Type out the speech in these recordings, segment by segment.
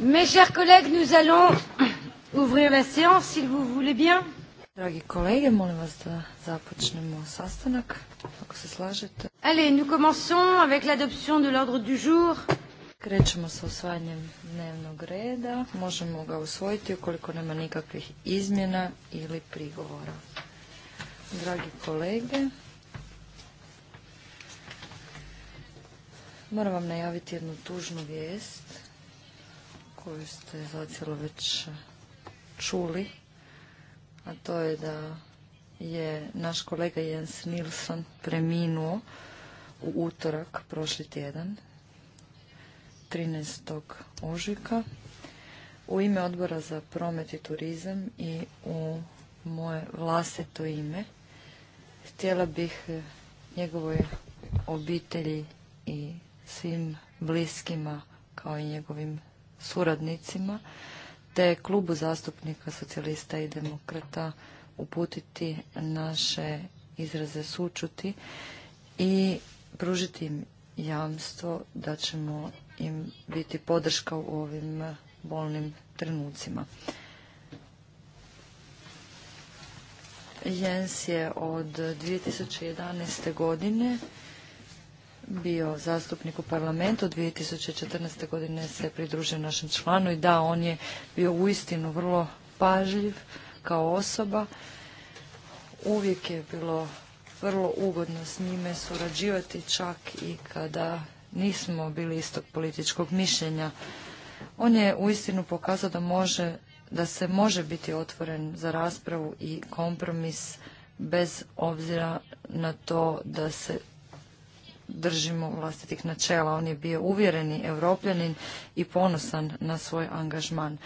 Mes chers collègues, nous allons ouvrir la séance, si vous voulez bien. Dragi kolege, molim vas da započnemo sastanak, ako se slažete. Allez, nous commençons avec l'adoption de l'ordre du jour. Krećemo sa osvajanjem dnevnog reda. Možemo ga usvojiti ukoliko nema nikakvih izmjena ili prigovora. Dragi kolege, moram vam najaviti jednu tužnu vijest koju ste zacijelo već čuli, a to je da je naš kolega Jens Nilsson preminuo u utorak prošli tjedan, 13. ožujka. U ime odbora za promet i turizam i u moje vlastito ime htjela bih njegovoj obitelji i svim bliskima kao i njegovim suradnicima te klubu zastupnika socijalista i demokrata uputiti naše izraze sučuti i pružiti im jamstvo da ćemo im biti podrška u ovim bolnim trenucima. Jens je od 2011. godine bio zastupnik u parlamentu 2014. godine se pridružio našem članu i da on je bio uistinu vrlo pažljiv kao osoba uvijek je bilo vrlo ugodno s njime surađivati čak i kada nismo bili istog političkog mišljenja on je uistinu pokazao da može da se može biti otvoren za raspravu i kompromis bez obzira na to da se držimo vlastitih načela. On je bio uvjereni europljanin i ponosan na svoj angažman.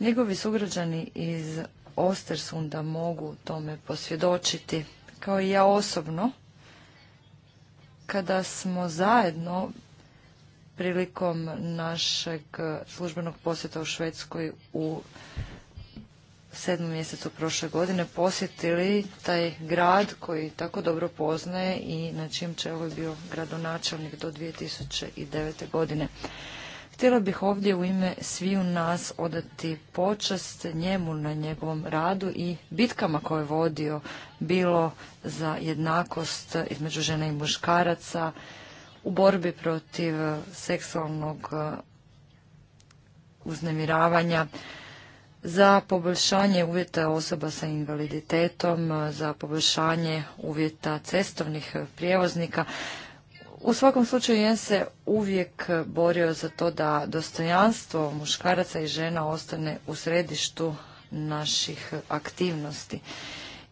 Njegovi sugrađani iz Ostersunda mogu tome posvjedočiti. Kao i ja osobno, kada smo zajedno prilikom našeg službenog posjeta u Švedskoj u sedmom mjesecu prošle godine posjetili taj grad koji tako dobro poznaje i na čijem čelu je bio gradonačelnik do 2009. godine. Htjela bih ovdje u ime sviju nas odati počast njemu na njegovom radu i bitkama koje je vodio bilo za jednakost između žena i muškaraca, u borbi protiv seksualnog e, uznemiravanja, za poboljšanje uvjeta osoba sa invaliditetom, za poboljšanje uvjeta cestovnih prijevoznika. U svakom slučaju Jen se uvijek borio za to da dostojanstvo muškaraca i žena ostane u središtu naših aktivnosti.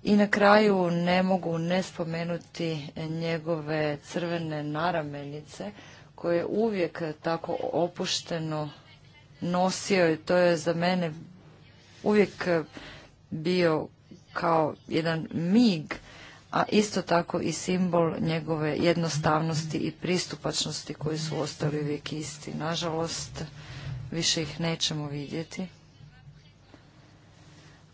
I na kraju ne mogu ne spomenuti njegove crvene naramenice koje uvijek tako opušteno nosio i to je za mene uvijek bio kao jedan mig, a isto tako i simbol njegove jednostavnosti i pristupačnosti koji su ostali uvijek isti. Nažalost, više ih nećemo vidjeti,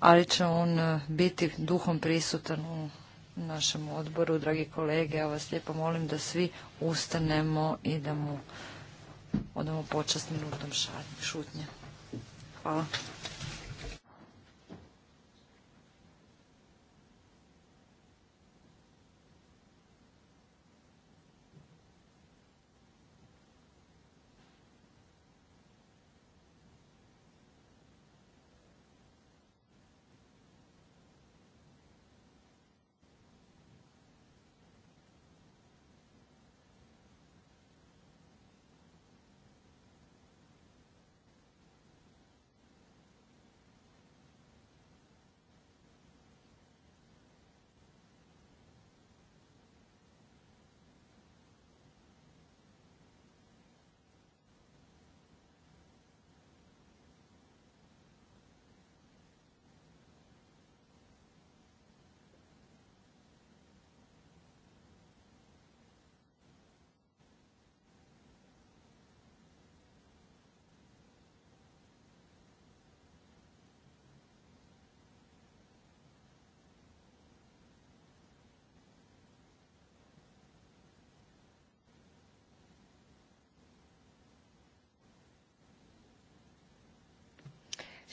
ali će on eh, biti duhom prisutan u našem odboru. Dragi kolege, ja vas lijepo molim da svi ustanemo i da mu odamo počast minutom šutnje. Hvala.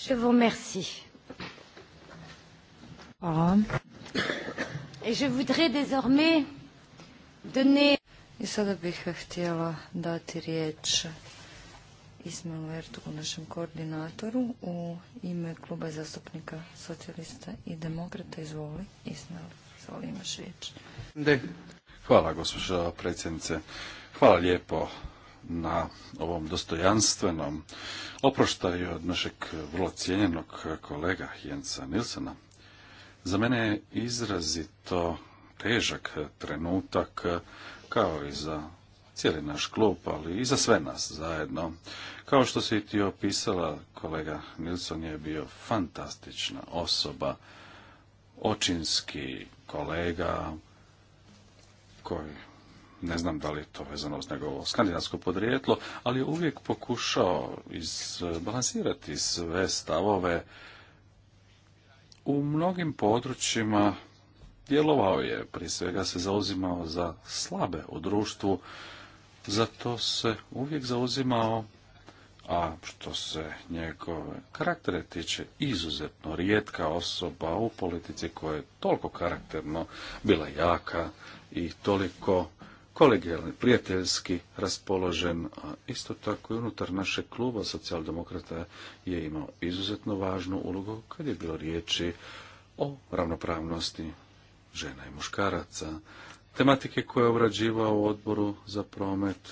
Je vous remercie. Hvala. Et je voudrais désormais donner... I sada bih htjela dati riječ Ismailu Ertugu, našem koordinatoru, u ime kluba zastupnika socijalista i demokrata. Izvoli, Ismail, izvoli, imaš riječ. Hvala, gospođa predsjednice. Hvala lijepo na ovom dostojanstvenom oproštaju od našeg vrlo cijenjenog kolega Jensa Nilsena. Za mene je izrazito težak trenutak, kao i za cijeli naš klub, ali i za sve nas zajedno. Kao što se ti opisala, kolega Nilson je bio fantastična osoba, očinski kolega koji ne znam da li je to vezano uz njegovo skandinavsko podrijetlo, ali je uvijek pokušao izbalansirati sve stavove. U mnogim područjima djelovao je, prije svega se zauzimao za slabe u društvu, zato se uvijek zauzimao, a što se njegove karaktere tiče, izuzetno rijetka osoba u politici koja je toliko karakterno bila jaka i toliko kolegijalni, prijateljski raspoložen, a isto tako i unutar našeg kluba socijaldemokrata je imao izuzetno važnu ulogu kad je bilo riječi o ravnopravnosti žena i muškaraca, tematike koje je obrađivao u odboru za promet.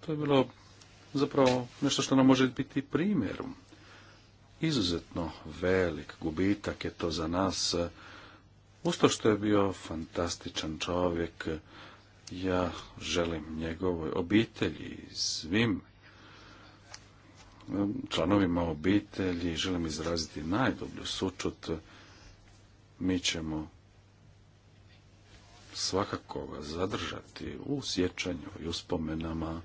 To je bilo zapravo nešto što nam može biti primjerom. Izuzetno velik gubitak je to za nas, usto što je bio fantastičan čovjek, ja želim njegovoj obitelji i svim um, članovima obitelji želim izraziti najdublju sučut. Mi ćemo svakako ga zadržati u sjećanju i uspomenama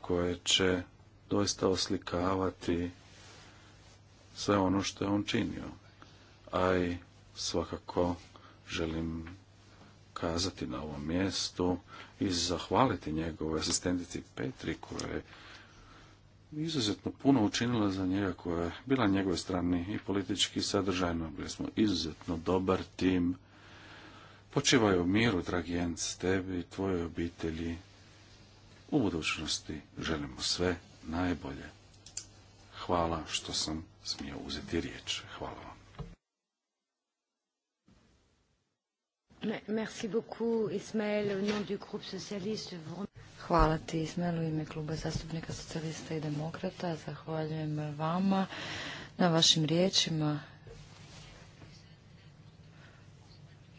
koje će doista oslikavati sve ono što je on činio. A i svakako želim kazati na ovom mjestu i zahvaliti njegovoj asistentici Petri koja je izuzetno puno učinila za njega koja je bila na njegovoj strani i politički sadržajno. Bili smo izuzetno dobar tim. Počivaj u miru, Jens, tebi i tvojoj obitelji. U budućnosti želimo sve najbolje. Hvala što sam smio uzeti riječ. Hvala Hvala ti, Ismael, u ime kluba zastupnika socijalista i demokrata. Zahvaljujem vama na vašim riječima.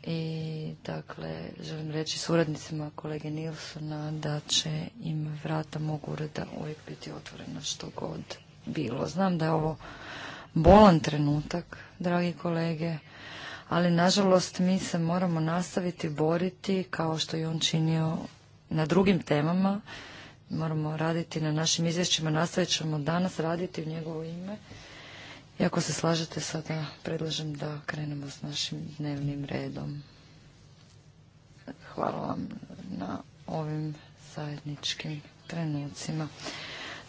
I, dakle, želim reći suradnicima kolege Nilsona da će im vrata mog ureda uvijek biti otvorena što god bilo. Znam da je ovo bolan trenutak, dragi kolege, ali nažalost mi se moramo nastaviti boriti kao što je on činio na drugim temama. Moramo raditi na našim izvješćima, nastavit ćemo danas raditi u njegovo ime. I ako se slažete sada, predlažem da krenemo s našim dnevnim redom. Hvala vam na ovim zajedničkim trenucima.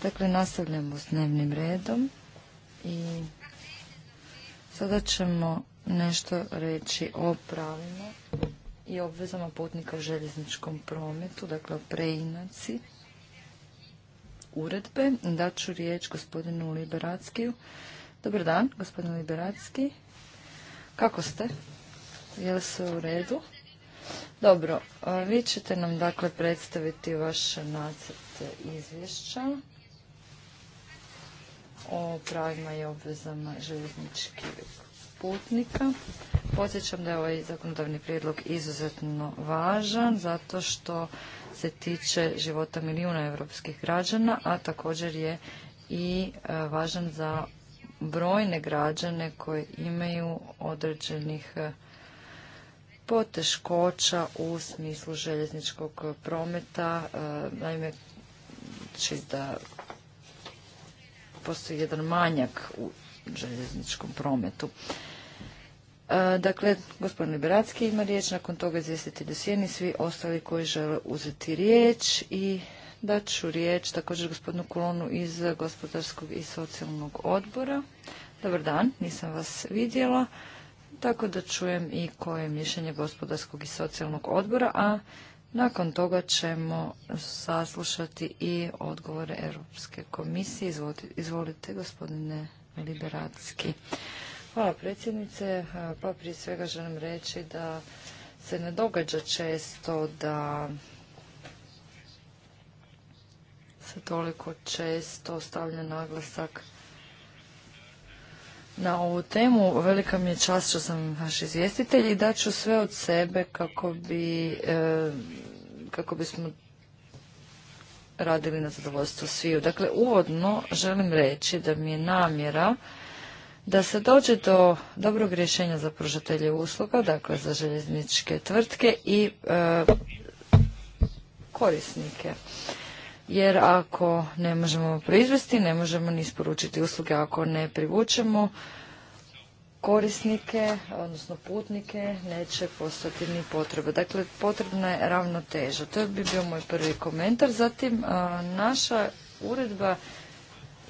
Dakle, nastavljamo s dnevnim redom i sada ćemo nešto reći o pravima i obvezama putnika u željezničkom prometu, dakle o preinaci uredbe. Daću riječ gospodinu Liberackiju. Dobar dan, gospodinu Liberacki. Kako ste? Je li sve u redu? Dobro, vi ćete nam dakle predstaviti vaše nacrte izvješća o pravima i obvezama željezničkih putnika. Podsjećam da je ovaj zakonodavni prijedlog izuzetno važan zato što se tiče života milijuna europskih građana, a također je i e, važan za brojne građane koji imaju određenih e, poteškoća u smislu željezničkog prometa. E, naime, znači da postoji jedan manjak u željezničkom prometu. E, dakle, gospodin Liberacki ima riječ, nakon toga izvjestitelj sjeni svi ostali koji žele uzeti riječ i daću riječ također gospodinu Kulonu iz gospodarskog i socijalnog odbora. Dobar dan, nisam vas vidjela, tako da čujem i koje je mišljenje gospodarskog i socijalnog odbora, a nakon toga ćemo saslušati i odgovore Europske komisije. Izvolite, gospodine Liberacki. Hvala predsjednice. Pa prije svega želim reći da se ne događa često da se toliko često stavlja naglasak na ovu temu. Velika mi je čast što sam vaš izvjestitelj i daću sve od sebe kako bi e, kako bismo radili na zadovoljstvo sviju. Dakle, uvodno želim reći da mi je namjera da se dođe do dobrog rješenja za pružatelje usluga, dakle za željezničke tvrtke i e, korisnike. Jer ako ne možemo proizvesti, ne možemo ni isporučiti usluge ako ne privučemo korisnike, odnosno putnike, neće postati ni potrebe. Dakle, potrebna je ravnoteža. To bi bio moj prvi komentar. Zatim, e, naša uredba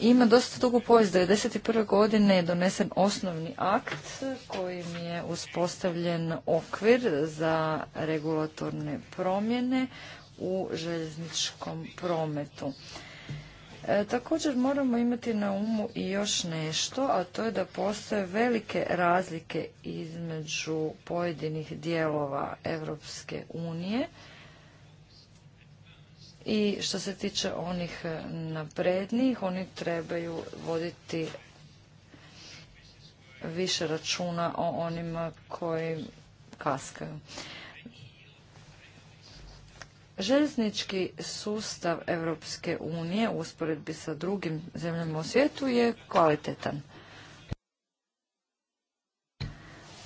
ima dosta dugu povijest. 1991. godine je donesen osnovni akt kojim je uspostavljen okvir za regulatorne promjene u željezničkom prometu. E, također moramo imati na umu i još nešto, a to je da postoje velike razlike između pojedinih dijelova Europske unije i što se tiče onih e, naprednijih, oni trebaju voditi više računa o onima koji kaskaju. Željeznički sustav Europske unije u usporedbi sa drugim zemljama u svijetu je kvalitetan.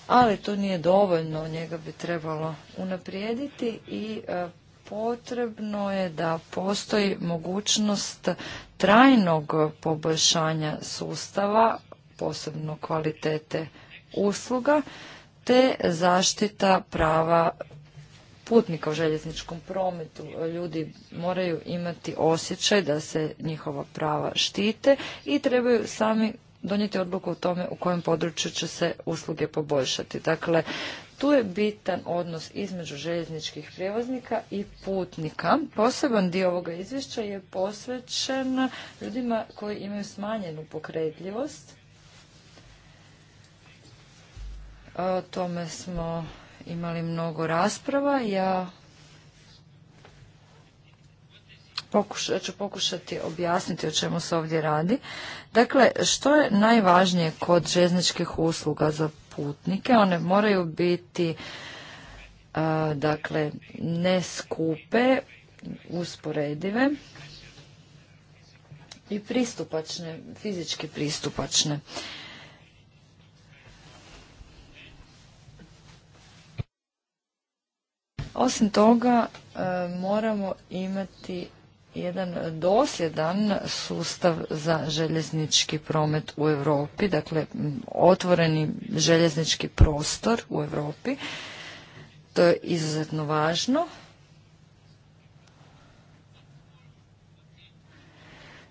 Ali to nije dovoljno, njega bi trebalo unaprijediti i e, potrebno je da postoji mogućnost trajnog poboljšanja sustava, posebno kvalitete usluga, te zaštita prava putnika u željezničkom prometu. Ljudi moraju imati osjećaj da se njihova prava štite i trebaju sami donijeti odluku o tome u kojem području će se usluge poboljšati. Dakle, tu je bitan odnos između željezničkih prijevoznika i putnika. Poseban dio ovoga izvješća je posvećen ljudima koji imaju smanjenu pokretljivost. O tome smo imali mnogo rasprava. Ja pokuša, ću pokušati objasniti o čemu se ovdje radi. Dakle, što je najvažnije kod željezničkih usluga za putnike. One moraju biti e, dakle ne skupe, usporedive i pristupačne, fizički pristupačne. Osim toga e, moramo imati jedan dosljedan sustav za željeznički promet u Europi, dakle otvoreni željeznički prostor u Europi. To je izuzetno važno.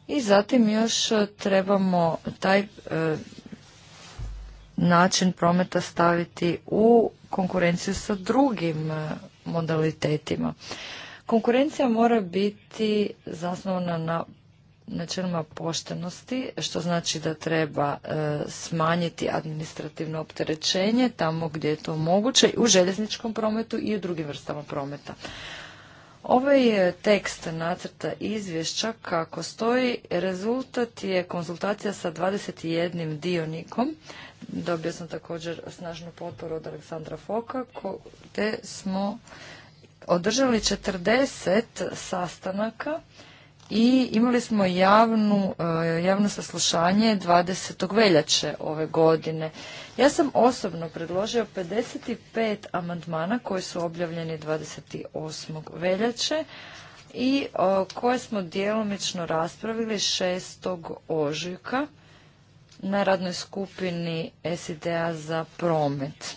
I zatim još trebamo taj e, način prometa staviti u konkurenciju sa drugim e, modalitetima. Konkurencija mora biti zasnovana na načelima poštenosti, što znači da treba e, smanjiti administrativno opterećenje tamo gdje je to moguće u željezničkom prometu i u drugim vrstama prometa. Ovaj tekst nacrta izvješća kako stoji, rezultat je konzultacija sa 21 dionikom. Dobio sam također snažnu potporu od Aleksandra Foka, te smo održali 40 sastanaka i imali smo javnu, e, javno saslušanje 20. veljače ove godine. Ja sam osobno predložio 55 amandmana koji su objavljeni 28. veljače i koje smo djelomično raspravili 6. ožujka na radnoj skupini sid za promet.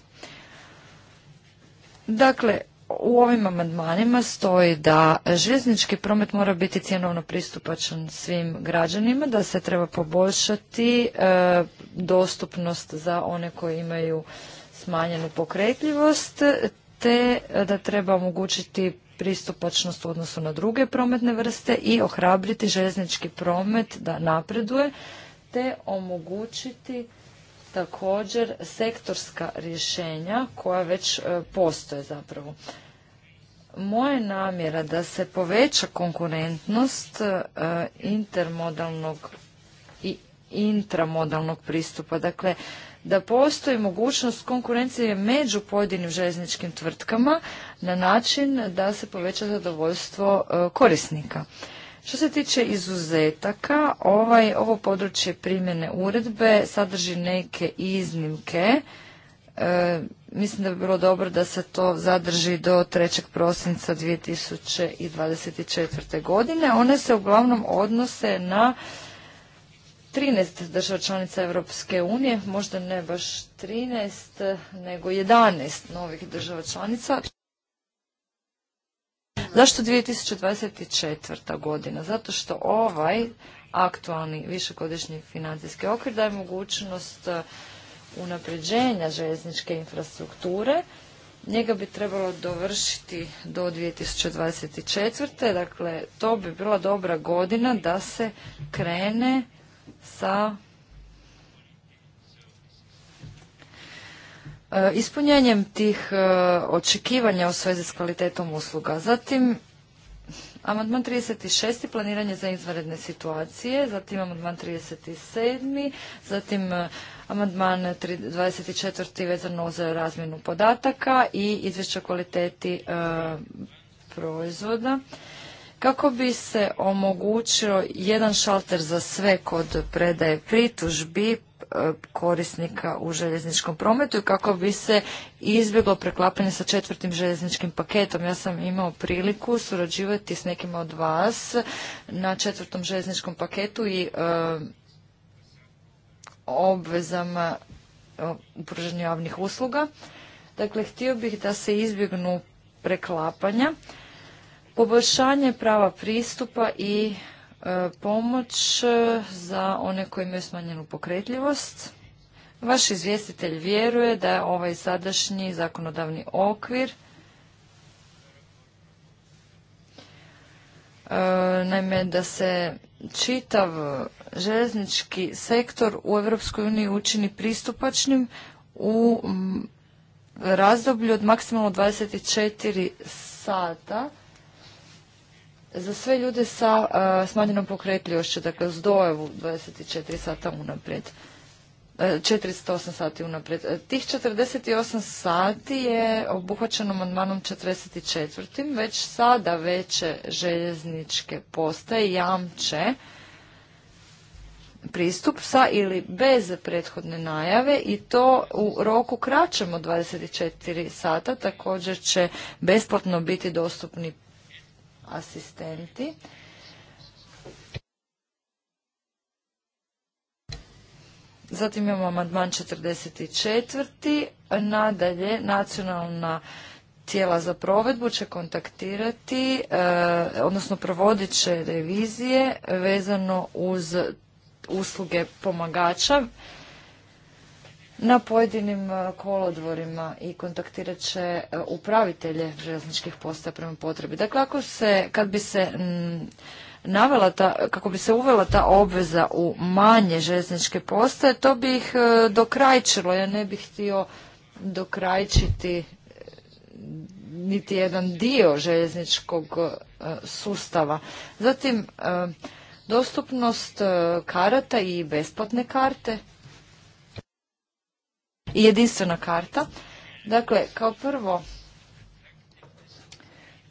Dakle, u ovim amandmanima stoji da željeznički promet mora biti cjenovno pristupačan svim građanima, da se treba poboljšati e, dostupnost za one koji imaju smanjenu pokretljivost, te da treba omogućiti pristupačnost u odnosu na druge prometne vrste i ohrabriti željeznički promet da napreduje, te omogućiti također sektorska rješenja koja već e, postoje zapravo. Moja namjera da se poveća konkurentnost e, intermodalnog i intramodalnog pristupa, dakle da postoji mogućnost konkurencije među pojedinim željezničkim tvrtkama na način da se poveća zadovoljstvo e, korisnika. Što se tiče izuzetaka, ovaj, ovo područje primjene uredbe sadrži neke iznimke. E, mislim da bi bilo dobro da se to zadrži do 3. prosinca 2024. godine. One se uglavnom odnose na 13 država članica Europske unije, možda ne baš 13, nego 11 novih država članica. Zašto 2024. godina? Zato što ovaj aktualni višegodišnji financijski okvir daje mogućnost e, unapređenja željezničke infrastrukture. Njega bi trebalo dovršiti do 2024. Dakle, to bi bila dobra godina da se krene sa E, ispunjenjem tih e, očekivanja u svezi s kvalitetom usluga. Zatim, amandman 36. planiranje za izvanredne situacije, zatim amandman 37. zatim e, amandman 24. vezano za razmjenu podataka i izvješća kvaliteti proizvoda. Kako bi se omogućio jedan šalter za sve kod predaje pritužbi, E, korisnika u željezničkom prometu i kako bi se izbjeglo preklapanje sa četvrtim željezničkim paketom. Ja sam imao priliku surađivati s nekima od vas na četvrtom željezničkom paketu i e, obvezama u pružanju javnih usluga. Dakle, htio bih da se izbjegnu preklapanja, poboljšanje prava pristupa i E, pomoć e, za one koji imaju smanjenu pokretljivost. Vaš izvjestitelj vjeruje da je ovaj sadašnji zakonodavni okvir e, naime da se čitav željeznički sektor u EU učini pristupačnim u razdoblju od maksimalno 24 sata za sve ljude sa e, smanjenom pokretljivošću, dakle uz dojevu 24 sata unaprijed. 408 e, sati unaprijed. E, tih 48 sati je obuhvaćeno amandmanom 44. Već sada veće željezničke postaje jamče pristup sa ili bez prethodne najave i to u roku kraćem od 24 sata. Također će besplatno biti dostupni asistenti. Zatim imamo amandman 44. Nadalje, nacionalna tijela za provedbu će kontaktirati, e, odnosno provodit će revizije vezano uz usluge pomagača na pojedinim e, kolodvorima i kontaktirat će e, upravitelje željezničkih postaja prema potrebi. Dakle, ako se, kad bi se navela ta, kako bi se uvela ta obveza u manje željezničke postaje, to bi ih e, dokrajčilo. Ja ne bih htio dokrajčiti niti jedan dio željezničkog sustava. Zatim, dostupnost karata i besplatne karte i jedinstvena karta. Dakle, kao prvo,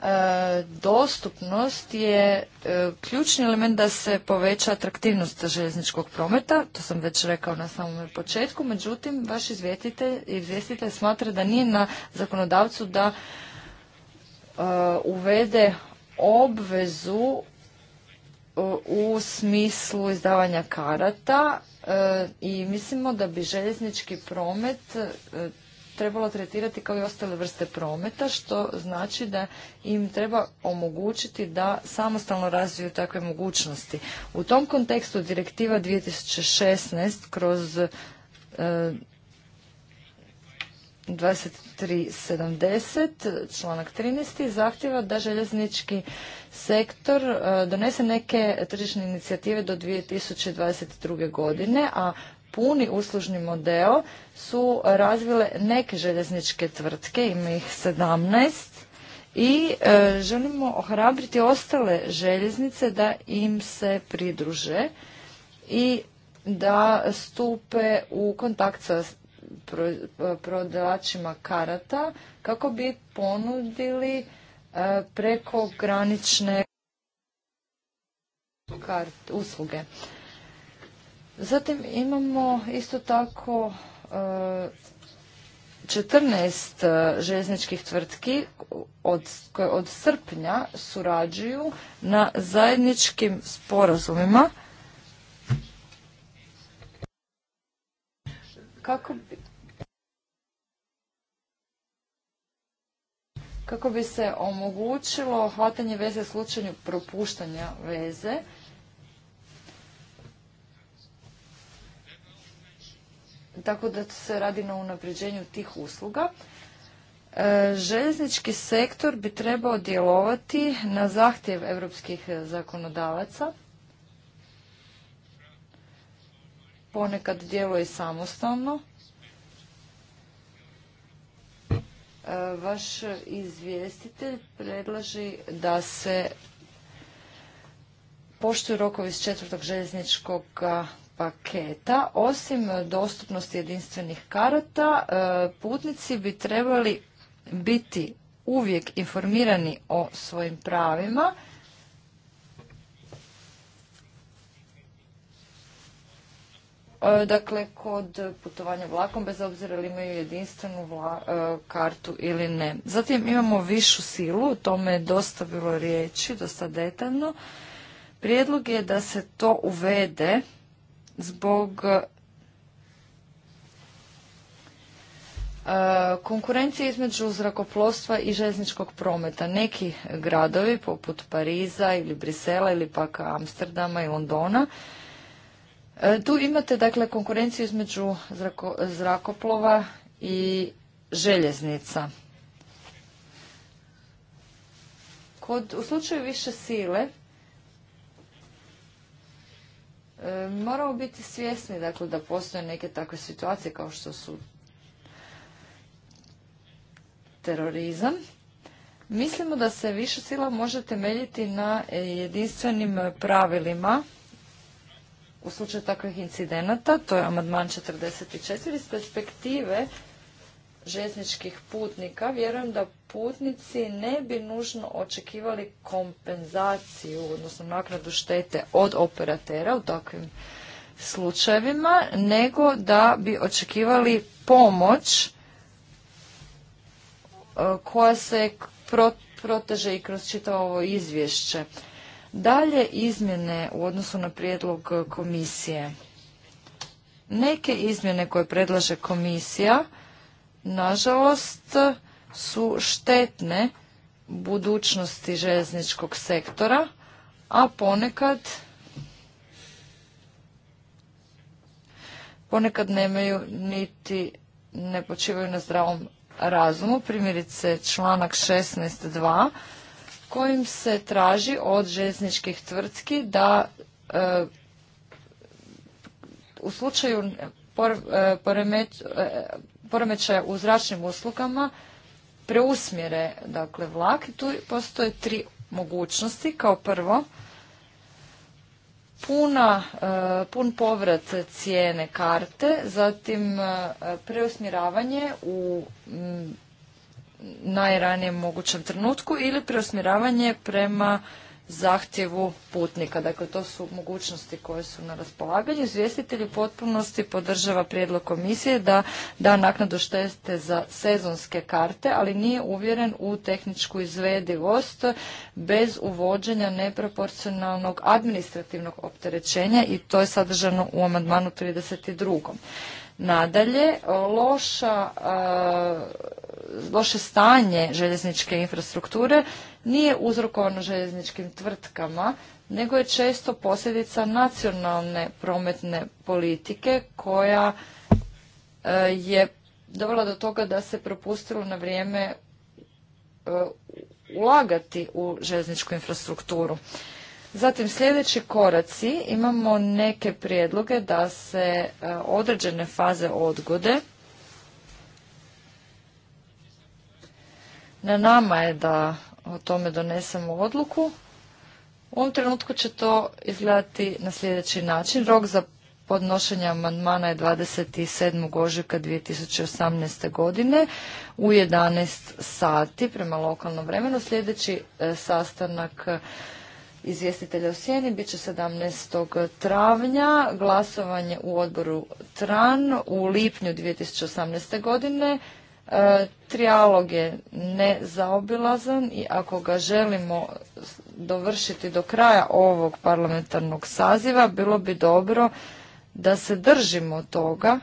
e, dostupnost je e, ključni element da se poveća atraktivnost željezničkog prometa, to sam već rekao na samom početku, međutim, vaš izvjestitelj, smatra da nije na zakonodavcu da e, uvede obvezu u smislu izdavanja karata e, i mislimo da bi željeznički promet e, trebalo tretirati kao i ostale vrste prometa, što znači da im treba omogućiti da samostalno razviju takve mogućnosti. U tom kontekstu direktiva 2016 kroz e, 2370, članak 13. zahtjeva da željeznički sektor e, donese neke tržišne inicijative do 2022. godine, a puni uslužni model su razvile neke željezničke tvrtke, ima ih 17, i e, želimo ohrabriti ostale željeznice da im se pridruže i da stupe u kontakt sa prodavačima karata kako bi ponudili e, preko granične usluge. Zatim imamo isto tako 14 e, e, željezničkih tvrtki koje od srpnja surađuju na zajedničkim sporazumima kako bi, kako bi se omogućilo hvatanje veze u slučaju propuštanja veze. Tako da se radi na unapređenju tih usluga. E, željeznički sektor bi trebao djelovati na zahtjev europskih zakonodavaca. Ponekad djeluje samostalno, Vaš izvjestitelj predlaži da se poštuju rokovi iz četvrtog željezničkog paketa. Osim dostupnosti jedinstvenih karata, e, putnici bi trebali biti uvijek informirani o svojim pravima E, dakle kod putovanja vlakom bez obzira ili imaju jedinstvenu e, kartu ili ne. Zatim imamo višu silu, o tome je dosta bilo riječi, dosta detaljno. Prijedlog je da se to uvede zbog e, konkurencije između zrakoplovstva i željezničkog prometa. Neki gradovi poput Pariza ili Brisela ili pak Amsterdama i Londona E, tu imate dakle konkurenciju između zrakoplova i željeznica. Kod, u slučaju više sile e, moramo biti svjesni dakle, da postoje neke takve situacije kao što su terorizam. Mislimo da se više sila može temeljiti na jedinstvenim pravilima u slučaju takvih incidenata, to je amandman 44, iz perspektive željezničkih putnika, vjerujem da putnici ne bi nužno očekivali kompenzaciju, odnosno naknadu štete od operatera u takvim slučajevima, nego da bi očekivali pomoć e, koja se proteže i kroz čitavo ovo izvješće dalje izmjene u odnosu na prijedlog komisije. Neke izmjene koje predlaže komisija, nažalost, su štetne budućnosti željezničkog sektora, a ponekad ponekad nemaju niti ne počivaju na zdravom razumu. Primjerice članak 16.2 kojim se traži od željezničkih tvrtki da e, u slučaju e, e, poremećaja u zračnim uslugama preusmjere dakle, vlak. Tu postoje tri mogućnosti. Kao prvo, pun povrat cijene karte, zatim preusmjeravanje u najranijem mogućem trenutku ili preusmjeravanje prema zahtjevu putnika. Dakle, to su mogućnosti koje su na raspolaganju. Izvjestitelj u potpunosti podržava prijedlog komisije da da naknadu štete za sezonske karte, ali nije uvjeren u tehničku izvedivost bez uvođenja neproporcionalnog administrativnog opterećenja i to je sadržano u amandmanu 32. Nadalje, loša, e, loše stanje željezničke infrastrukture nije uzrokovano željezničkim tvrtkama, nego je često posljedica nacionalne prometne politike koja e, je dovela do toga da se propustilo na vrijeme e, ulagati u željezničku infrastrukturu. Zatim sljedeći koraci imamo neke prijedloge da se e, određene faze odgode. Na nama je da o tome donesemo odluku. U ovom trenutku će to izgledati na sljedeći način. Rok za podnošenje amandmana je 27. ožujka 2018. godine u 11 sati prema lokalnom vremenu. Sljedeći e, sastanak izvjestitelja u Sjeni bit će 17. travnja, glasovanje u odboru TRAN u lipnju 2018. godine. Trialog e, trijalog je nezaobilazan i ako ga želimo dovršiti do kraja ovog parlamentarnog saziva, bilo bi dobro da se držimo toga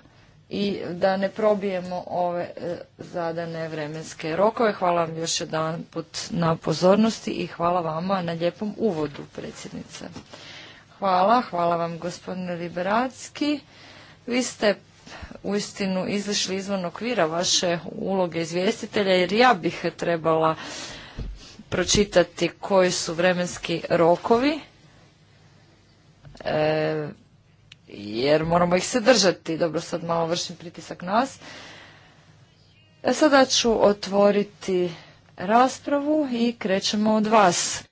i da ne probijemo ove e, zadane vremenske rokove. Hvala vam još jedan put na pozornosti i hvala vama na lijepom uvodu, predsjednice. Hvala, hvala vam gospodine Liberacki. Vi ste uistinu izašli izvan okvira vaše uloge izvjestitelja jer ja bih trebala pročitati koji su vremenski rokovi. E, jer moramo ih se držati. Dobro, sad malo vršim pritisak nas. E, sada ću otvoriti raspravu i krećemo od vas.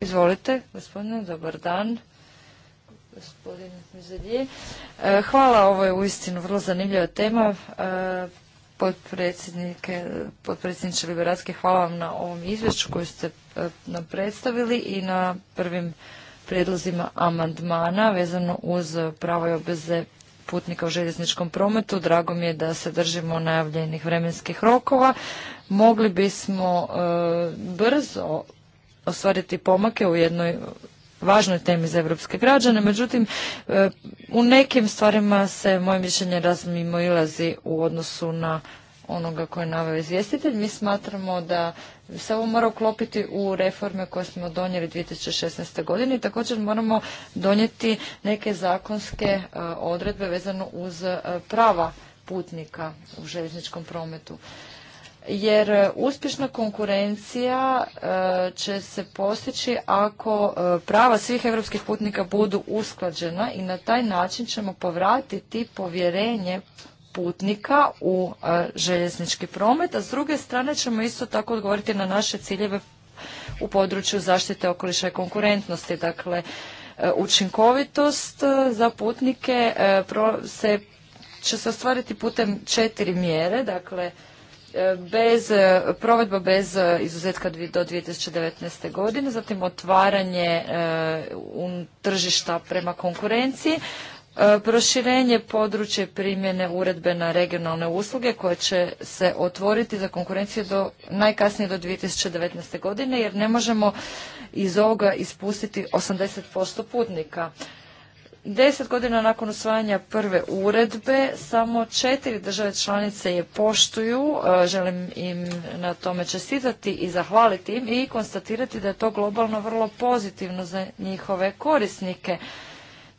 Izvolite, gospodine, dobar dan. Gospodine, hvala, ovo je uistinu vrlo zanimljiva tema. E, potpredsjedniče Liberatske, hvala vam na ovom izvješću koju ste e, nam predstavili i na prvim prijedlozima amandmana vezano uz pravo i obveze putnika u željezničkom prometu. Drago mi je da se držimo najavljenih vremenskih rokova. Mogli bismo e, brzo ostvariti pomake u jednoj važnoj temi za evropske građane, međutim e, u nekim stvarima se moje mišljenje razmimo ilazi u odnosu na onoga koje je naveo izvjestitelj. Mi smatramo da se ovo mora uklopiti u reforme koje smo donijeli 2016. godine i također moramo donijeti neke zakonske e, odredbe vezano uz e, prava putnika u željezničkom prometu. Jer e, uspješna konkurencija će se postići ako prava svih europskih putnika budu usklađena i na taj način ćemo povratiti povjerenje putnika u e, željeznički promet, a s druge strane ćemo isto tako odgovoriti na naše ciljeve u području zaštite okoliša i konkurentnosti. Dakle, e, učinkovitost e, za putnike se, će se ostvariti putem četiri mjere, dakle, bez, provedba bez izuzetka do 2019. godine, zatim otvaranje tržišta prema konkurenciji, E, proširenje područje primjene uredbe na regionalne usluge koje će se otvoriti za konkurenciju do, najkasnije do 2019. godine jer ne možemo iz ovoga ispustiti 80% putnika. Deset godina nakon usvajanja prve uredbe samo četiri države članice je poštuju. E, želim im na tome čestitati i zahvaliti im i konstatirati da je to globalno vrlo pozitivno za njihove korisnike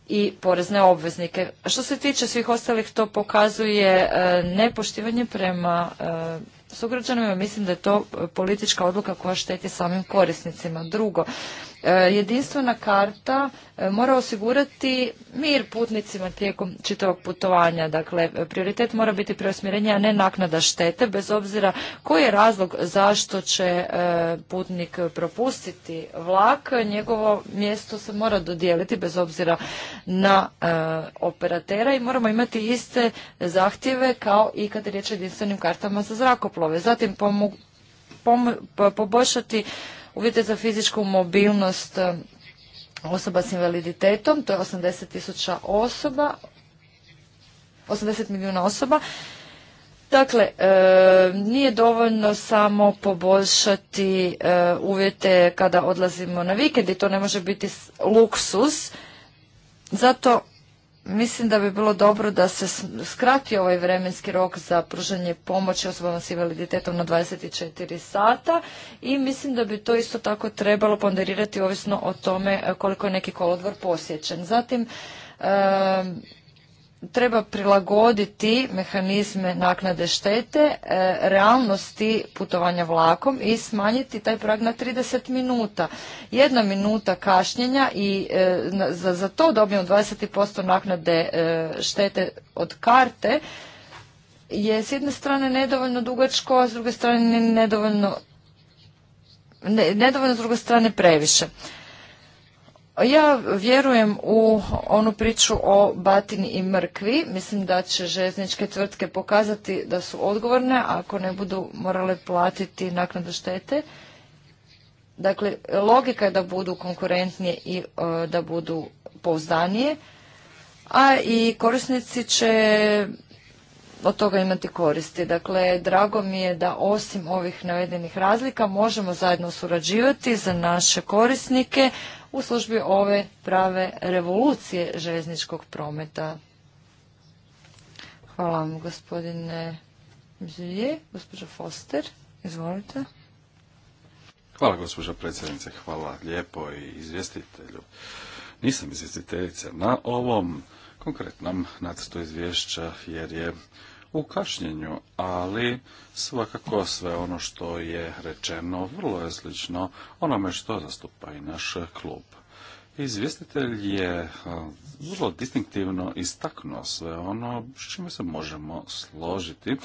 i porezne obveznike. Što se tiče svih ostalih, to pokazuje e, nepoštivanje prema e, sugrađanima. Mislim da je to politička odluka koja šteti samim korisnicima. Drugo, E, jedinstvena karta e, mora osigurati mir putnicima tijekom čitavog putovanja. Dakle, prioritet mora biti preusmjerenje, a ne naknada štete, bez obzira koji je razlog zašto će e, putnik propustiti vlak. Njegovo mjesto se mora dodijeliti bez obzira na operatera i moramo imati iste zahtjeve kao i kad je riječ o jedinstvenim kartama za zrakoplove. Zatim, poboljšati uvjete za fizičku mobilnost e, osoba s invaliditetom, to je 80 tisuća osoba, 80 milijuna osoba. Dakle, e, nije dovoljno samo poboljšati e, uvjete kada odlazimo na vikend i to ne može biti luksus. Zato Mislim da bi bilo dobro da se skrati ovaj vremenski rok za pružanje pomoći osobama s invaliditetom na 24 sata i mislim da bi to isto tako trebalo ponderirati ovisno o tome e, koliko je neki kolodvor posjećen. Zatim, e, treba prilagoditi mehanizme naknade štete e, realnosti putovanja vlakom i smanjiti taj prag na 30 minuta. Jedna minuta kašnjenja i e, za to dobijemo 20% naknade e, štete od karte je s jedne strane nedovoljno dugačko, a s druge strane nedovoljno, nedovoljno s druge strane previše. Ja vjerujem u onu priču o batini i mrkvi. Mislim da će žezničke tvrtke pokazati da su odgovorne ako ne budu morale platiti naknadu štete. Dakle, logika je da budu konkurentnije i e, da budu pouzdanije, a i korisnici će od toga imati koristi. Dakle, drago mi je da osim ovih navedenih razlika možemo zajedno surađivati za naše korisnike u službi ove prave revolucije željezničkog prometa. Hvala vam gospodine Žilje, gospođo Foster, izvolite. Hvala gospođo predsjednice, hvala lijepo i izvjestitelju. Nisam izvjestiteljica na ovom konkretnom nacrtu izvješća jer je u kašnjenju, ali svakako sve ono što je rečeno vrlo je slično onome što zastupa i naš klub. Izvjestitelj je vrlo distinktivno istaknuo sve ono s čime se možemo složiti,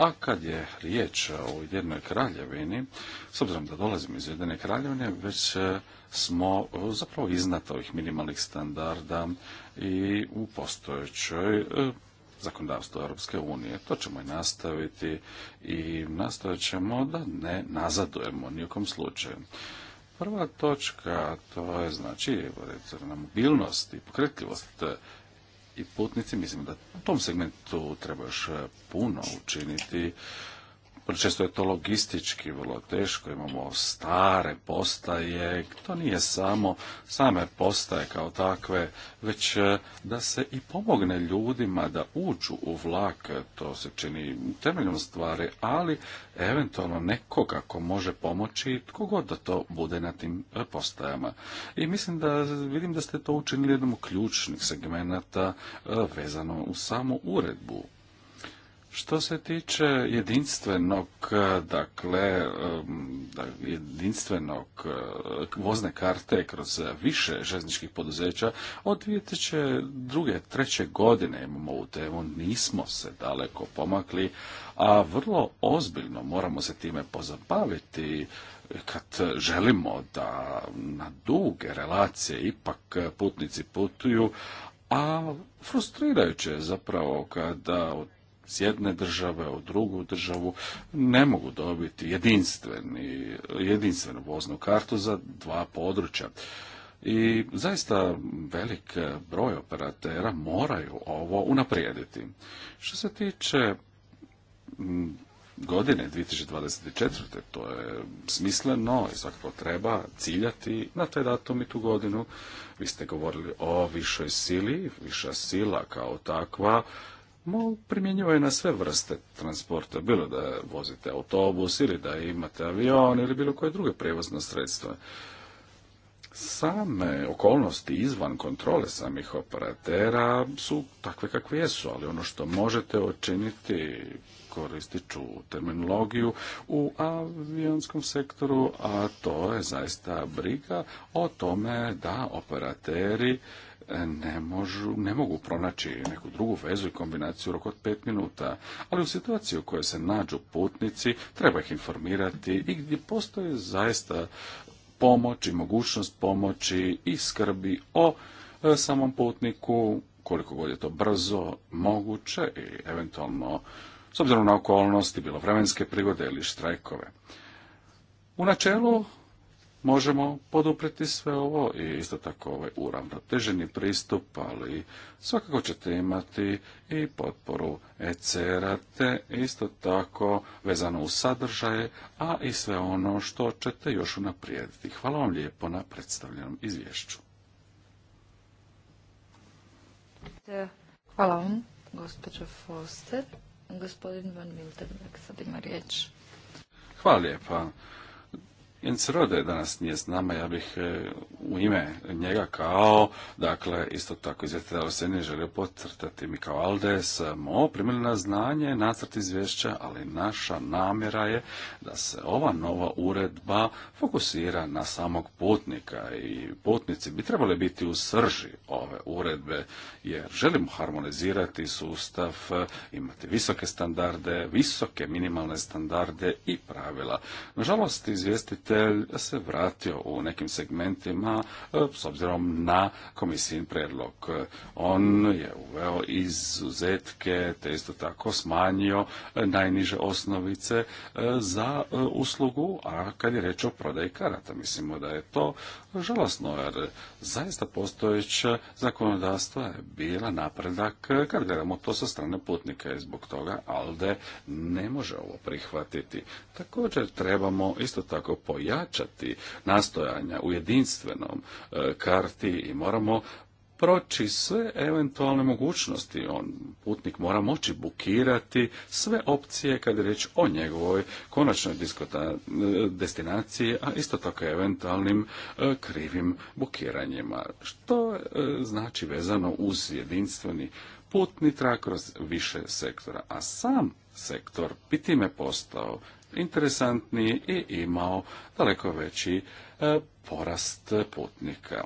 a kad je riječ o jednoj kraljevini, s obzirom da dolazimo iz jedne kraljevine, već e, smo e, zapravo iznad ovih minimalnih standarda i u postojećoj e, zakonodavstvo Europske unije. To ćemo i nastaviti i nastavit ćemo da ne nazadujemo nijekom slučaju. Prva točka, to je znači mobilnost i pokretljivost i putnici. Mislim da u tom segmentu treba još e, puno učiniti Često je to logistički vrlo teško, imamo stare postaje, to nije samo same postaje kao takve, već e, da se i pomogne ljudima da uđu u vlak, e, to se čini temeljom stvari, ali eventualno nekoga ko može pomoći, tko god da to bude na tim e, postajama. I mislim da vidim da ste to učinili jednom ključnih segmenata vezano u samu uredbu što se tiče jedinstvenog, dakle, jedinstvenog eh, vozne karte kroz više željezničkih poduzeća, od 2002. treće godine imamo ovu temu, nismo se daleko pomakli, a vrlo ozbiljno moramo se time pozabaviti kad želimo da na duge relacije ipak putnici putuju, a frustrirajuće je zapravo kada od s jedne države u drugu državu ne mogu dobiti jedinstveni, jedinstvenu voznu kartu za dva područja. I zaista velik broj operatera moraju ovo unaprijediti. Što se tiče godine 2024. To je smisleno i svakako treba ciljati na taj datum i tu godinu. Vi ste govorili o višoj sili, viša sila kao takva primjenjivo je na sve vrste transporta, bilo da vozite autobus ili da imate avion ili bilo koje druge prevozno sredstvo. Same okolnosti izvan kontrole samih operatera su takve kakve jesu, ali ono što možete učiniti koristit ću terminologiju u avionskom sektoru, a to je zaista briga o tome da operateri ne, možu, ne mogu pronaći neku drugu vezu i kombinaciju rok od pet minuta. Ali u situaciji u kojoj se nađu putnici, treba ih informirati i gdje postoje zaista pomoć i mogućnost pomoći i skrbi o e, samom putniku, koliko god je to brzo, moguće i eventualno s obzirom na okolnosti, bilo vremenske prigode ili štrajkove. U načelu možemo poduprijeti sve ovo i isto tako ovaj uravnoteženi pristup, ali svakako ćete imati i potporu ECR-a, te isto tako vezano u sadržaje, a i sve ono što ćete još unaprijediti. Hvala vam lijepo na predstavljenom izvješću. Hvala vam, gospođo Foster. Gospodin Van Miltenberg sad ima riječ. Hvala lijepa. Jens Rode danas nije s nama, ja bih e, u ime njega kao, dakle, isto tako da se ne želio potrtati. Mi kao Alde smo primili na znanje nacrt izvješća, ali naša namjera je da se ova nova uredba fokusira na samog putnika i putnici bi trebali biti u srži ove uredbe, jer želimo harmonizirati sustav, imati visoke standarde, visoke minimalne standarde i pravila. Nažalost, izvjestite predlagatelj se vratio u nekim segmentima e, s obzirom na komisijin predlog. On je uveo izuzetke, te isto tako smanjio najniže osnovice e, za e, uslugu, a kad je reč o prodaji karata, mislimo da je to žalosno jer zaista postojeća zakonodavstva je bila napredak kad gledamo to sa strane putnika i zbog toga ALDE ne može ovo prihvatiti. Također trebamo isto tako pojačati nastojanja u jedinstvenom e, karti i moramo proći sve eventualne mogućnosti. On, putnik mora moći bukirati sve opcije kad je riječ o njegovoj konačnoj diskota, destinaciji, a isto tako eventualnim e, krivim bukiranjima. Što e, znači vezano uz jedinstveni putni trak kroz više sektora, a sam sektor bi time postao interesantniji i imao daleko veći e, porast putnika.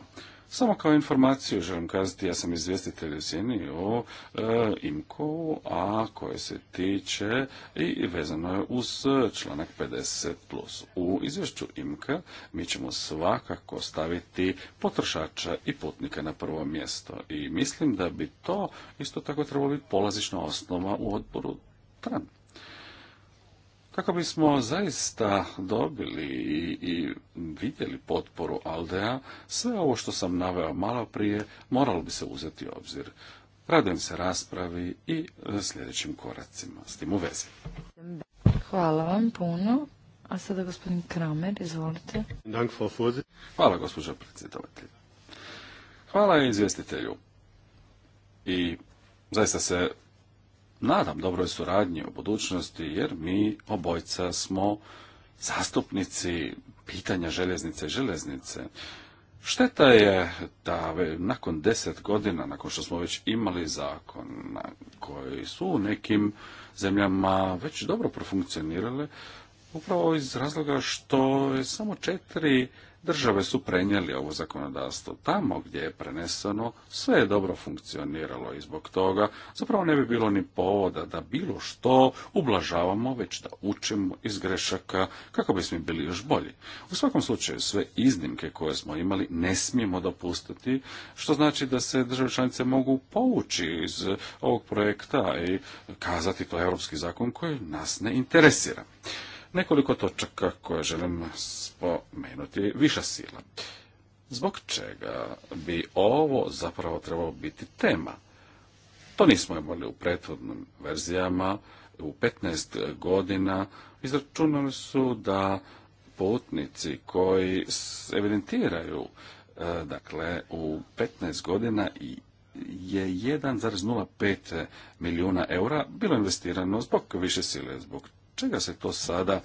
Samo kao informaciju želim kazati, ja sam izvjestitelj u Sjeni o e, imko a koje se tiče i vezano je uz članak 50+. Plus. U izvješću IMKA mi ćemo svakako staviti potrošača i putnika na prvo mjesto i mislim da bi to isto tako trebalo biti polazična osnova u odboru tamo kako bismo zaista dobili i, vidjeli potporu Aldea, sve ovo što sam naveo malo prije moralo bi se uzeti u obzir. Radujem se raspravi i sljedećim koracima s tim u vezi. Hvala vam puno. A sada gospodin Kramer, izvolite. Hvala gospođo predsjedavatelj. Hvala izvjestitelju. I zaista se nadam dobroj suradnji u budućnosti jer mi obojca smo zastupnici pitanja željeznice i željeznice. Šteta je da nakon deset godina, nakon što smo već imali zakon koji su u nekim zemljama već dobro profunkcionirale, upravo iz razloga što je samo četiri države su prenijeli ovo zakonodavstvo. Tamo gdje je preneseno, sve je dobro funkcioniralo i zbog toga zapravo ne bi bilo ni povoda da bilo što ublažavamo, već da učimo iz grešaka kako bismo bili još bolji. U svakom slučaju sve iznimke koje smo imali ne smijemo dopustiti, što znači da se države članice mogu povući iz ovog projekta i kazati to je europski zakon koji nas ne interesira nekoliko točaka koje želim spomenuti. Viša sila. Zbog čega bi ovo zapravo trebalo biti tema? To nismo imali u prethodnim verzijama. U 15 godina izračunali su da putnici koji evidentiraju e, dakle u 15 godina i je 1,05 milijuna eura bilo investirano zbog više sile, zbog čega se to sada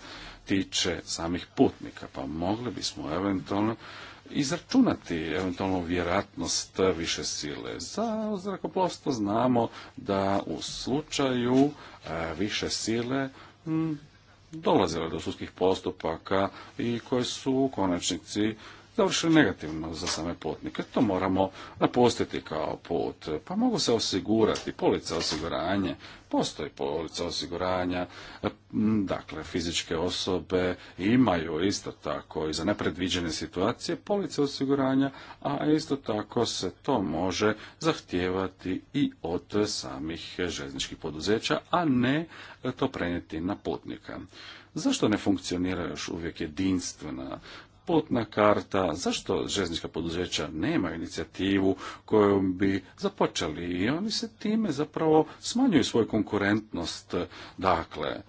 tiče samih putnika, pa mogli bismo eventualno izračunati eventualno vjerojatnost više sile. Za zrakoplovstvo znamo da u slučaju e, više sile dolazile do sudskih postupaka i koje su u konačnici završili negativno za same putnike. To moramo napustiti kao put. Pa mogu se osigurati, polica osiguranje, postoji polica osiguranja, mm, dakle fizičke osobe imaju isto tako i za nepredviđene situacije police osiguranja, a isto tako se to može zahtijevati i od samih željezničkih poduzeća, a ne to prenijeti na putnika. Zašto ne funkcionira još uvijek jedinstvena putna karta, zašto željeznička poduzeća nema inicijativu kojom bi započeli i oni se time zapravo smanjuju svoju konkurentnost. Dakle,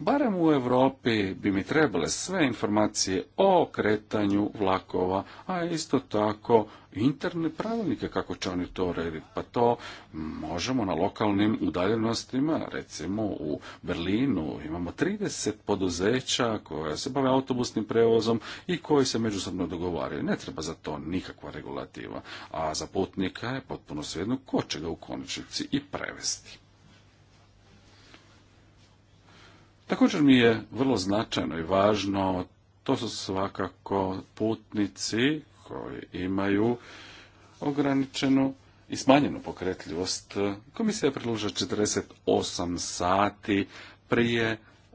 Barem u Europi bi mi trebale sve informacije o kretanju vlakova, a isto tako interne pravilnike kako će oni to urediti. Pa to možemo na lokalnim udaljenostima, recimo u Berlinu imamo 30 poduzeća koja se bave autobusnim prevozom i koji se međusobno dogovaraju. Ne treba za to nikakva regulativa, a za putnika je potpuno svejedno ko će ga u konačnici i prevesti. Također mi je vrlo značajno i važno, to su svakako putnici koji imaju ograničenu i smanjenu pokretljivost. Komisija je predložila 48 sati prije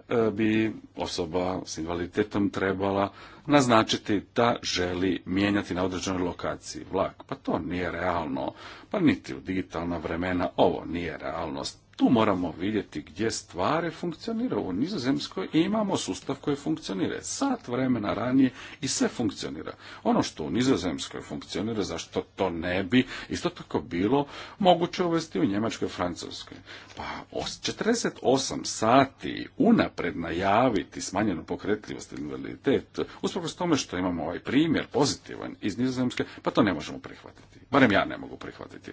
e, bi osoba s invaliditetom trebala naznačiti da želi mijenjati na određenoj lokaciji vlak. Pa to nije realno, pa niti u digitalna vremena ovo nije realnost tu moramo vidjeti gdje stvari funkcioniraju U Nizozemskoj imamo sustav koji funkcionira. Sat vremena ranije i sve funkcionira. Ono što u Nizozemskoj funkcionira, zašto to ne bi isto tako bilo moguće uvesti u Njemačkoj i Francuskoj. Pa 48 sati unapred najaviti smanjenu pokretljivost i invaliditet, usprkos tome što imamo ovaj primjer pozitivan iz Nizozemske, pa to ne možemo prihvatiti. Barem ja ne mogu prihvatiti.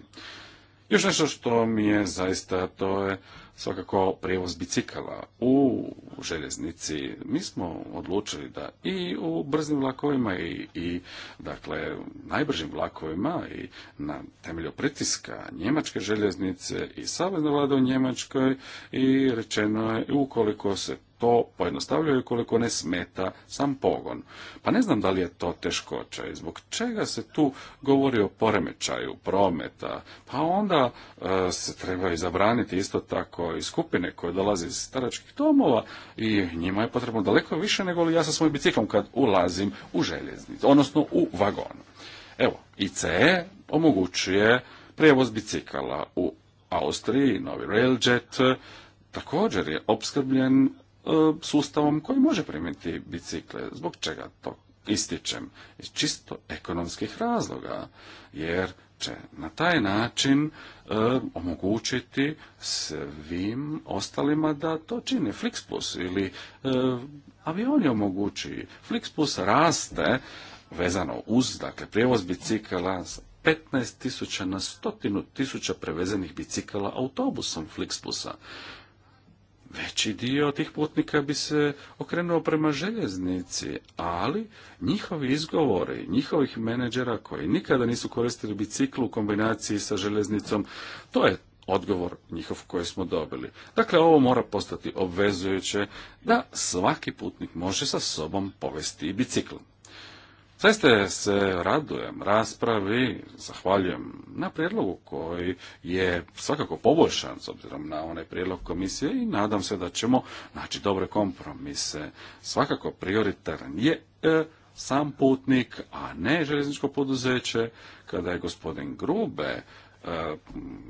Još nešto što mi je zaista, to je svakako prijevoz bicikala u željeznici. Mi smo odlučili da i u brzim vlakovima i, i dakle najbržim vlakovima i na temelju pritiska njemačke željeznice i savezne vlade u Njemačkoj i rečeno je ukoliko se to pojednostavljuje koliko ne smeta sam pogon. Pa ne znam da li je to teškoća i zbog čega se tu govori o poremećaju prometa, pa onda e, se treba zabraniti isto tako i skupine koje dolaze iz staračkih domova i njima je potrebno daleko više nego li ja sa svojim biciklom kad ulazim u željeznicu, odnosno u vagon. Evo, ICE omogućuje prijevoz bicikala u Austriji, novi Railjet, također je opskrbljen E, sustavom koji može primiti bicikle. Zbog čega to ističem? Iz čisto ekonomskih razloga, jer će na taj način e, omogućiti svim ostalima da to čine. Flixbus ili e, avioni omogući. Flixbus raste vezano uz, dakle, prijevoz bicikala s tisuća na stotinu prevezenih bicikala autobusom Flixbusa veći dio tih putnika bi se okrenuo prema željeznici, ali njihovi izgovori, njihovih menadžera koji nikada nisu koristili biciklu u kombinaciji sa željeznicom, to je odgovor njihov koji smo dobili. Dakle, ovo mora postati obvezujuće da svaki putnik može sa sobom povesti i bicikl. Zaista se radujem raspravi, zahvaljujem na prijedlogu koji je svakako poboljšan s obzirom na onaj prijedlog komisije i nadam se da ćemo naći dobre kompromise. Svakako prioritaran je e, sam putnik, a ne željezničko poduzeće. Kada je gospodin Grube e,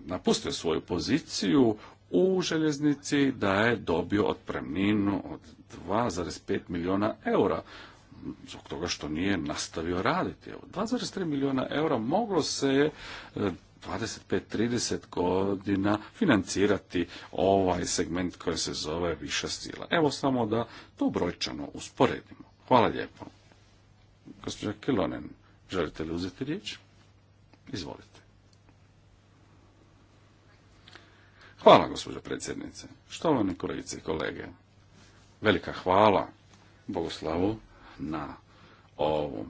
napustio svoju poziciju u željeznici da je dobio otpremninu od 2,5 milijuna eura zbog toga što nije nastavio raditi. 2,3 milijuna eura moglo se je 25-30 e, godina financirati ovaj segment koji se zove viša sila. Evo samo da to brojčano usporedimo. Hvala lijepo. Gospođa Kilonen, želite li uzeti riječ? Izvolite. Hvala, gospođo predsjednice. Štovane kolegice i kolege, velika hvala Bogoslavu na ovom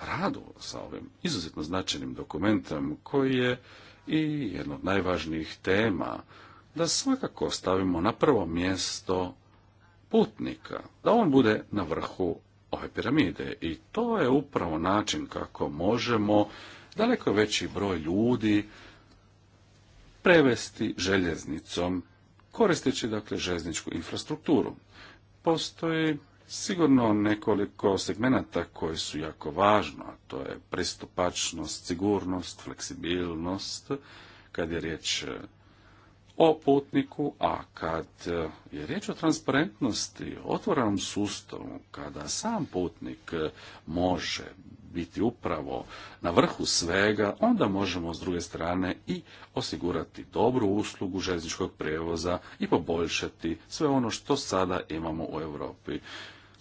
radu sa ovim izuzetno značajnim dokumentom koji je i jedna od najvažnijih tema da svakako stavimo na prvo mjesto putnika, da on bude na vrhu ove piramide i to je upravo način kako možemo daleko veći broj ljudi prevesti željeznicom koristeći dakle željezničku infrastrukturu. Postoji sigurno nekoliko segmenata koji su jako važno, a to je pristupačnost, sigurnost, fleksibilnost, kad je riječ e, o putniku, a kad e, je riječ o transparentnosti, otvorenom sustavu, kada sam putnik e, može biti upravo na vrhu svega, onda možemo s druge strane i osigurati dobru uslugu željezničkog prijevoza i poboljšati sve ono što sada imamo u Europi.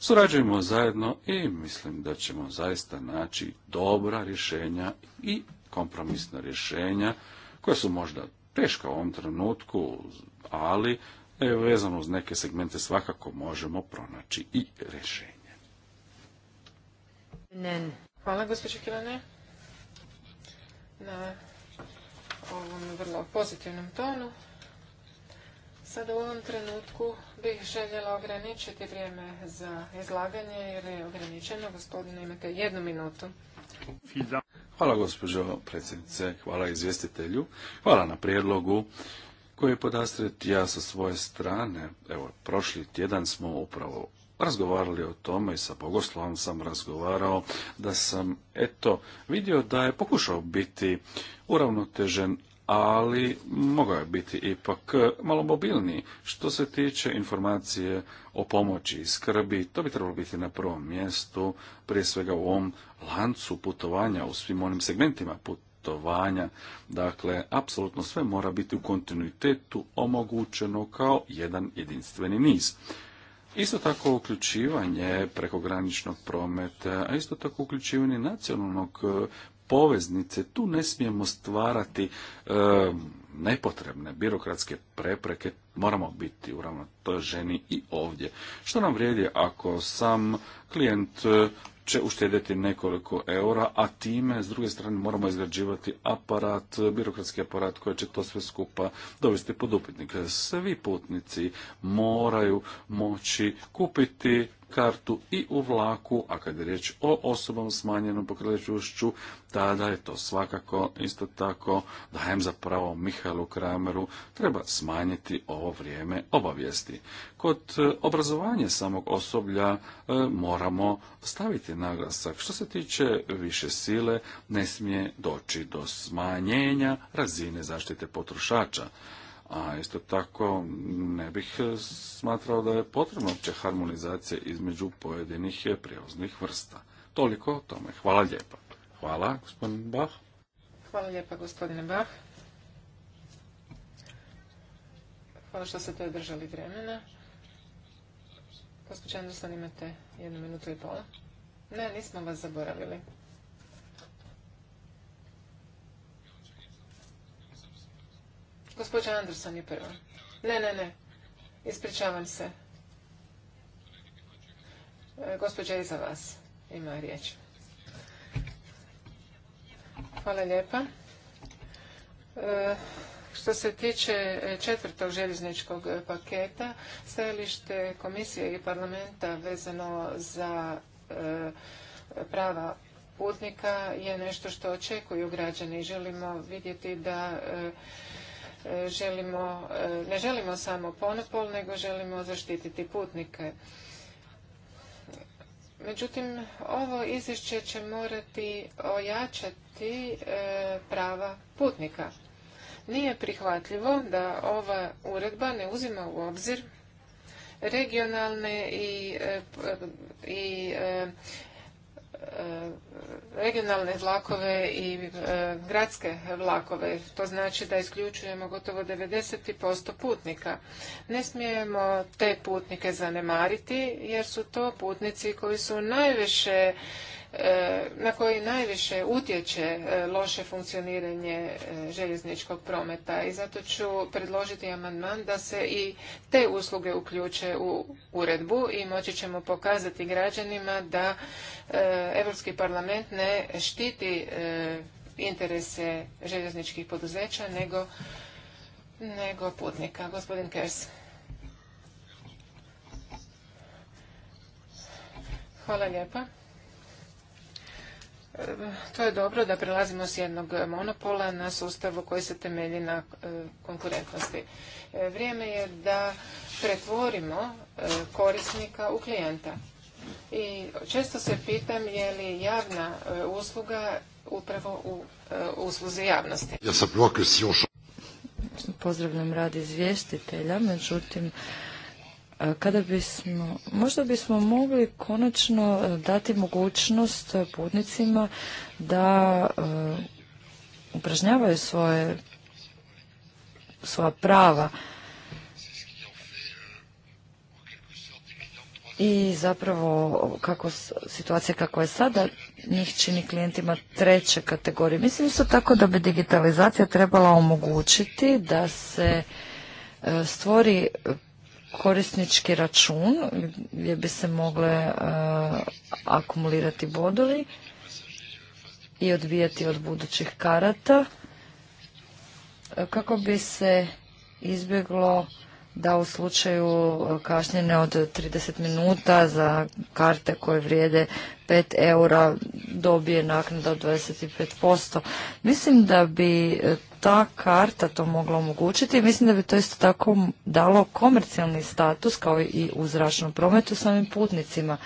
Surađujemo zajedno i mislim da ćemo zaista naći dobra rješenja i kompromisna rješenja koja su možda teška u ovom trenutku, ali vezano uz neke segmente svakako možemo pronaći i rješenje. Hvala gospođo Kilane na ovom vrlo pozitivnom tonu. Sada u ovom trenutku bih željela ograničiti vrijeme za izlaganje jer je ograničeno. Gospodine, imate jednu minutu. Hvala gospođo predsjednice, hvala izvjestitelju, hvala na prijedlogu koji je podastret ja sa svoje strane. Evo, prošli tjedan smo upravo razgovarali o tome i sa bogoslovom sam razgovarao da sam, eto, vidio da je pokušao biti uravnotežen ali mogao je biti ipak e, malo mobilniji. Što se tiče informacije o pomoći i skrbi, to bi trebalo biti na prvom mjestu, prije svega u ovom lancu putovanja, u svim onim segmentima putovanja. Dakle, apsolutno sve mora biti u kontinuitetu omogućeno kao jedan jedinstveni niz. Isto tako uključivanje prekograničnog prometa, a isto tako uključivanje nacionalnog e, poveznice, tu ne smijemo stvarati e, nepotrebne birokratske prepreke, moramo biti uravnoteženi i ovdje. Što nam vrijedi ako sam klijent e, će uštedjeti nekoliko eura, a time, s druge strane, moramo izgrađivati aparat, birokratski aparat koji će to sve skupa dovesti pod upitnik. Svi putnici moraju moći kupiti kartu i u vlaku, a kad je riječ o osobom smanjenom pokrećušću, tada je to svakako isto tako, dajem zapravo Mihajlu Krameru, treba smanjiti ovo vrijeme obavijesti. Kod e, obrazovanja samog osoblja e, moramo staviti naglasak. Što se tiče više sile, ne smije doći do smanjenja razine zaštite potrošača. A isto tako ne bih smatrao da je potrebna opće harmonizacija između pojedinih prijevoznih vrsta. Toliko o tome. Hvala lijepa. Hvala, gospodin Bach. Hvala lijepa, gospodine Bach. Hvala što ste to održali vremena. Gospodin Anderson, imate jednu minutu i pola. Ne, nismo vas zaboravili. Gospođa Anderson je prva. Ne, ne, ne. Ispričavam se. E, Gospodin je iza vas ima riječ. Hvala lijepa. E, što se tiče četvrtog željezničkog paketa, stajalište komisije i parlamenta vezano za e, prava putnika je nešto što očekuju građani. Želimo vidjeti da E, želimo, e, ne želimo samo ponopol, nego želimo zaštititi putnike. Međutim, ovo izvješće će morati ojačati e, prava putnika. Nije prihvatljivo da ova uredba ne uzima u obzir regionalne i, i E, regionalne vlakove i e, gradske vlakove. To znači da isključujemo gotovo 90% putnika. Ne smijemo te putnike zanemariti jer su to putnici koji su najviše E, na koji najviše utječe e, loše funkcioniranje e, željezničkog prometa i zato ću predložiti amandman da se i te usluge uključe u uredbu i moći ćemo pokazati građanima da Europski parlament ne štiti interese željezničkih poduzeća nego, nego putnika. Gospodin Kers. Hvala lijepa to je dobro da prelazimo s jednog monopola na sustavu koji se temelji na e, konkurentnosti. E, vrijeme je da pretvorimo e, korisnika u klijenta. I često se pitam je li javna usluga upravo u usluzi javnosti. Pozdravljam rad izvjestitelja, međutim kada bismo, možda bismo mogli konačno e, dati mogućnost putnicima da e, upražnjavaju svoje svoja prava i zapravo kako, situacija kakva je sada njih čini klijentima treće kategorije. Mislim isto tako da bi digitalizacija trebala omogućiti da se e, stvori korisnički račun gdje bi se mogle e, akumulirati bodovi i odbijati od budućih karata e, kako bi se izbjeglo da u slučaju kašnjene od 30 minuta za karte koje vrijede 5 eura dobije naknada od 25%. Mislim da bi ta karta to mogla omogućiti. i Mislim da bi to isto tako dalo komercijalni status kao i u zračnom prometu samim putnicima.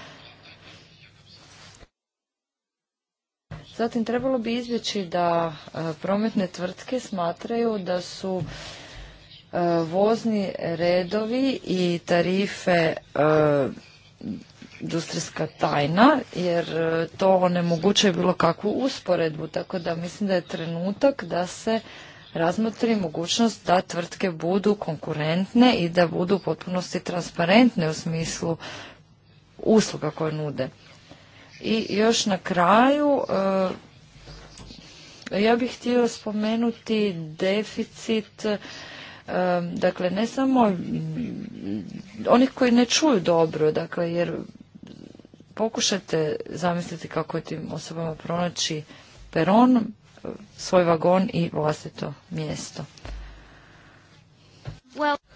Zatim trebalo bi izbjeći da e, prometne tvrtke smatraju da su e, vozni redovi i tarife e, industrijska tajna jer e, to onemogućuje bilo kakvu usporedbu, tako da mislim da je trenutak da se razmotri mogućnost da tvrtke budu konkurentne i da budu u potpunosti transparentne u smislu usluga koje nude. I još na kraju, e, ja bih htio spomenuti deficit e, dakle ne samo onih koji ne čuju dobro, dakle jer pokušajte zamisliti kako je tim osobama pronaći peron, e, svoj vagon i vlastito mjesto.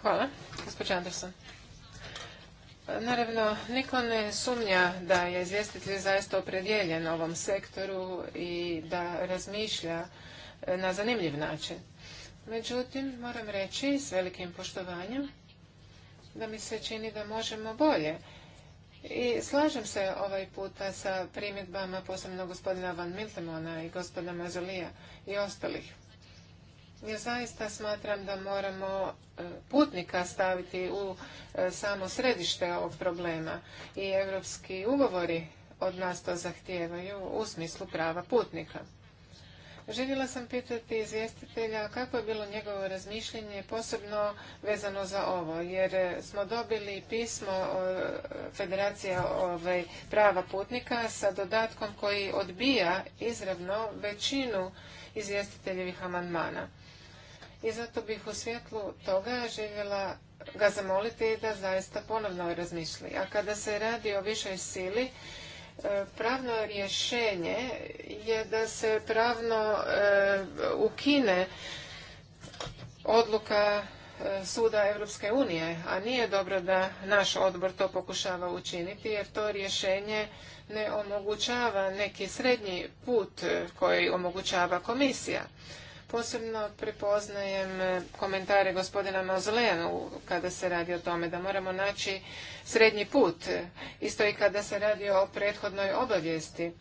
Hvala, gospođa Anderson. Naravno, niko ne sumnja da je izvjestitelj zaista opredjeljen ovom sektoru i da razmišlja e, na zanimljiv način. Međutim, moram reći s velikim poštovanjem da mi se čini da možemo bolje i slažem se ovaj puta sa primjedbama posebno gospodina Van Miltemona i gospodina Mazolija i ostalih. Ja zaista smatram da moramo e, putnika staviti u e, samo središte ovog problema i europski ugovori od nas to zahtijevaju u smislu prava putnika. Željela sam pitati izvjestitelja kako je bilo njegovo razmišljenje posebno vezano za ovo, jer smo dobili pismo e, Federacija ovaj, prava putnika sa dodatkom koji odbija izravno većinu izvjestiteljevih amandmana. I zato bih u svjetlu toga željela ga zamoliti da zaista ponovno razmišlji. A kada se radi o višoj sili, E, pravno rješenje je da se pravno e, ukine odluka e, suda Europske unije, a nije dobro da naš odbor to pokušava učiniti jer to rješenje ne omogućava neki srednji put koji omogućava komisija. Posebno prepoznajem komentare gospodina Mozlenu kada se radi o tome da moramo naći srednji put, isto i kada se radi o prethodnoj obavijesti.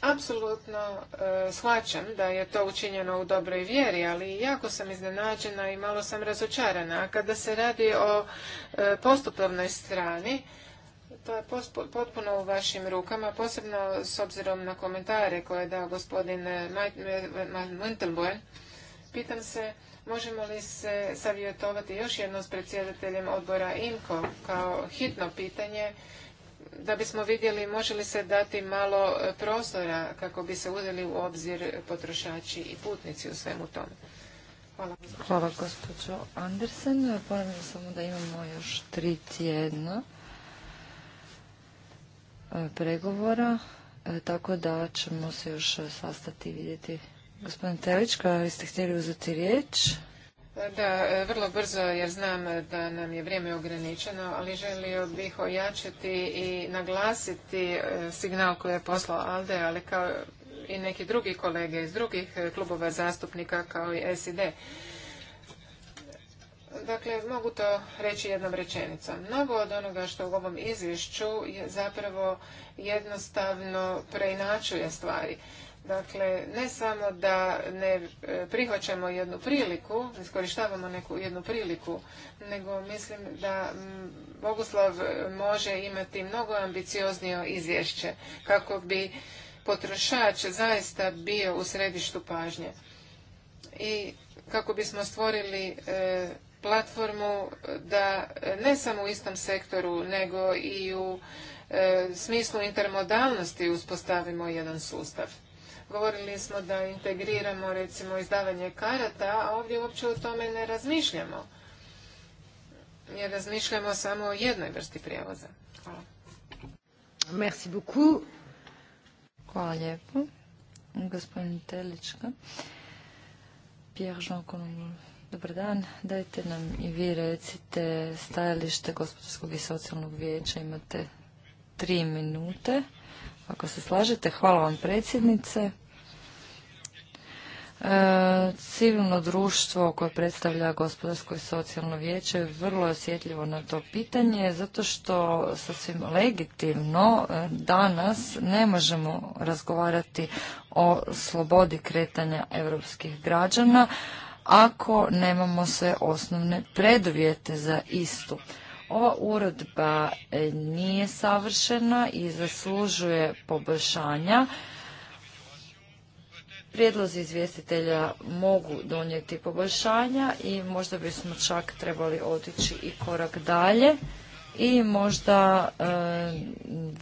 Apsolutno e, shvaćam da je to učinjeno u dobroj vjeri, ali jako sam iznenađena i malo sam razočarana. A kada se radi o e, postupovnoj strani, potpuno u vašim rukama, posebno s obzirom na komentare koje je dao gospodin Muntelboj Pitam se, možemo li se savjetovati još jednom s predsjedateljem odbora INKO kao hitno pitanje, da bismo vidjeli može li se dati malo e, prostora kako bi se uzeli u obzir potrošači i putnici u svemu tome. Hvala. Hvala gospođo Andersen. Ponavljam samo da imamo još tri tjedna pregovora, e, tako da ćemo se još sastati i vidjeti. Gospodin Telička, vi ste htjeli uzeti riječ? Da, e, vrlo brzo jer znam da nam je vrijeme ograničeno, ali želio bih ojačati i naglasiti e, signal koji je poslao Alde, ali kao i neki drugi kolege iz drugih klubova zastupnika kao i SID. Dakle, mogu to reći jednom rečenicom. Mnogo od onoga što u ovom izvješću je zapravo jednostavno preinačuje stvari. Dakle, ne samo da ne e, prihvaćamo jednu priliku, iskorištavamo neku jednu priliku, nego mislim da mm, Bogoslav može imati mnogo ambicioznije izvješće kako bi potrošač zaista bio u središtu pažnje i kako bismo stvorili e, platformu da e, ne samo u istom sektoru, nego i u e, smislu intermodalnosti uspostavimo jedan sustav. Govorili smo da integriramo recimo izdavanje karata, a ovdje uopće o tome ne razmišljamo. Ne razmišljamo samo o jednoj vrsti prijevoza. Hvala. Merci beaucoup. Hvala lijepo. Gospodin Telička. Pierre Jean Colombo. Dobar dan. Dajte nam i vi recite stajalište gospodarskog i socijalnog vijeća. Imate tri minute. Ako se slažete, hvala vam predsjednice. E, civilno društvo koje predstavlja gospodarsko i socijalno vijeće vrlo je osjetljivo na to pitanje zato što sasvim legitimno e, danas ne možemo razgovarati o slobodi kretanja europskih građana ako nemamo sve osnovne preduvjete za istu. Ova uredba e, nije savršena i zaslužuje poboljšanja. Prijedlozi izvjestitelja mogu donijeti poboljšanja i možda bismo čak trebali otići i korak dalje i možda e,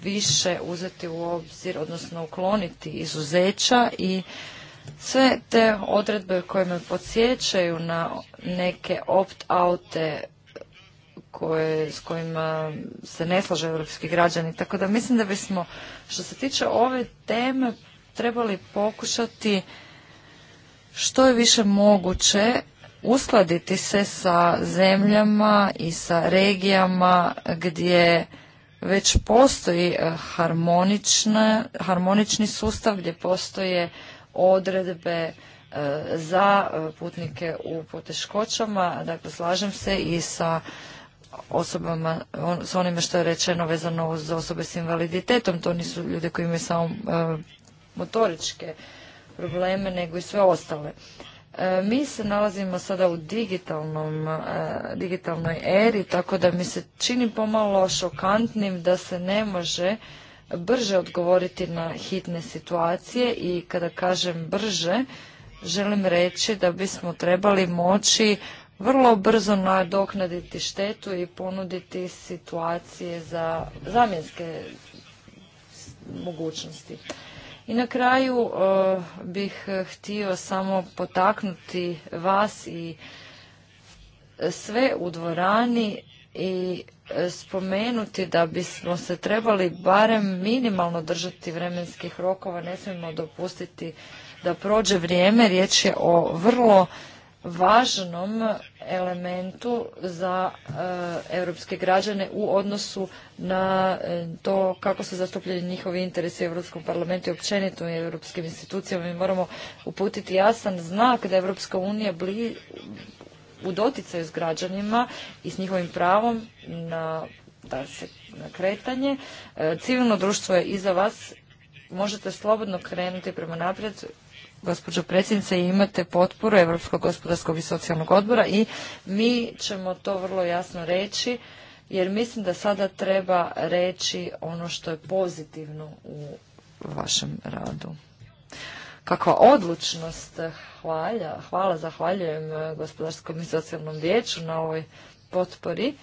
više uzeti u obzir, odnosno ukloniti izuzeća i sve te odredbe koje me podsjećaju na neke opt-oute s kojima se ne slaže europski građani. Tako da mislim da bismo što se tiče ove teme trebali pokušati što je više moguće uskladiti se sa zemljama i sa regijama gdje već postoji harmonični sustav, gdje postoje odredbe e, za e, putnike u poteškoćama. Dakle, slažem se i sa osobama, s onime što je rečeno vezano za osobe s invaliditetom. To nisu ljudi koji imaju samo e, motoričke probleme, nego i sve ostale. mi se nalazimo sada u digitalnoj eri, tako da mi se čini pomalo šokantnim da se ne može brže odgovoriti na hitne situacije i kada kažem brže, želim reći da bismo trebali moći vrlo brzo nadoknaditi štetu i ponuditi situacije za zamjenske mogućnosti. I na kraju uh, bih htio samo potaknuti vas i sve u dvorani i e, spomenuti da bismo se trebali barem minimalno držati vremenskih rokova, ne smijemo dopustiti da prođe vrijeme, riječ je o vrlo važnom elementu za e, europske građane u odnosu na e, to kako su zastupljeni njihovi interesi u Europskom parlamentu i općenito i europskim institucijama. Mi moramo uputiti jasan znak da Europska unija bli, u doticaju s građanima i s njihovim pravom na, da se, na kretanje. E, civilno društvo je iza vas. Možete slobodno krenuti prema naprijed gospođo predsjednice, imate potporu Europskog gospodarskog i socijalnog odbora i mi ćemo to vrlo jasno reći, jer mislim da sada treba reći ono što je pozitivno u vašem radu kakva odlučnost. Hvala, hvala, zahvaljujem eh, gospodarskom i socijalnom vijeću na ovoj potpori.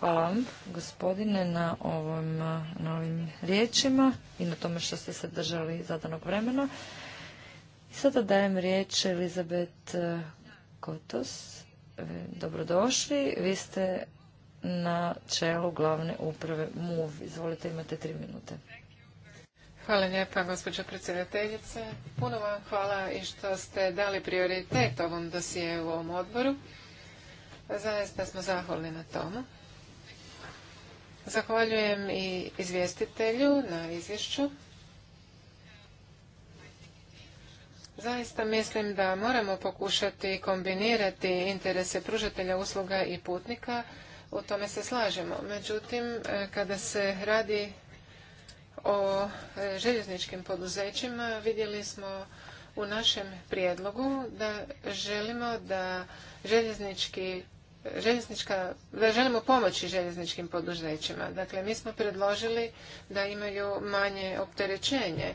Hvala vam, gospodine, na, ovom, eh, na ovim riječima i na tome što ste se držali zadanog vremena. I sada dajem riječ Elizabet eh, Kotos. Dobrodošli. Vi ste na čelu glavne uprave MUV. Izvolite, imate tri minute. Hvala lijepa, gospođo predsjedateljice. Puno vam hvala i što ste dali prioritet ovom dosije u ovom odboru. Zaista smo zahvalni na tomu. Zahvaljujem i izvjestitelju na izvješću. Zaista mislim da moramo pokušati kombinirati interese pružatelja usluga i putnika, u tome se slažemo. Međutim, kada se radi o e, željezničkim poduzećima vidjeli smo u našem prijedlogu da želimo da željeznički željeznička, da želimo pomoći željezničkim poduzećima. Dakle, mi smo predložili da imaju manje opterećenje,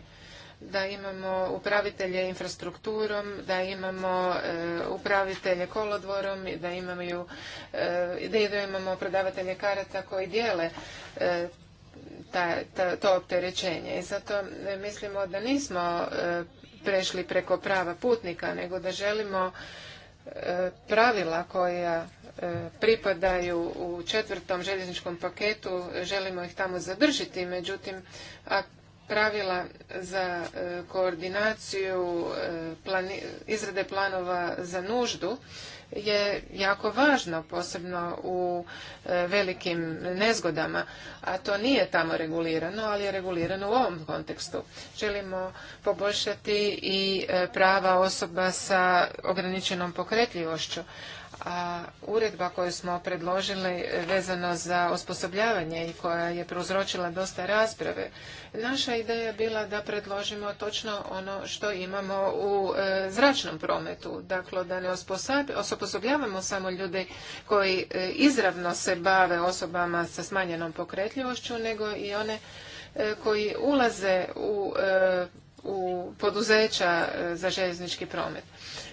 da imamo upravitelje infrastrukturom, da imamo e, upravitelje kolodvorom, da, imaju, e, da imamo prodavatelje karata koji dijele ta, ta, to opterećenje. I zato e, mislimo da nismo e, prešli preko prava putnika, nego da želimo e, pravila koja pripadaju u četvrtom željezničkom paketu, želimo ih tamo zadržiti, međutim, pravila za e, koordinaciju e, izrade planova za nuždu je jako važno, posebno u e, velikim nezgodama, a to nije tamo regulirano, ali je regulirano u ovom kontekstu. Želimo poboljšati i prava osoba sa ograničenom pokretljivošću, a uredba koju smo predložili vezano za osposobljavanje i koja je prouzročila dosta rasprave, naša ideja je bila da predložimo točno ono što imamo u e, zračnom prometu. Dakle, da ne osposobljavamo samo ljude koji e, izravno se bave osobama sa smanjenom pokretljivošću, nego i one e, koji ulaze u u poduzeća e, za željeznički promet.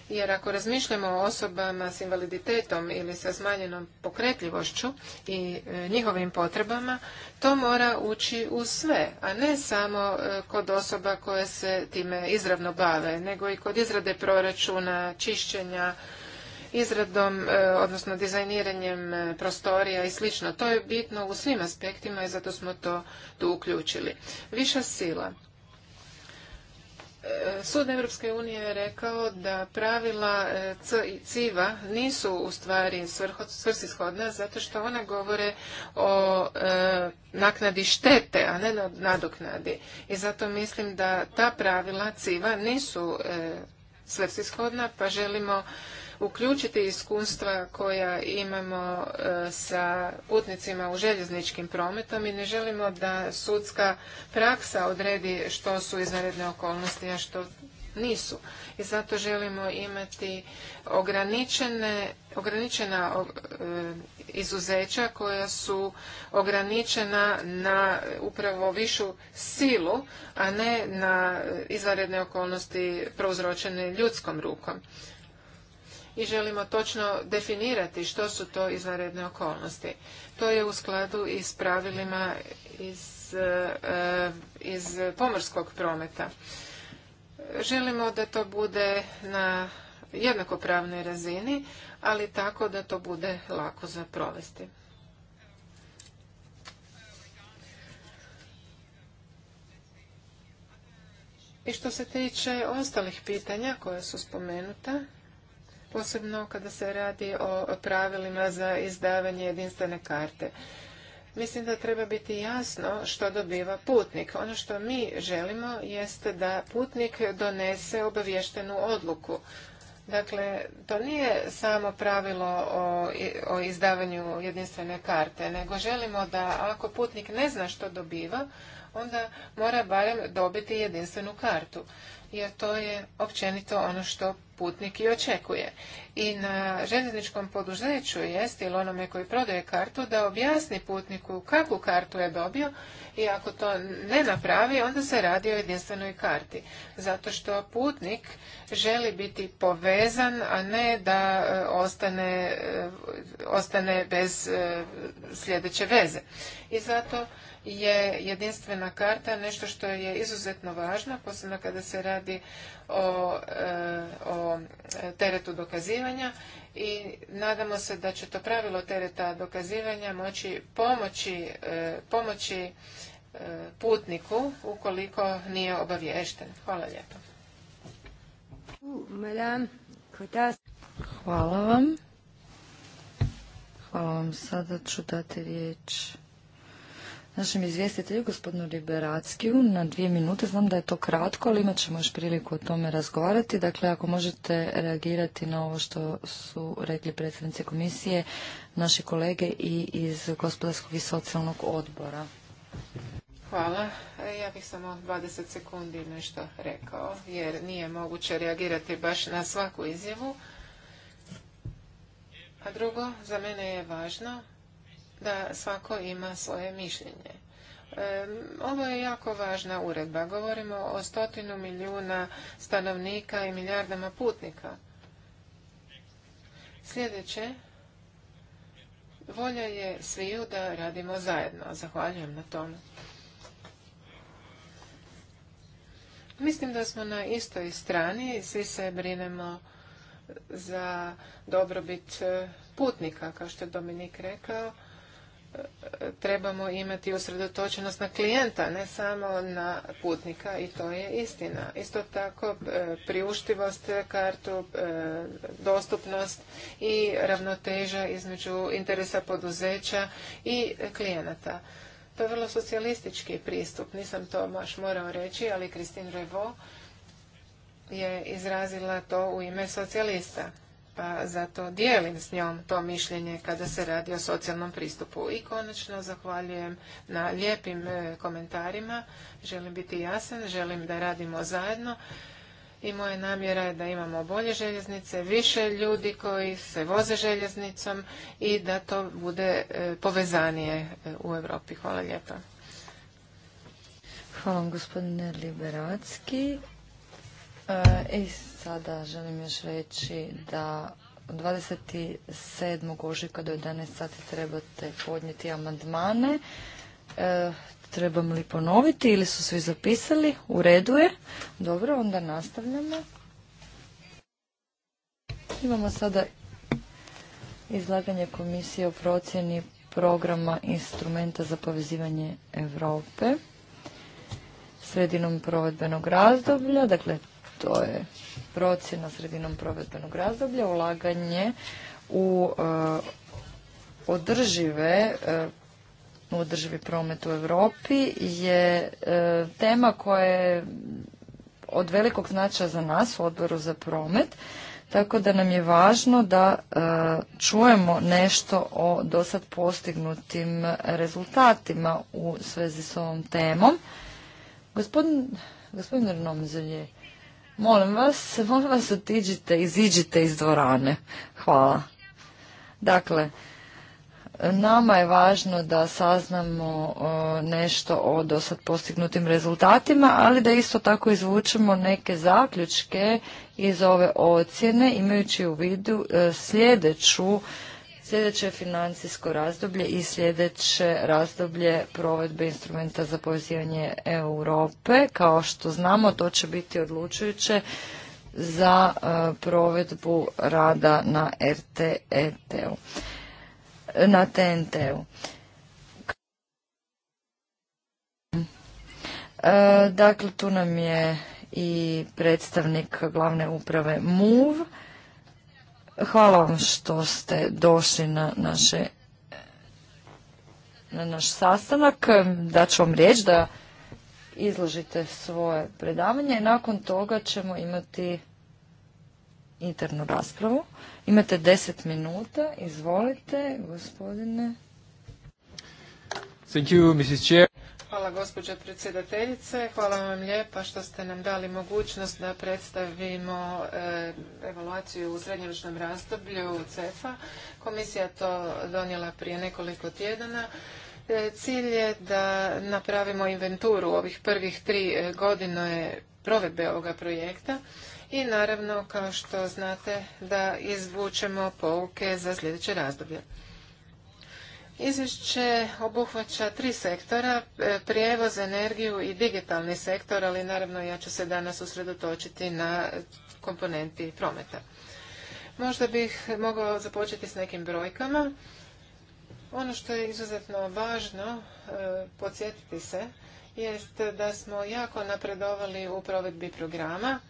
Jer ako razmišljamo o osobama s invaliditetom ili sa smanjenom pokretljivošću i e, njihovim potrebama, to mora ući u sve, a ne samo e, kod osoba koje se time izravno bave, nego i kod izrade proračuna, čišćenja, izradom, odnosno dizajniranjem prostorija i slično. To je bitno u svim aspektima i zato smo to tu uključili. Viša sila. Sud Europske unije je rekao da pravila e, i CIVA nisu u stvari svrsishodna zato što ona govore o e, naknadi štete, a ne nadoknadi. I zato mislim da ta pravila CIVA nisu e, svrsishodna, pa želimo uključiti iskustva koja imamo e, sa putnicima u željezničkim prometom i ne želimo da sudska praksa odredi što su izvanredne okolnosti, a što nisu. I zato želimo imati ograničene, ograničena e, izuzeća koja su ograničena na upravo višu silu, a ne na e, izvanredne okolnosti prouzročene ljudskom rukom i želimo točno definirati što su to izvanredne okolnosti. To je u skladu i s pravilima iz, eh, iz pomorskog prometa. Želimo da to bude na jednakopravnoj razini, ali tako da to bude lako za provesti. I što se tiče ostalih pitanja koja su spomenuta, posebno kada se radi o pravilima za izdavanje jedinstvene karte. Mislim da treba biti jasno što dobiva putnik. Ono što mi želimo jeste da putnik donese obavještenu odluku. Dakle, to nije samo pravilo o, o izdavanju jedinstvene karte, nego želimo da ako putnik ne zna što dobiva, onda mora barem dobiti jedinstvenu kartu. Jer to je općenito ono što putnik i očekuje. I na željezničkom poduzeću jest ili onome koji prodaje kartu da objasni putniku kakvu kartu je dobio i ako to ne napravi onda se radi o jedinstvenoj karti. Zato što putnik želi biti povezan, a ne da e, ostane, e, ostane bez e, sljedeće veze. I zato je jedinstvena karta nešto što je izuzetno važno, posebno kada se radi E, o, teretu dokazivanja i nadamo se da će to pravilo tereta dokazivanja moći pomoći, e, pomoći e, putniku ukoliko nije obaviješten. Hvala lijepo. Hvala vam. Hvala vam. Sada ću dati riječ našem izvjestitelju, gospodinu Liberackiju, na dvije minute. Znam da je to kratko, ali imat ćemo još priliku o tome razgovarati. Dakle, ako možete reagirati na ovo što su rekli predstavnici komisije, naše kolege i iz gospodarskog i socijalnog odbora. Hvala. E, ja bih samo 20 sekundi nešto rekao, jer nije moguće reagirati baš na svaku izjavu. A drugo, za mene je važno da svako ima svoje mišljenje. ovo je jako važna uredba. Govorimo o stotinu milijuna stanovnika i milijardama putnika. Sljedeće, volja je sviju da radimo zajedno. Zahvaljujem na tom. Mislim da smo na istoj strani, svi se brinemo za dobrobit e, putnika, kao što je Dominik rekao trebamo imati usredotočenost na klijenta, ne samo na putnika i to je istina. Isto tako e, priuštivost kartu, e, dostupnost i ravnoteža između interesa poduzeća i klijenata. To je vrlo socijalistički pristup, nisam to baš morao reći, ali Christine Revo je izrazila to u ime socijalista pa zato dijelim s njom to mišljenje kada se radi o socijalnom pristupu. I konačno zahvaljujem na lijepim e, komentarima, želim biti jasan, želim da radimo zajedno i moja namjera je da imamo bolje željeznice, više ljudi koji se voze željeznicom i da to bude e, povezanije e, u Europi. Hvala lijepa. Hvala gospodine Liberacki. E, I sada želim još reći da 27. ožujka do 11 sati trebate podnijeti amandmane. E, trebam li ponoviti ili su svi zapisali? U redu je. Dobro, onda nastavljamo. Imamo sada izlaganje komisije o procjeni programa instrumenta za povezivanje Europe sredinom provedbenog razdoblja, dakle to je procjena sredinom provedbenog razdoblja, ulaganje u eh, održive eh, u održivi promet u Europi je eh, tema koja je od velikog značaja za nas u odboru za promet, tako da nam je važno da čujemo nešto o dosad postignutim rezultatima u svezi s ovom temom. Gospodin, gospodin Renom Molim vas, molim vas otiđite, iziđite iz dvorane. Hvala. Dakle, nama je važno da saznamo e, nešto o dosad postignutim rezultatima, ali da isto tako izvučemo neke zaključke iz ove ocjene imajući u vidu e, sljedeću sljedeće financijsko razdoblje i sljedeće razdoblje provedbe instrumenta za povezivanje Europe. Kao što znamo, to će biti odlučujuće za e, provedbu rada na RTET-u, na TNT-u. E, dakle, tu nam je i predstavnik glavne uprave MUV. Hvala vam što ste došli na naše na naš sastanak. Daću vam riječ da izložite svoje predavanje. Nakon toga ćemo imati internu raspravu. Imate deset minuta. Izvolite, gospodine. Thank Mrs. Chair. Hvala gospođo predsjedateljice. Hvala vam lijepa što ste nam dali mogućnost da predstavimo e, evaluaciju u srednjoročnom razdoblju CEFA. Komisija to donijela prije nekoliko tjedana. E, cilj je da napravimo inventuru ovih prvih tri e, godine provedbe ovoga projekta i naravno kao što znate da izvučemo pouke za sljedeće razdoblje. Izvješće obuhvaća tri sektora, e, prijevoz, energiju i digitalni sektor, ali naravno ja ću se danas usredotočiti na komponenti prometa. Možda bih mogao započeti s nekim brojkama. Ono što je izuzetno važno e, podsjetiti se jest da smo jako napredovali u provedbi programa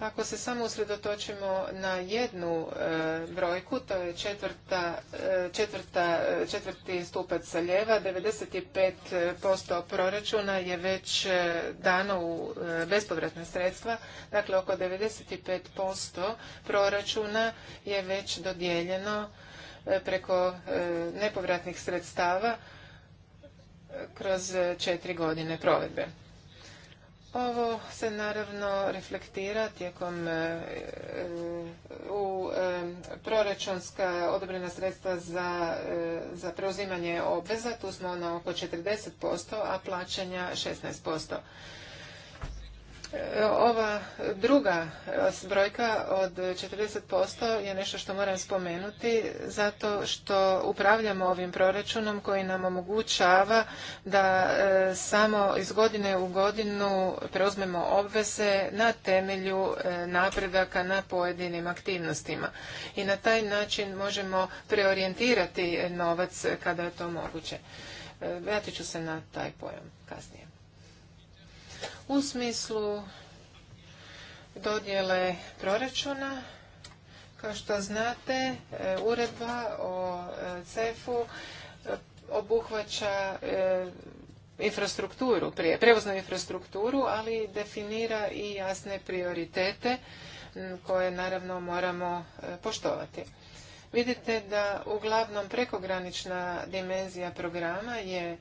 ako se samo usredotočimo na jednu e, brojku, to je četvrta, e, četvrta, e, četvrti stupac sa 95% proračuna je već dano u bespovratna sredstva, dakle oko 95% proračuna je već dodijeljeno preko nepovratnih sredstava kroz četiri godine provedbe. Ovo se naravno reflektira tijekom e, e, u e, proračunska odobrena sredstva za, za preuzimanje obveza, tu smo na oko 40%, a plaćanja 16%. E, ova druga e, brojka od 40% je nešto što moram spomenuti zato što upravljamo ovim proračunom koji nam omogućava da e, samo iz godine u godinu preuzmemo obveze na temelju napredaka na pojedinim aktivnostima. I na taj način možemo preorijentirati novac kada je to moguće. Vratit ću se na taj pojam kasnije u smislu dodjele proračuna. Kao što znate, e, uredba o e, CEF-u e, obuhvaća infrastrukturu, prevoznu infrastrukturu, ali definira i jasne prioritete koje naravno moramo poštovati. Vidite da uglavnom prekogranična dimenzija programa je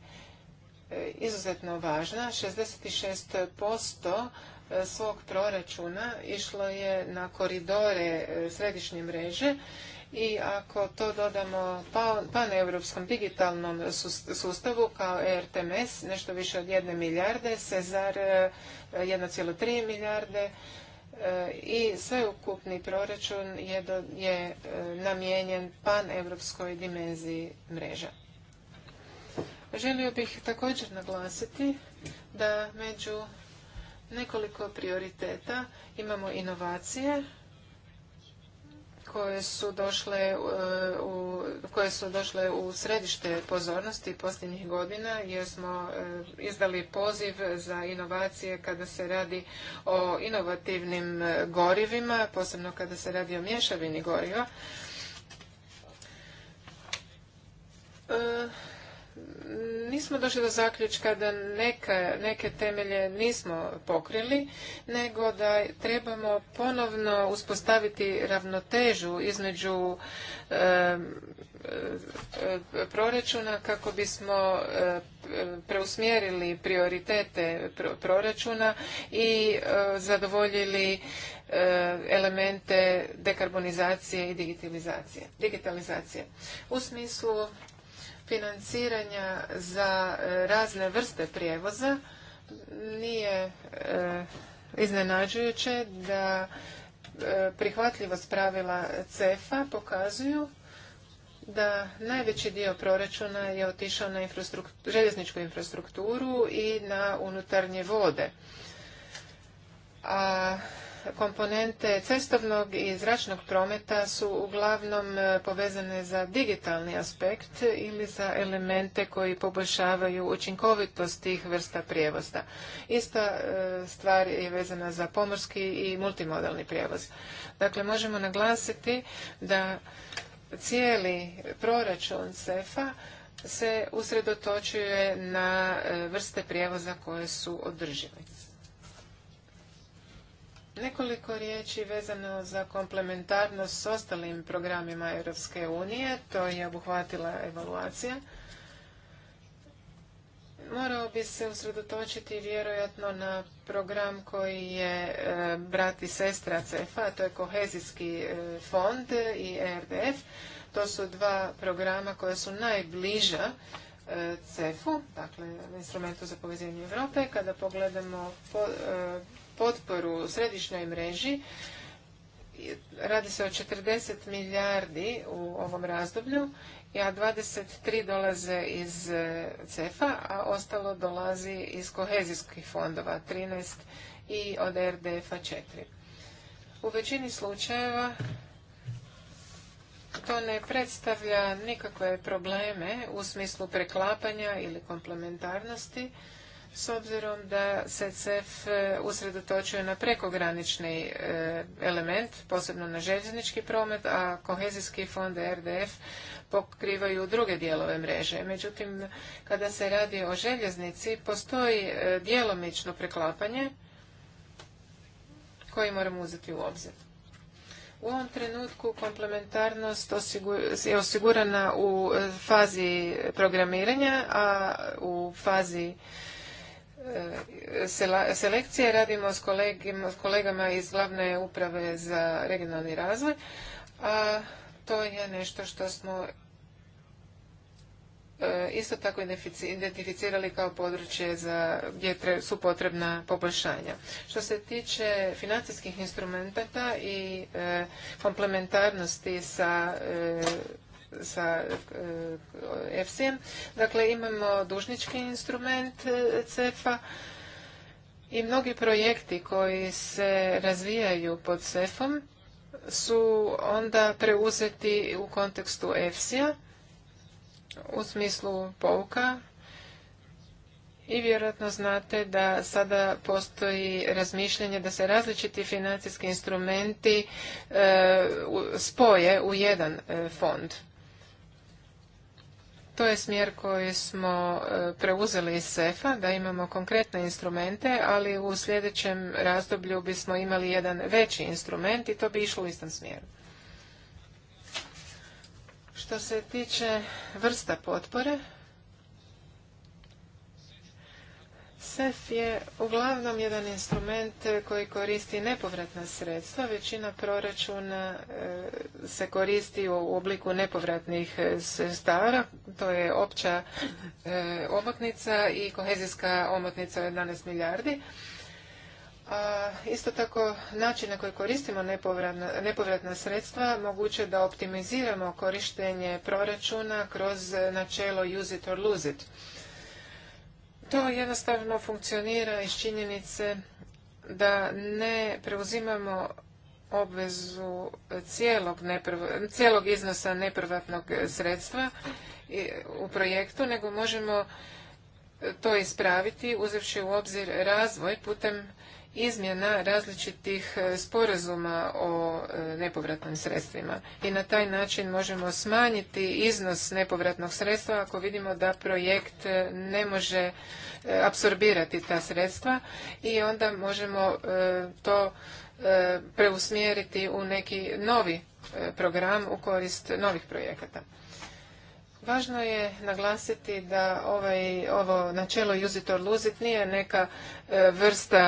E, izuzetno važna. 66% e, svog proračuna išlo je na koridore e, središnje mreže i ako to dodamo paneuropskom digitalnom sustavu kao ERTMS, nešto više od jedne milijarde, Cezar 1,3 milijarde, i sveukupni proračun je, je namijenjen paneuropskoj dimenziji mreža. Želio bih također naglasiti da među nekoliko prioriteta imamo inovacije koje su došle e, u, koje su došle u središte pozornosti posljednjih godina jer smo e, izdali poziv za inovacije kada se radi o inovativnim e, gorivima, posebno kada se radi o mješavini goriva nismo došli do zaključka da neke temelje nismo pokrili, nego da trebamo ponovno uspostaviti ravnotežu između e, proračuna kako bismo e, preusmjerili prioritete proračuna i e, zadovoljili e, elemente dekarbonizacije i digitalizacije. digitalizacije. U smislu financiranja za e, razne vrste prijevoza nije e, iznenađujuće da e, prihvatljivost pravila CEFA pokazuju da najveći dio proračuna je otišao na željezničku infrastrukturu i na unutarnje vode. A komponente cestovnog i zračnog prometa su uglavnom e, povezane za digitalni aspekt ili za elemente koji poboljšavaju učinkovitost tih vrsta prijevoza. Ista e, stvar je vezana za pomorski i multimodalni prijevoz. Dakle, možemo naglasiti da cijeli proračun CEFA se usredotočuje na e, vrste prijevoza koje su održive. Nekoliko riječi vezano za komplementarnost s ostalim programima Europske unije, to je obuhvatila evaluacija. Morao bi se usredotočiti vjerojatno na program koji je e, brat i sestra CEFA, to je kohezijski e, fond i ERDF. To su dva programa koja su najbliža e, CEF-u, dakle instrumentu za povezivanje Europe. Kada pogledamo potporu središnjoj mreži. Radi se o 40 milijardi u ovom razdoblju, a 23 dolaze iz e, CEFA, a ostalo dolazi iz kohezijskih fondova, 13 i od RDF-a 4. U većini slučajeva to ne predstavlja nikakve probleme u smislu preklapanja ili komplementarnosti s obzirom da se CEF e, usredotočuje na prekogranični e, element, posebno na željeznički promet, a kohezijski fond RDF pokrivaju druge dijelove mreže. Međutim, kada se radi o željeznici, postoji e, djelomično preklapanje koje moramo uzeti u obzir. U ovom trenutku komplementarnost je osigurana u fazi programiranja, a u fazi selekcije radimo s, kolegama iz glavne uprave za regionalni razvoj, a to je nešto što smo e, isto tako identificirali kao područje za gdje su potrebna poboljšanja. Što se tiče financijskih instrumenata i e, komplementarnosti sa e, sa EFSI-em. Dakle, imamo dužnički instrument e, CEFA i mnogi projekti koji se razvijaju pod CEF-om su onda preuzeti u kontekstu EFSI-a u smislu pouka i vjerojatno znate da sada postoji razmišljanje da se različiti financijski instrumenti e, spoje u jedan e, fond. To je smjer koji smo e, preuzeli iz SEFA, da imamo konkretne instrumente, ali u sljedećem razdoblju bismo imali jedan veći instrument i to bi išlo u istom smjeru. Što se tiče vrsta potpore, SEF je uglavnom jedan instrument koji koristi nepovratna sredstva. Većina proračuna e, se koristi u obliku nepovratnih e, sredstava. To je opća e, omotnica i kohezijska omotnica 11 milijardi. A isto tako način na koji koristimo nepovratna, nepovratna sredstva moguće da optimiziramo korištenje proračuna kroz načelo use it or lose it. To jednostavno funkcionira iz činjenice da ne preuzimamo obvezu cijelog, iznosa neprvatnog sredstva u projektu, nego možemo to ispraviti uzevši u obzir razvoj putem izmjena različitih e, sporazuma o e, nepovratnim sredstvima i na taj način možemo smanjiti iznos nepovratnog sredstva ako vidimo da projekt e, ne može apsorbirati ta sredstva i onda možemo to preusmjeriti u neki novi program u korist novih projekata. Važno je naglasiti da ovaj, ovo načelo use it or lose it nije neka e, vrsta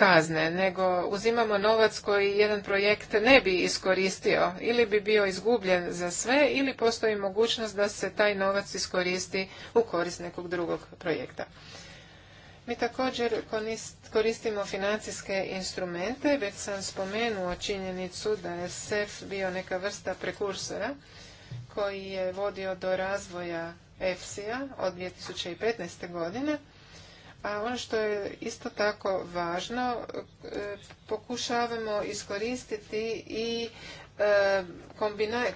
kazne, nego uzimamo novac koji jedan projekt ne bi iskoristio ili bi bio izgubljen za sve ili postoji mogućnost da se taj novac iskoristi u korist nekog drugog projekta. Mi također koristimo financijske instrumente, već sam spomenuo činjenicu da je SEF bio neka vrsta prekursora koji je vodio do razvoja EFSI-a od 2015. godine. A ono što je isto tako važno, e, pokušavamo iskoristiti i e,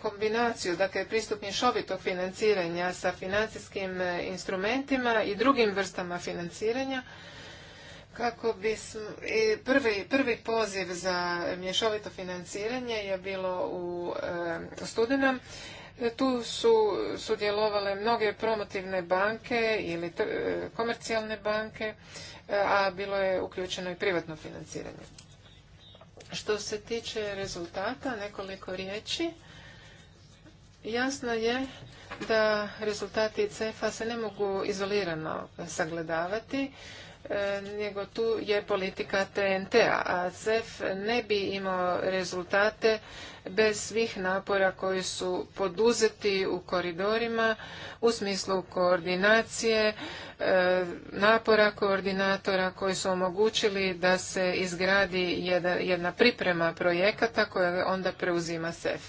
kombinaciju, dakle pristup mješovitog financiranja sa financijskim e, instrumentima i drugim vrstama financiranja, kako bi prvi, prvi poziv za mješovito financiranje je bilo u studenom E, tu su sudjelovale mnoge promotivne banke ili e, komercijalne banke, e, a bilo je uključeno i privatno financiranje. Što se tiče rezultata, nekoliko riječi. Jasno je da rezultati CEFA se ne mogu izolirano sagledavati, nego tu je politika TNT-a, a CEF ne bi imao rezultate bez svih napora koji su poduzeti u koridorima u smislu koordinacije, e, napora koordinatora koji su omogućili da se izgradi jedna priprema projekata koja onda preuzima SEF.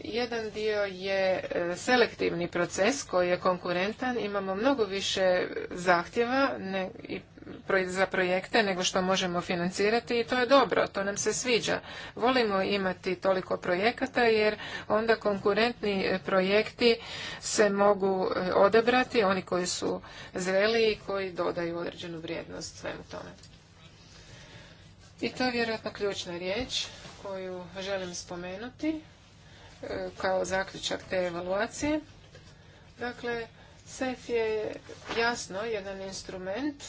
Jedan dio je e, selektivni proces koji je konkurentan, imamo mnogo više zahtjeva i za projekte nego što možemo financirati i to je dobro, to nam se sviđa. Volimo imati toliko projekata jer onda konkurentni e, projekti se mogu e, odebrati, oni koji su zreli i koji dodaju određenu vrijednost svemu tome. I to je vjerojatno ključna riječ koju želim spomenuti e, kao zaključak te evaluacije. Dakle, SEF je jasno jedan instrument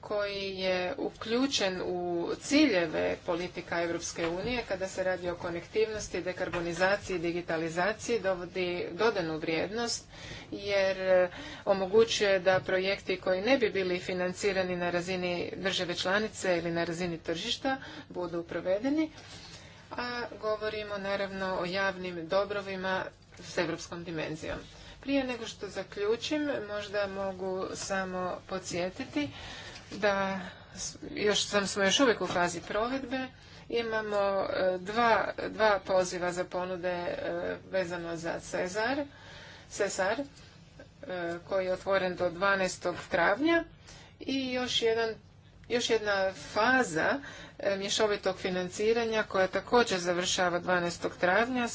koji je uključen u ciljeve politika Europske unije kada se radi o konektivnosti, dekarbonizaciji, i digitalizaciji dovodi dodanu vrijednost jer e, omogućuje da projekti koji ne bi bili financirani na razini države članice ili na razini tržišta budu provedeni, a govorimo naravno o javnim dobrovima s europskom dimenzijom. Prije nego što zaključim, možda mogu samo podsjetiti da još sam smo još uvijek u fazi provedbe. Imamo e, dva, dva poziva za ponude e, vezano za Cezar, Cesar e, koji je otvoren do 12. travnja i još jedan još jedna faza eh, mješovitog financiranja koja također završava 12. travnja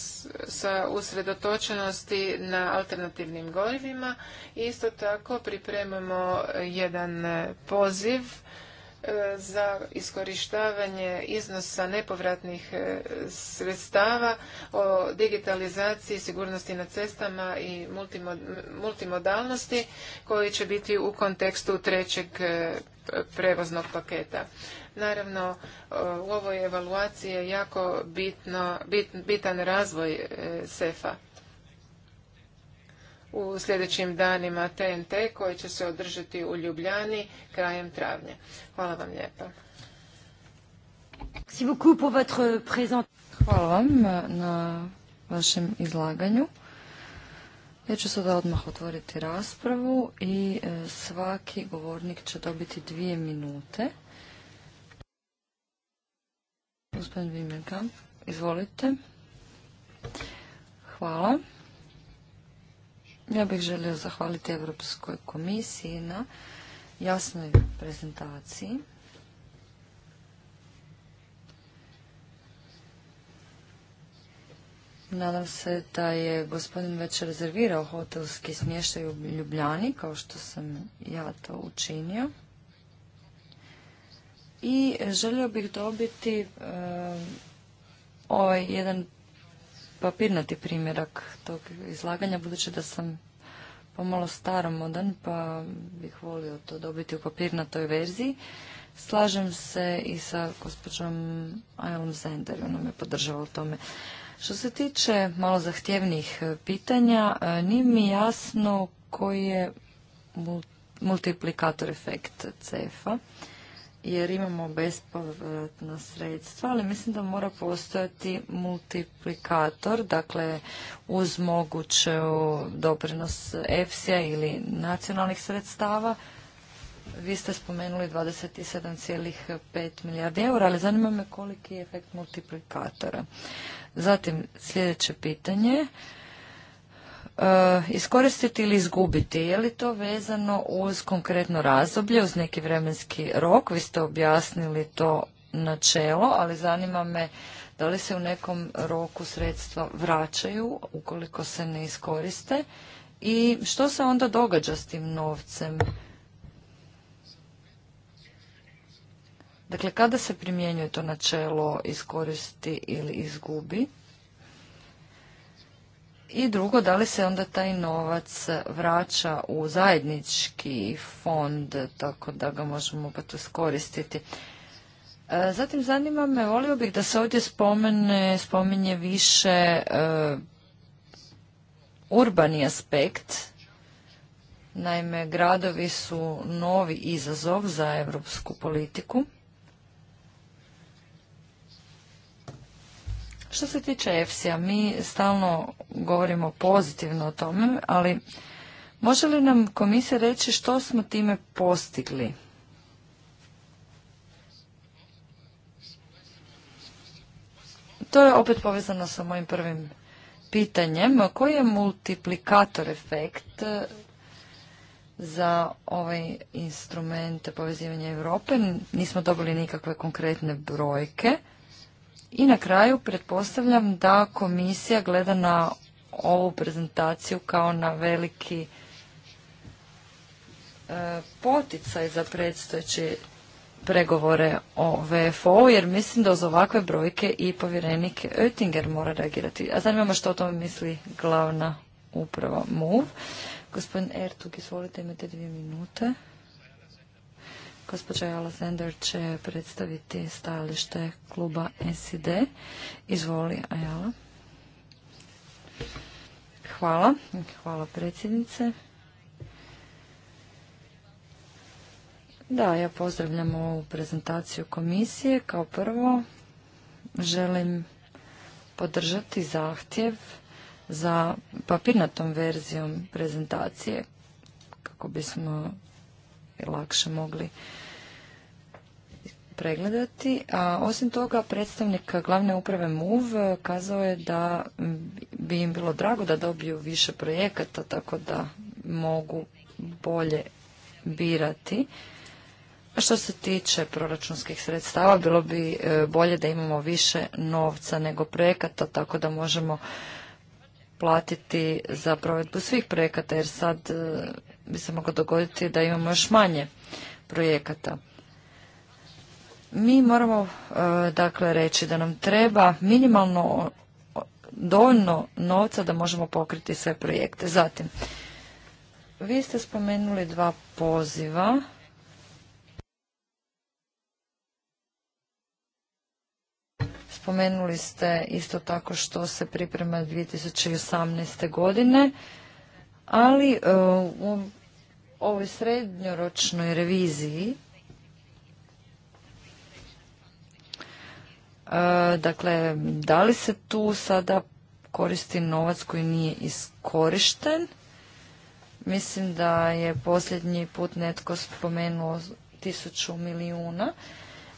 sa usredotočenosti na alternativnim gorivima. Isto tako pripremamo eh, jedan eh, poziv E, za iskorištavanje iznosa nepovratnih e, sredstava o digitalizaciji, sigurnosti na cestama i multimodalnosti koji će biti u kontekstu trećeg e, prevoznog paketa. Naravno, u ovoj evaluaciji je jako bitno, bitan razvoj SEFA u sljedećim danima TNT koji će se održati u Ljubljani krajem travnja. Hvala vam lijepa. Hvala vam eh, na vašem izlaganju. Ja ću sada odmah otvoriti raspravu i eh, svaki govornik će dobiti dvije minute. Gospodin Vimenka, izvolite. Hvala. Ja bih želio zahvaliti Europskoj komisiji na jasnoj prezentaciji. Nadam se da je gospodin već rezervirao hotelski smještaj u Ljubljani, kao što sam ja to učinio. I želio bih dobiti eh, ovaj jedan papirnati primjerak tog izlaganja, budući da sam pomalo staromodan, pa bih volio to dobiti u papirnatoj verziji. Slažem se i sa gospođom Ajom Zender, ona me podržava u tome. Što se tiče malo zahtjevnih pitanja, e, nije mi jasno koji je multiplikator efekt cefa. a jer imamo bespovratna sredstva, ali mislim da mora postojati multiplikator, dakle uz moguće doprinos EFSI-a ili nacionalnih sredstava. Vi ste spomenuli 27,5 milijardi eura, ali zanima me koliki je efekt multiplikatora. Zatim sljedeće pitanje. E, iskoristiti ili izgubiti? Je li to vezano uz konkretno razdoblje, uz neki vremenski rok? Vi ste objasnili to načelo, ali zanima me da li se u nekom roku sredstva vraćaju ukoliko se ne iskoriste i što se onda događa s tim novcem? Dakle, kada se primjenjuje to načelo iskoristi ili izgubi? I drugo, da li se onda taj novac vraća u zajednički fond, tako da ga možemo opet iskoristiti. E, zatim zanima me, volio bih da se ovdje spomene, spominje više e, urbani aspekt. Naime, gradovi su novi izazov za europsku politiku. Što se tiče EFSI-a, mi stalno govorimo pozitivno o tome, ali može li nam komisija reći što smo time postigli? To je opet povezano sa mojim prvim pitanjem. Koji je multiplikator efekt e, za ovaj instrument povezivanja Europe? Nismo dobili nikakve konkretne brojke. I na kraju pretpostavljam da komisija gleda na ovu prezentaciju kao na veliki e, poticaj za predstojeće pregovore o VFO, jer mislim da uz ovakve brojke i povjerenik Oettinger mora reagirati. A zanimamo što o tome misli glavna uprava MUV. Gospodin Ertug, izvolite, imate dvije minute. Gospođa Jala Zender će predstaviti stajalište kluba SID. Izvoli, Ajala. Hvala. Hvala predsjednice. Da, ja pozdravljam ovu prezentaciju komisije. Kao prvo želim podržati zahtjev za papirnatom verzijom prezentacije kako bismo lakše mogli pregledati. A osim toga, predstavnik glavne uprave MUV kazao je da bi im bilo drago da dobiju više projekata, tako da mogu bolje birati. A što se tiče proračunskih sredstava, bilo bi e, bolje da imamo više novca nego projekata, tako da možemo platiti za provedbu svih projekata, jer sad e, bi se moglo dogoditi da imamo još manje projekata. Mi moramo e, dakle reći da nam treba minimalno dovoljno novca da možemo pokriti sve projekte. Zatim, vi ste spomenuli dva poziva. Spomenuli ste isto tako što se priprema 2018. godine ali e, u ovoj srednjoročnoj reviziji e, Dakle, da li se tu sada koristi novac koji nije iskorišten? Mislim da je posljednji put netko spomenuo tisuću milijuna.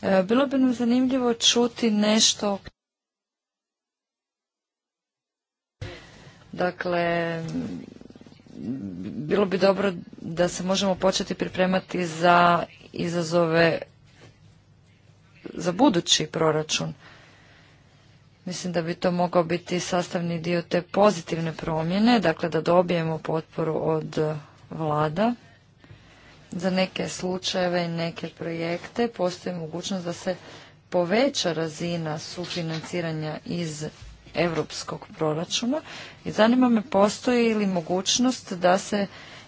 E, bilo bi nam zanimljivo čuti nešto Dakle, bilo bi dobro da se možemo početi pripremati za izazove za budući proračun. Mislim da bi to mogao biti sastavni dio te pozitivne promjene, dakle da dobijemo potporu od vlada. Za neke slučajeve i neke projekte postoji mogućnost da se poveća razina sufinanciranja iz europskog proračuna i zanima me postoji li mogućnost da se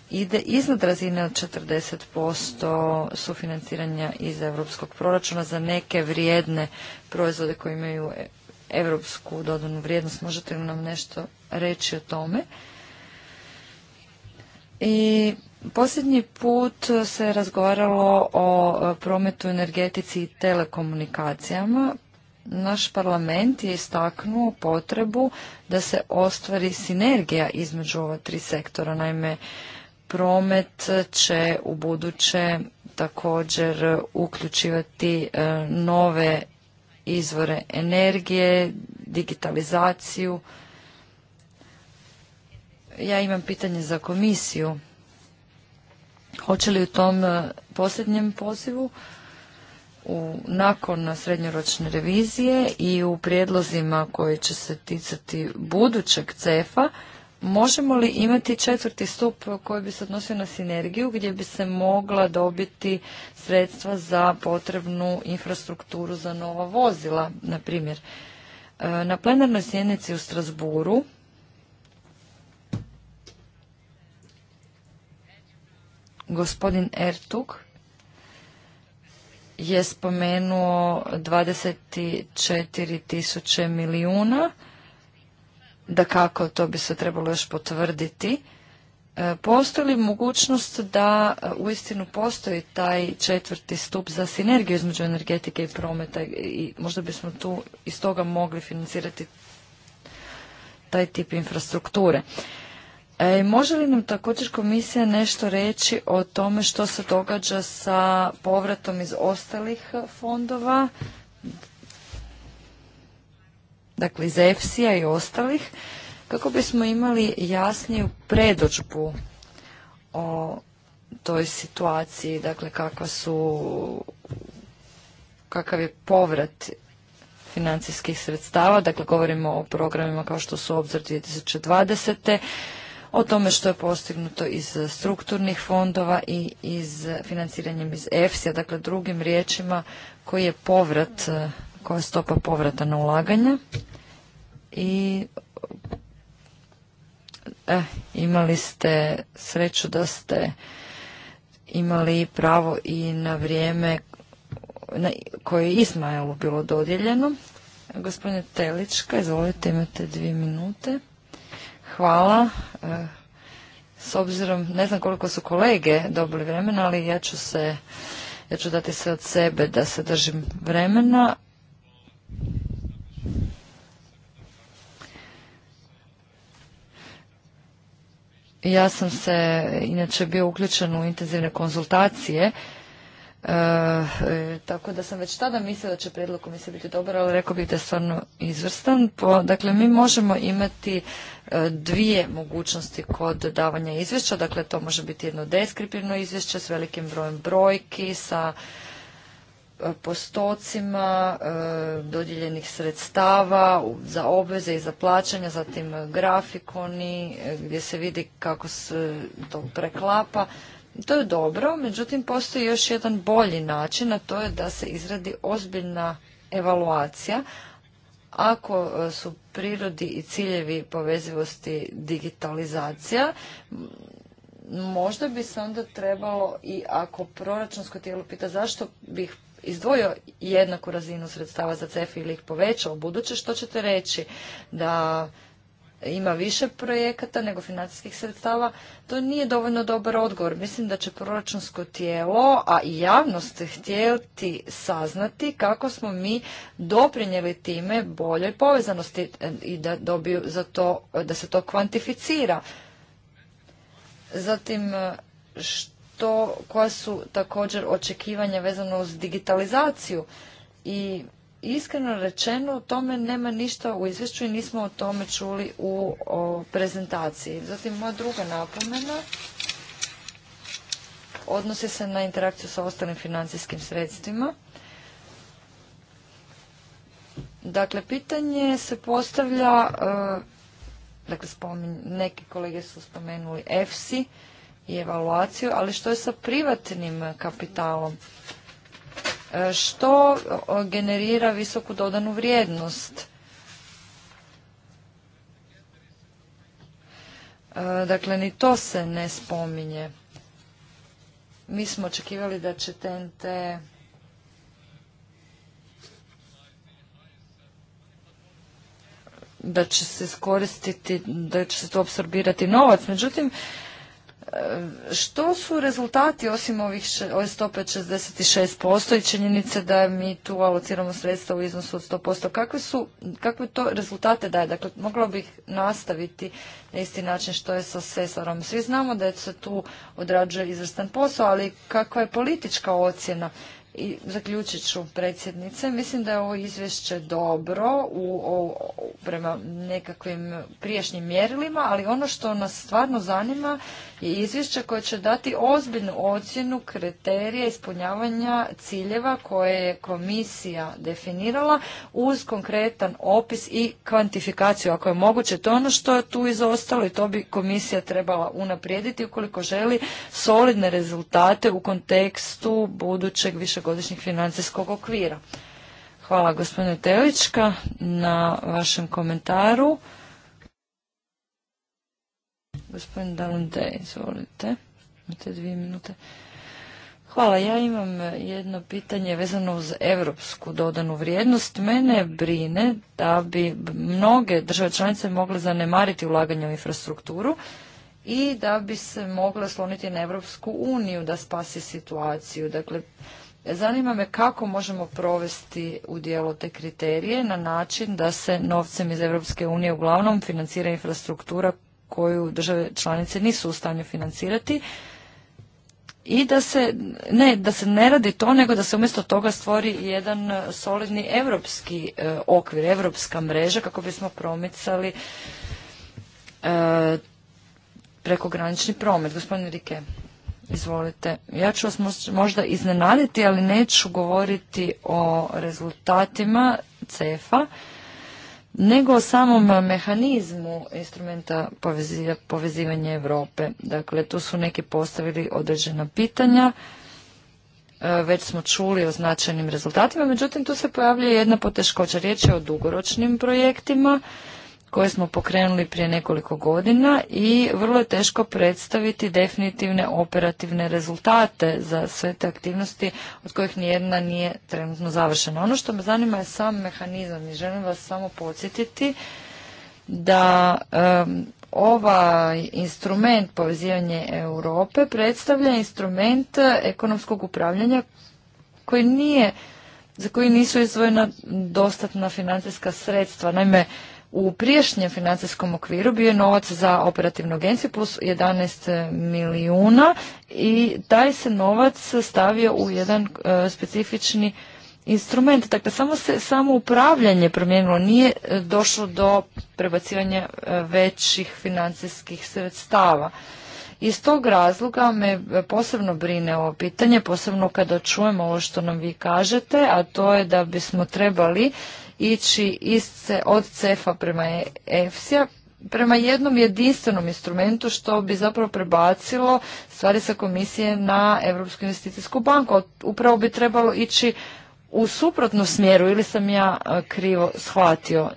ide iznad razine od 40% sufinanciranja iz europskog proračuna za neke vrijedne proizvode koji imaju europsku dodanu vrijednost. Možete li nam nešto reći o tome? I posljednji put se razgovaralo o prometu, energetici i telekomunikacijama naš parlament je istaknuo potrebu da se ostvari sinergija između ova tri sektora. Naime, promet će u buduće također uključivati e, nove izvore energije, digitalizaciju. Ja imam pitanje za komisiju. Hoće li u tom e, posljednjem pozivu u, nakon srednjoročne revizije i u prijedlozima koji će se ticati budućeg cefa, možemo li imati četvrti stup koji bi se odnosio na sinergiju gdje bi se mogla dobiti sredstva za potrebnu infrastrukturu za nova vozila, na primjer. E, na plenarnoj sjednici u Strasburu gospodin Ertug je spomenuo 24 tisuće milijuna, da kako to bi se trebalo još potvrditi. E, postoji li mogućnost da e, uistinu postoji taj četvrti stup za sinergiju između energetike i prometa i možda bismo tu iz toga mogli financirati taj tip infrastrukture. E, može li nam također komisija nešto reći o tome što se događa sa povratom iz ostalih fondova, dakle iz EFSI-a i ostalih, kako bismo imali jasniju predođbu o toj situaciji, dakle kakva su, kakav je povrat financijskih sredstava, dakle govorimo o programima kao što su Obzor 2020 o tome što je postignuto iz strukturnih fondova i iz financiranjem iz EFSI-a, dakle drugim riječima koji je povrat, e, koja je stopa povrata na ulaganja i eh, imali ste sreću da ste imali pravo i na vrijeme na, koje je Ismailu bilo dodijeljeno. Gospodine Telička, izvolite, imate dvije minute. Hvala. E, s obzirom, ne znam koliko su kolege dobili vremena, ali ja ću se, ja ću dati sve od sebe da se držim vremena. Ja sam se inače bio uključen u intenzivne konzultacije Eh, tako da sam već tada mislila da će prijedlog komisije biti dobar, ali rekao bih da je stvarno izvrstan. dakle, mi možemo imati eh, dvije mogućnosti kod davanja izvješća. Dakle, to može biti jedno deskriptivno izvješće s velikim brojem brojki, sa eh, postocima dodijeljenih sredstava za obveze i za plaćanja, zatim grafikoni gdje se vidi kako se to preklapa. To je dobro, međutim postoji još jedan bolji način, a to je da se izradi ozbiljna evaluacija ako e, su prirodi i ciljevi povezivosti digitalizacija, možda bi se onda trebalo i ako proračunsko tijelo pita zašto bih izdvojio jednaku razinu sredstava za CEF ili ih povećao u buduće, što ćete reći da ima više projekata nego financijskih sredstava, to nije dovoljno dobar odgovor. Mislim da će proračunsko tijelo, a i javnost htjeti saznati kako smo mi doprinijeli time boljoj povezanosti i da dobiju za to, da se to kvantificira. Zatim, što, koja su također očekivanja vezano uz digitalizaciju i Iskreno rečeno, o tome nema ništa u izvješću i nismo o tome čuli u prezentaciji. Zatim, moja druga napomena odnosi se na interakciju sa ostalim financijskim sredstvima. Dakle, pitanje se postavlja, e, dakle, neki kolege su spomenuli EFSI i evaluaciju, ali što je sa privatnim kapitalom? E, što generira visoku dodanu vrijednost. E, dakle, ni to se ne spominje. Mi smo očekivali da će TNT da će se iskoristiti, da će se to absorbirati novac. Međutim, što su rezultati osim ovih stope 66% i činjenice da mi tu alociramo sredstva u iznosu od 100%? Kakve, su, kakve to rezultate daje? Dakle, mogla bih nastaviti na isti način što je sa sesarom. Svi znamo da se tu odrađuje izvrstan posao, ali kakva je politička ocjena? I zaključit ću predsjednice, mislim da je ovo izvješće dobro u, prema nekakvim prijašnjim mjerilima, ali ono što nas stvarno zanima i izvješće koje će dati ozbiljnu ocjenu kriterija ispunjavanja ciljeva koje je komisija definirala uz konkretan opis i kvantifikaciju ako je moguće. To je ono što je tu izostalo i to bi komisija trebala unaprijediti ukoliko želi solidne rezultate u kontekstu budućeg višegodišnjeg financijskog okvira. Hvala gospodine Telička na vašem komentaru. Gospodin Dalante, izvolite. Imate dvije minute. Hvala. Ja imam jedno pitanje vezano uz evropsku dodanu vrijednost. Mene brine da bi mnoge države članice mogle zanemariti ulaganje u infrastrukturu i da bi se mogle sloniti na Evropsku uniju da spasi situaciju. Dakle, zanima me kako možemo provesti u dijelo te kriterije na način da se novcem iz Evropske unije uglavnom financira infrastruktura koju države članice nisu u stanju financirati i da se ne da se ne radi to nego da se umjesto toga stvori jedan solidni europski e, okvir, europska mreža kako bismo promicali e, prekogranični promet. Gospodine Rike, izvolite. Ja ću vas možda iznenaditi, ali neću govoriti o rezultatima CEFA nego o samom mehanizmu instrumenta povezivanja Europe. Dakle, tu su neki postavili određena pitanja, e, već smo čuli o značajnim rezultatima, međutim tu se pojavljuje jedna poteškoća. Riječ je o dugoročnim projektima koje smo pokrenuli prije nekoliko godina i vrlo je teško predstaviti definitivne operativne rezultate za sve te aktivnosti od kojih nijedna nije trenutno završena. Ono što me zanima je sam mehanizam i želim vas samo podsjetiti da um, ovaj instrument povezivanje Europe predstavlja instrument ekonomskog upravljanja koji nije, za koji nisu izdvojena dostatna financijska sredstva. Naime, u priješnjem financijskom okviru bio je novac za operativnu agenciju plus 11 milijuna i taj se novac stavio u jedan e, specifični instrument. Dakle, samo se samo upravljanje promijenilo, nije e, došlo do prebacivanja e, većih financijskih sredstava. Iz tog razloga me posebno brine ovo pitanje, posebno kada čujemo ovo što nam vi kažete, a to je da bismo trebali ići iz, od CEFA prema EFSI-a prema jednom jedinstvenom instrumentu što bi zapravo prebacilo stvari sa komisije na Europsku investicijsku banku. Upravo bi trebalo ići u suprotnu smjeru ili sam ja e, krivo shvatio.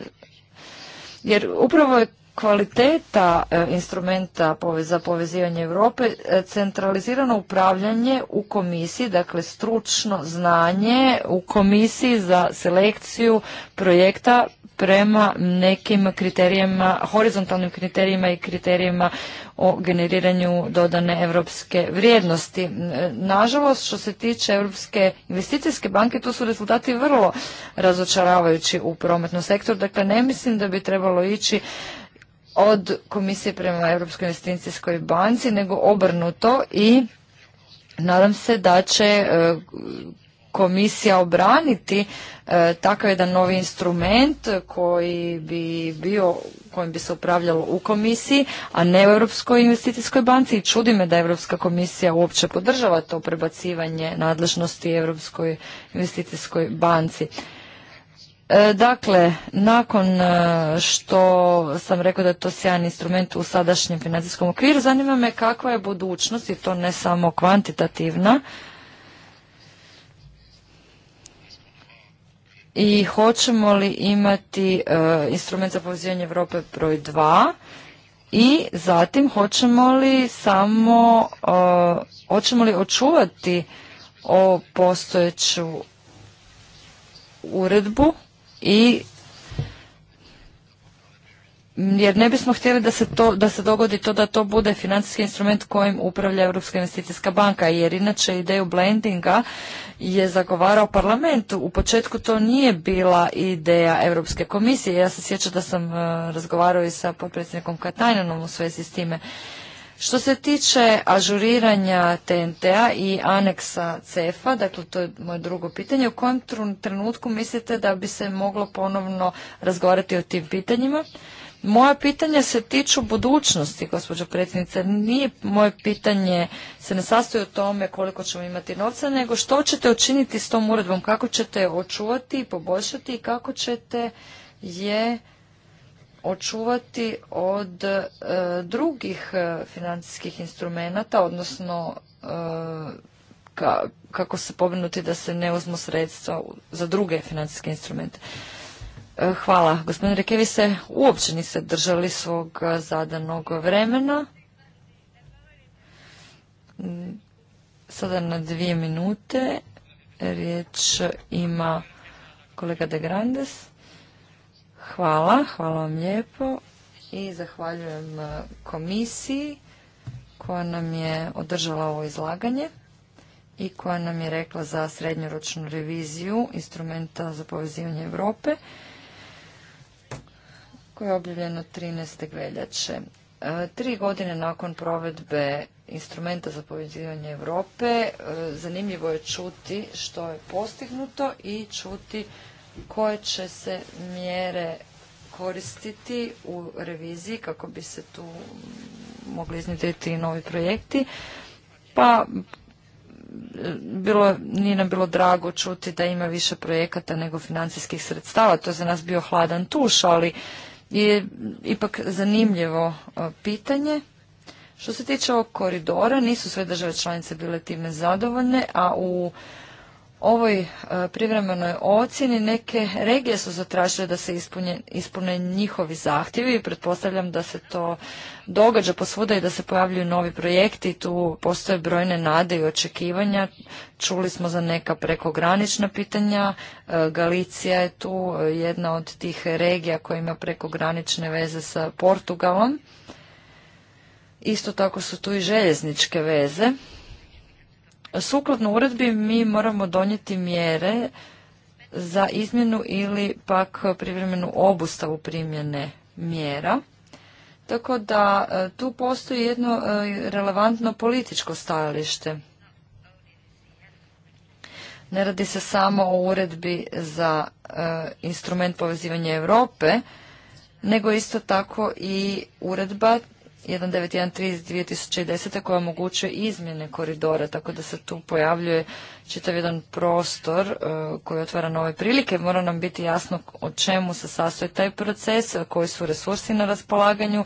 Jer upravo je kvaliteta e, instrumenta za povezivanje Europe, e, centralizirano upravljanje u komisiji, dakle stručno znanje u komisiji za selekciju projekta prema nekim kriterijima, horizontalnim kriterijima i kriterijima o generiranju dodane europske vrijednosti. E, nažalost, što se tiče Europske investicijske banke, tu su rezultati vrlo razočaravajući u prometnom sektoru. Dakle, ne mislim da bi trebalo ići od komisije prema Europskoj investicijskoj banci, nego obrnuto i nadam se da će e, komisija obraniti e, takav jedan novi instrument koji bi bio, kojim bi se upravljalo u komisiji, a ne u Europskoj investicijskoj banci i čudi me da Europska komisija uopće podržava to prebacivanje nadležnosti Europskoj investicijskoj banci. E, dakle, nakon e, što sam rekao da je to sjajan instrument u sadašnjem financijskom okviru, zanima me kakva je budućnost i to ne samo kvantitativna. I hoćemo li imati e, instrument za povezivanje Europe broj 2 i zatim hoćemo li samo, hoćemo li očuvati o postojeću uredbu i jer ne bismo htjeli da se, to, da se dogodi to da to bude financijski instrument kojim upravlja Europska investicijska banka, jer inače ideju blendinga je zagovarao parlamentu. U početku to nije bila ideja Europske komisije. Ja se sjećam da sam eh, razgovarao i sa potpredsjednikom Katajnanom u svezi s time. Što se tiče ažuriranja TNT-a i aneksa CEFA, dakle to je moje drugo pitanje, u kojem trenutku mislite da bi se moglo ponovno razgovarati o tim pitanjima? Moja pitanja se tiču budućnosti, gospođo predsjednice. Nije moje pitanje se ne sastoji o tome koliko ćemo imati novca, nego što ćete učiniti s tom uredbom, kako ćete je očuvati i poboljšati i kako ćete je očuvati od e, drugih e, financijskih instrumenata, odnosno e, kako se pobrinuti da se ne uzmu sredstva za druge financijske instrumente. hvala. Gospodine Rekevi se uopće niste držali svog zadanog vremena. Mm, sada na dvije minute riječ ima kolega De Grandes. Hvala, hvala vam lijepo i zahvaljujem e, komisiji koja nam je održala ovo izlaganje i koja nam je rekla za srednjoročnu reviziju instrumenta za povezivanje Europe koja je objavljeno 13. veljače. E, tri godine nakon provedbe instrumenta za povezivanje Europe e, zanimljivo je čuti što je postignuto i čuti koje će se mjere koristiti u reviziji kako bi se tu mogli i novi projekti. Pa bilo, nije nam bilo drago čuti da ima više projekata nego financijskih sredstava. To je za nas bio hladan tuš, ali je ipak zanimljivo pitanje. Što se tiče ovog koridora, nisu sve države članice bile time zadovoljne, a u ovoj e, privremenoj ocjeni neke regije su zatražile da se ispune njihovi zahtjevi i pretpostavljam da se to događa posvuda i da se pojavljuju novi projekti. Tu postoje brojne nade i očekivanja. Čuli smo za neka prekogranična pitanja. E, Galicija je tu e, jedna od tih regija koja ima prekogranične veze sa Portugalom. Isto tako su tu i željezničke veze Sukladno uredbi mi moramo donijeti mjere za izmjenu ili pak privremenu obustavu primjene mjera. Tako da e, tu postoji jedno e, relevantno političko stajalište. Ne radi se samo o uredbi za e, instrument povezivanja Europe, nego isto tako i uredba 1913 2010. koja omogućuje izmjene koridora, tako da se tu pojavljuje čitav jedan prostor e, koji otvara nove prilike. Mora nam biti jasno o čemu se sastoji taj proces, koji su resursi na raspolaganju,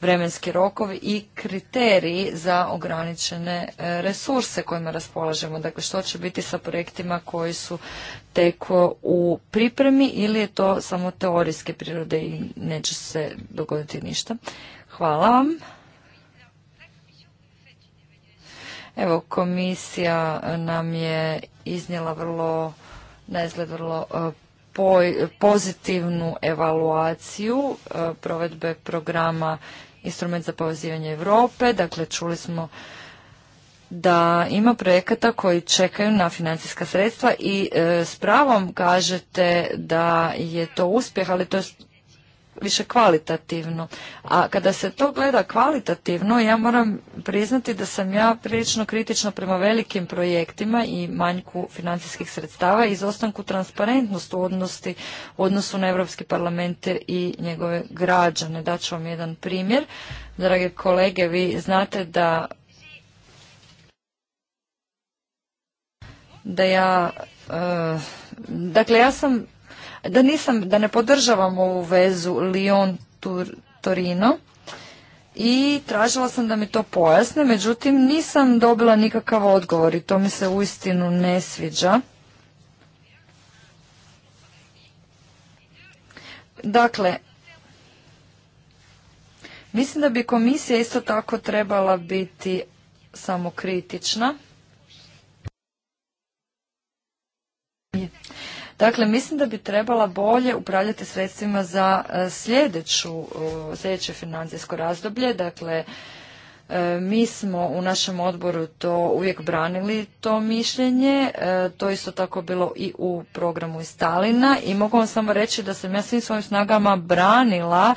vremenski rokovi i kriteriji za ograničene e, resurse kojima raspolažemo. Dakle, što će biti sa projektima koji su teko u pripremi ili je to samo teorijske prirode i neće se dogoditi ništa. Hvala vam. Evo, komisija nam je iznijela vrlo, na izgled vrlo e, pozitivnu evaluaciju e, provedbe programa Instrument za povezivanje Europe. Dakle, čuli smo da ima projekata koji čekaju na financijska sredstva i e, s pravom kažete da je to uspjeh, ali to je više kvalitativno. A kada se to gleda kvalitativno, ja moram priznati da sam ja prilično kritična prema velikim projektima i manjku financijskih sredstava i izostanku transparentnost u, odnosti, u odnosu na Europski parlament i njegove građane. Daću vam jedan primjer. Drage kolege, vi znate da da ja eh, dakle ja sam da nisam, da ne podržavam ovu vezu Lyon-Torino i tražila sam da mi to pojasne, međutim nisam dobila nikakav odgovor i to mi se uistinu ne sviđa. Dakle, mislim da bi komisija isto tako trebala biti samokritična. Dakle, mislim da bi trebala bolje upravljati sredstvima za e, sljedeću, e, sljedeće financijsko razdoblje. Dakle, e, mi smo u našem odboru to uvijek branili to mišljenje, to isto tako bilo i u programu iz Stalina i mogu vam samo reći da sam ja svim svojim snagama branila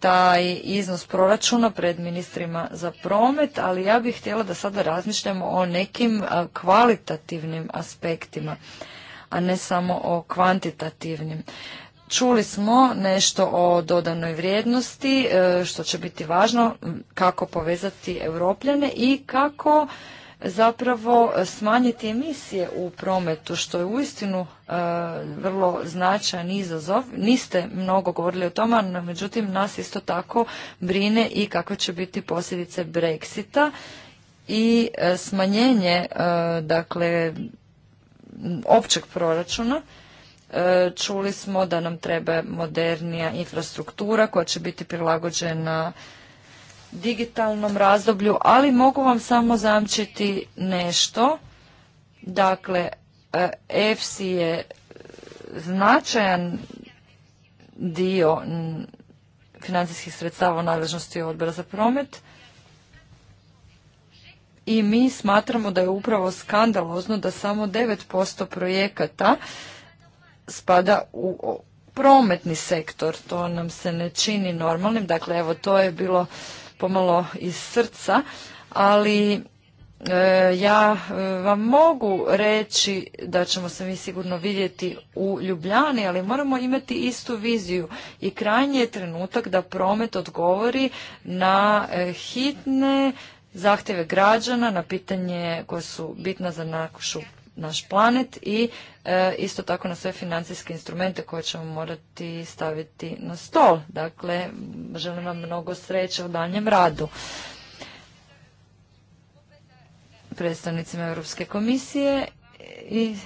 taj iznos proračuna pred ministrima za promet, ali ja bih htjela da sada razmišljamo o nekim kvalitativnim aspektima a ne samo o kvantitativnim. Čuli smo nešto o dodanoj vrijednosti, e, što će biti važno, kako povezati europljane i kako zapravo smanjiti emisije u prometu, što je uistinu e, vrlo značajan izazov. Niste mnogo govorili o tome, no međutim nas isto tako brine i kakve će biti posljedice Brexita i e, smanjenje dakle općeg proračuna. E, čuli smo da nam treba modernija infrastruktura koja će biti prilagođena digitalnom razdoblju, ali mogu vam samo zamčiti nešto. Dakle, EFSI je značajan dio financijskih sredstava u nadležnosti odbora za promet i mi smatramo da je upravo skandalozno da samo 9% projekata spada u prometni sektor. To nam se ne čini normalnim. Dakle, evo, to je bilo pomalo iz srca, ali e, ja e, vam mogu reći da ćemo se mi sigurno vidjeti u Ljubljani, ali moramo imati istu viziju i krajnji je trenutak da promet odgovori na e, hitne zahtjeve građana, na pitanje koje su bitna za našu, naš planet i e, isto tako na sve financijske instrumente koje ćemo morati staviti na stol. Dakle, želim vam mnogo sreće u daljem radu. Predstavnicima Europske komisije i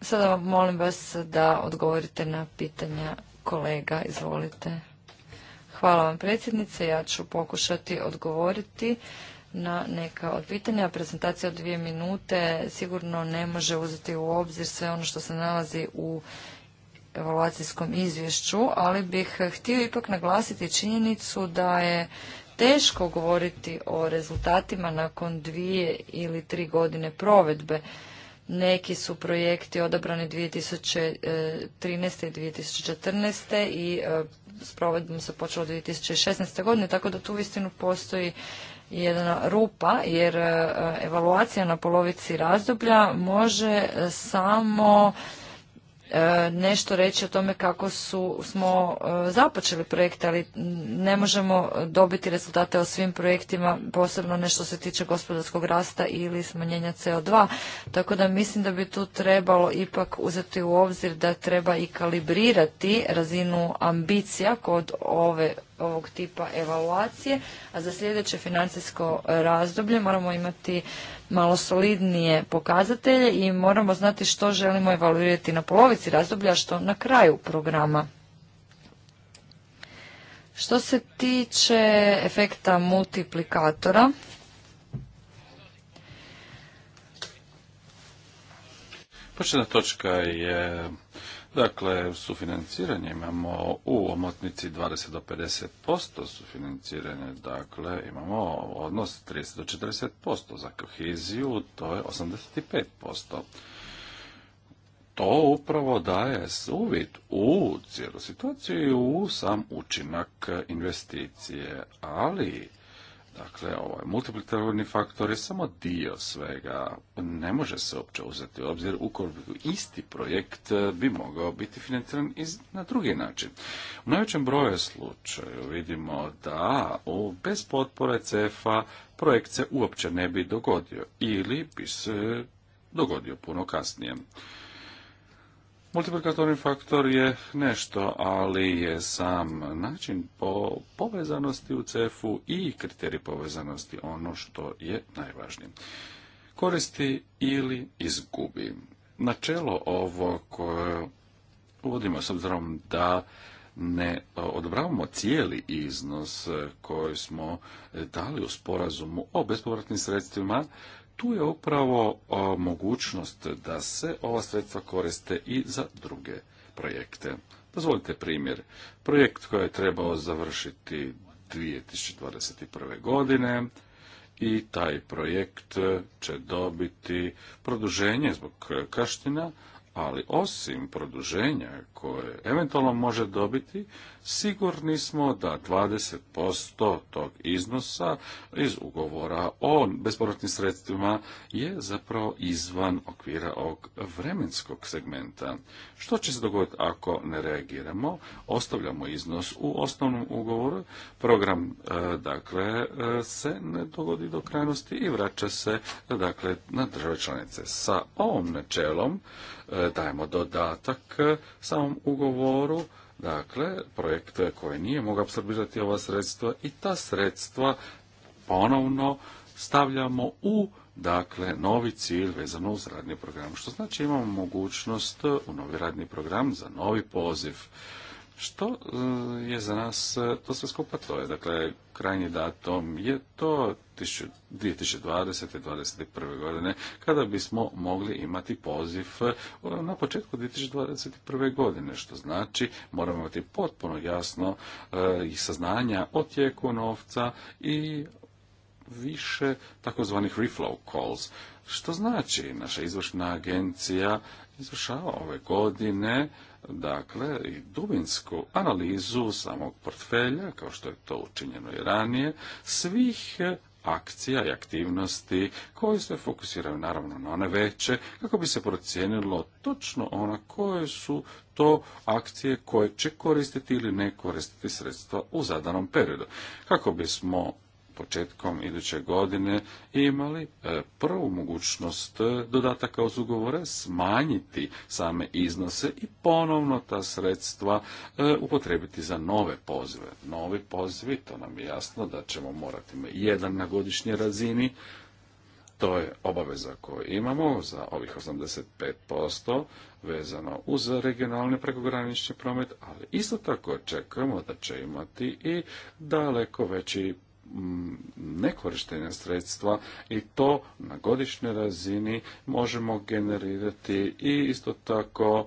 sada molim vas da odgovorite na pitanja kolega. Izvolite. Hvala vam predsjednice, ja ću pokušati odgovoriti na neka od pitanja. Prezentacija od dvije minute sigurno ne može uzeti u obzir sve ono što se nalazi u evaluacijskom izvješću, ali bih htio ipak naglasiti činjenicu da je teško govoriti o rezultatima nakon dvije ili tri godine provedbe. Neki su projekti odabrani 2013. E, i 2014. i e, s provedbom se počelo 2016. godine, tako da tu istinu postoji jedna rupa, jer e, evaluacija na polovici razdoblja može samo E, nešto reći o tome kako su, smo e, započeli projekte, ali ne možemo dobiti rezultate o svim projektima, posebno nešto se tiče gospodarskog rasta ili smanjenja CO2. Tako da mislim da bi tu trebalo ipak uzeti u obzir da treba i kalibrirati razinu ambicija kod ove ovog tipa evaluacije, a za sljedeće financijsko razdoblje moramo imati malo solidnije pokazatelje i moramo znati što želimo evaluirati na polovici razdoblja, što na kraju programa. Što se tiče efekta multiplikatora, Početna točka je Dakle, sufinanciranje imamo u omotnici 20 do 50% sufinanciranje, dakle imamo odnos 30 do 40%, za koheziju to je 85%. To upravo daje uvid u cijelu situaciju i u sam učinak investicije, ali Dakle, ovaj multiplikatorni faktor je samo dio svega. Ne može se uopće uzeti u obzir ukoliko isti projekt eh, bi mogao biti financiran iz, na drugi način. U najvećem broju slučaju vidimo da o, bez potpore CEFA projekt se uopće ne bi dogodio ili bi se dogodio puno kasnije. Multiplikatorni faktor je nešto, ali je sam način po povezanosti u CEF-u i kriterij povezanosti ono što je najvažnije. Koristi ili izgubi. Načelo ovo koje uvodimo s obzirom da ne odobravamo cijeli iznos koji smo dali u sporazumu o bespovratnim sredstvima, tu je upravo mogućnost da se ova sredstva koriste i za druge projekte. Dozvolite primjer. Projekt koji je trebao završiti 2021. godine i taj projekt će dobiti produženje zbog kaština, ali osim produženja koje eventualno može dobiti, sigurni smo da 20% tog iznosa iz ugovora o bespovratnim sredstvima je zapravo izvan okvira ovog vremenskog segmenta. Što će se dogoditi ako ne reagiramo? Ostavljamo iznos u osnovnom ugovoru, program e, dakle e, se ne dogodi do krajnosti i vraća se dakle na države članice. Sa ovom načelom e, dajemo dodatak samom ugovoru Dakle, projekte koje nije mogu apsorbirati ova sredstva i ta sredstva ponovno stavljamo u dakle novi cilj vezano uz radni program. Što znači imamo mogućnost u novi radni program za novi poziv. Što e, je za nas e, to sve skupa to je? Dakle, krajnji datum je to 2020. 2021. godine kada bismo mogli imati poziv e, na početku 2021. godine, što znači moramo imati potpuno jasno i saznanja o tijeku novca i više takozvanih reflow calls, što znači naša izvršna agencija izvršava ove godine dakle i dubinsku analizu samog portfelja, kao što je to učinjeno i ranije, svih e, akcija i aktivnosti koje se fokusiraju naravno na one veće kako bi se procijenilo točno ona koje su to akcije koje će koristiti ili ne koristiti sredstva u zadanom periodu. Kako bismo početkom iduće godine imali e, prvu mogućnost e, dodataka uz ugovore smanjiti same iznose i ponovno ta sredstva e, upotrebiti za nove pozive. Novi pozivi, to nam je jasno da ćemo morati jedan na godišnjoj razini, to je obaveza koju imamo za ovih 85% vezano uz regionalni prekogranični promet, ali isto tako očekujemo da će imati i daleko veći Mm, nekorištenja sredstva i to na godišnjoj razini možemo generirati i isto tako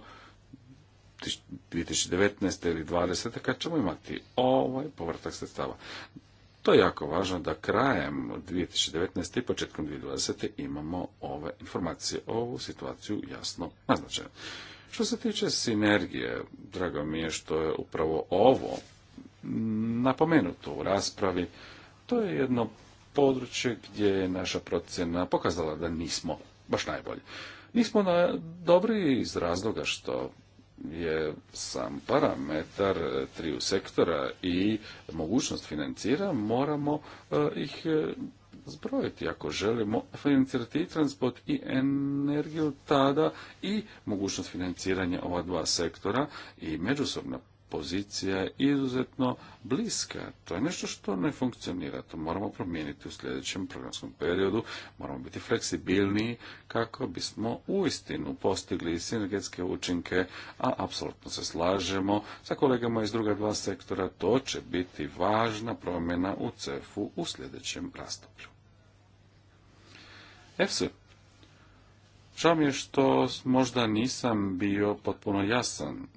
2019. ili 2020. kad ćemo imati ovaj povrtak sredstava. To je jako važno da krajem 2019. i početkom 2020. imamo ove informacije, ovu situaciju jasno naznačenu. Što se tiče sinergije, drago mi je što je upravo ovo napomenuto u raspravi, to je jedno područje gdje je naša procjena pokazala da nismo baš najbolji. Nismo na dobri iz razloga što je sam parametar triju sektora i mogućnost financira, moramo eh, ih eh, zbrojiti. Ako želimo financirati i transport i energiju, tada i mogućnost financiranja ova dva sektora i međusobna pozicija je izuzetno bliska. To je nešto što ne funkcionira. To moramo promijeniti u sljedećem programskom periodu. Moramo biti fleksibilniji kako bismo uistinu postigli sinergetske učinke, a apsolutno se slažemo sa kolegama iz druga dva sektora. To će biti važna promjena u CEF-u u sljedećem rastoplju. EFSU Žao mi je što možda nisam bio potpuno jasan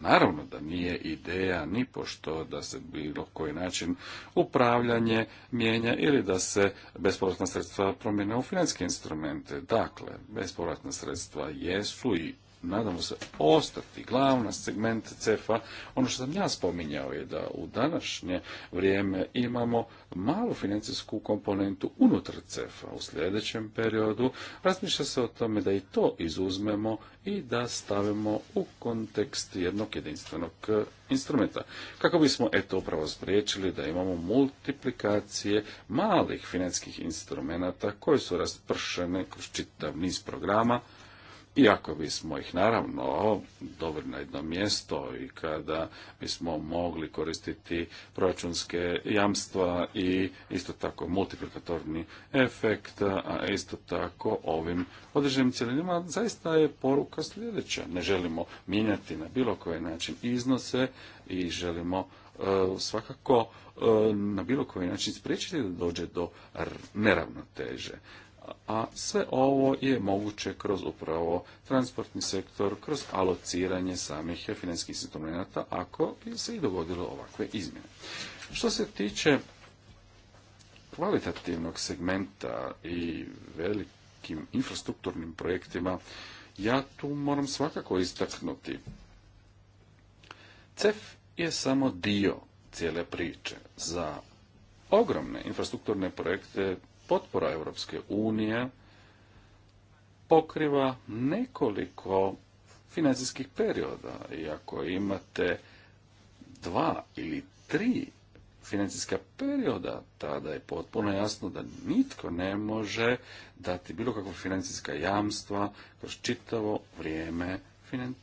Naravno da nije ideja ni pošto da se bilo koji način upravljanje mijenja ili da se bespovratna sredstva promjene u financijske instrumente. Dakle, bespovratna sredstva jesu i nadamo se ostati glavna segment CEFA. Ono što sam ja spominjao je da u današnje vrijeme imamo malu financijsku komponentu unutar CEFA. U sljedećem periodu razmišlja se o tome da i to izuzmemo i da stavimo u kontekst jednog jedinstvenog e, instrumenta. Kako bismo eto upravo spriječili da imamo multiplikacije malih financijskih instrumenata koji su raspršene kroz čitav niz programa, iako bismo ih naravno doveli na jedno mjesto i kada bismo mogli koristiti proračunske jamstva i isto tako multiplikatorni efekt, a isto tako ovim određenim cijelinima zaista je poruka sljedeća. Ne želimo mijenjati na bilo koji način iznose i želimo e, svakako e, na bilo koji način spriječiti da dođe do neravnoteže a sve ovo je moguće kroz upravo transportni sektor, kroz alociranje samih financijskih instrumenta ako bi se i dogodilo ovakve izmjene. Što se tiče kvalitativnog segmenta i velikim infrastrukturnim projektima, ja tu moram svakako istaknuti. CEF je samo dio cijele priče. Za ogromne infrastrukturne projekte potpora Europske unije pokriva nekoliko financijskih perioda i ako imate dva ili tri financijska perioda, tada je potpuno jasno da nitko ne može dati bilo kakva financijska jamstva kroz čitavo vrijeme finan...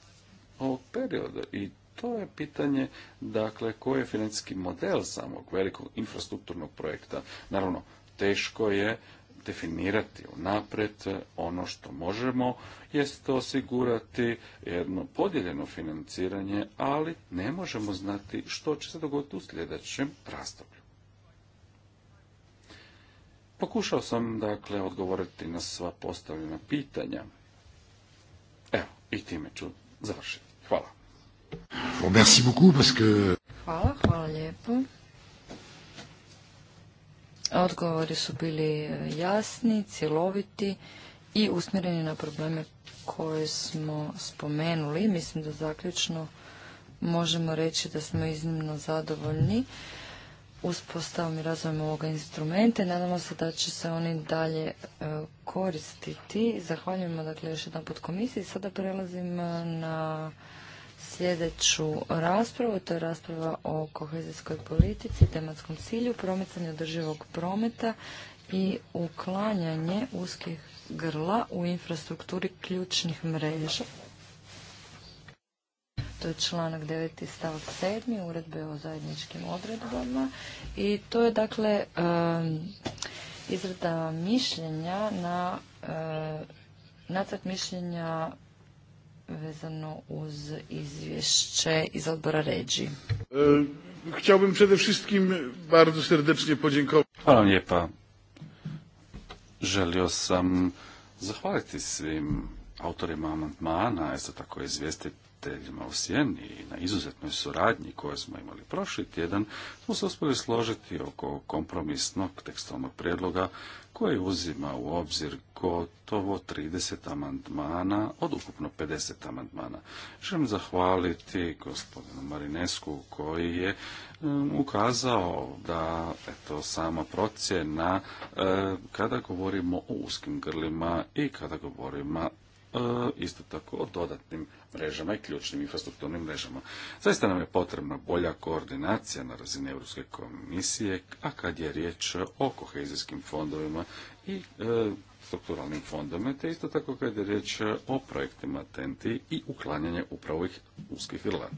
ovog perioda. I to je pitanje, dakle, koji je financijski model samog velikog infrastrukturnog projekta. Naravno, teško je definirati unaprijed ono što možemo jest osigurati jedno podijeljeno financiranje, ali ne možemo znati što će se dogoditi u sljedećem razdoblju. Pokušao sam dakle odgovoriti na sva postavljena pitanja. Evo, i time ću završiti. Hvala. Hvala, hvala lijepo. Odgovori su bili e, jasni, cjeloviti i usmjereni na probleme koje smo spomenuli. Mislim da zaključno možemo reći da smo iznimno zadovoljni uspostavom i razvojem ovoga instrumenta nadamo se da će se oni dalje e, koristiti. Zahvaljujemo dakle još jedan pod komisiji. Sada prelazim na sljedeću raspravu. To je rasprava o kohezijskoj politici, tematskom cilju, promicanje održivog prometa i uklanjanje uskih grla u infrastrukturi ključnih mreža. To je članak 9. stavak 7. uredbe o zajedničkim odredbama. I to je dakle izrada mišljenja na nacrt mišljenja vezano uz izvješće iz odbora Ređi. E, chciałbym przede wszystkim bardzo serdecznie podziękować. Hvala vam lijepa. Želio sam zahvaliti svim autorima amandmana, isto tako izvijestiti prijateljima u Sjeni i na izuzetnoj suradnji koju smo imali prošli tjedan, smo se uspjeli složiti oko kompromisnog tekstovnog prijedloga koji uzima u obzir gotovo 30 amandmana od ukupno 50 amandmana. Želim zahvaliti gospodinu Marinesku koji je um, ukazao da eto sama procjena e, kada govorimo o uskim grlima i kada govorimo E, isto tako o dodatnim mrežama i ključnim infrastrukturnim mrežama. Zaista nam je potrebna bolja koordinacija na razini Europske komisije, a kad je riječ o kohezijskim fondovima i e, strukturalnim fondovima, te isto tako kad je riječ o projektima TENTI i uklanjanje upravo ih uskih grla.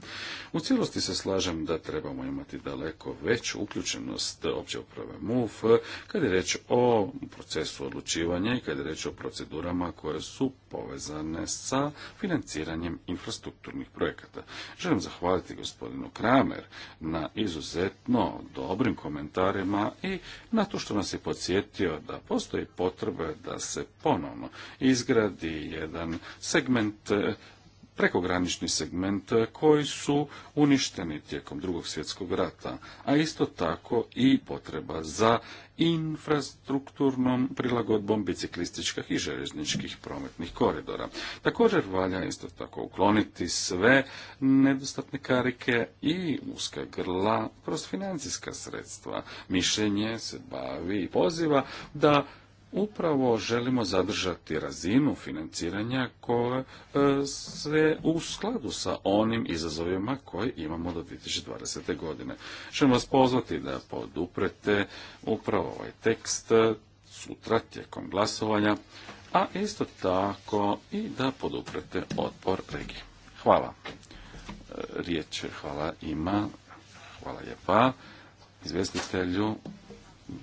U cijelosti se slažem da trebamo imati daleko veću uključenost opće uprave MUF kad je riječ o procesu odlučivanja i kad je riječ o procedurama koje su povezane sa financiranjem infrastrukturnih projekata. Želim zahvaliti gospodinu Kramer na izuzetno dobrim komentarima i na to što nas je podsjetio da postoji potrebe da se ponovno izgradi jedan segment e, prekogranični segment e, koji su uništeni tijekom drugog svjetskog rata, a isto tako i potreba za infrastrukturnom prilagodbom biciklističkih i željezničkih prometnih koridora. Također valja isto tako ukloniti sve nedostatne karike i uska grla kroz financijska sredstva. Mišljenje se bavi i poziva da upravo želimo zadržati razinu financiranja koja se u skladu sa onim izazovima koje imamo do 2020. godine. Želim vas pozvati da poduprete upravo ovaj tekst e, sutra tijekom glasovanja, a isto tako i da poduprete odbor regije. Hvala. E, riječ hvala ima, hvala lijepa, izvjestitelju,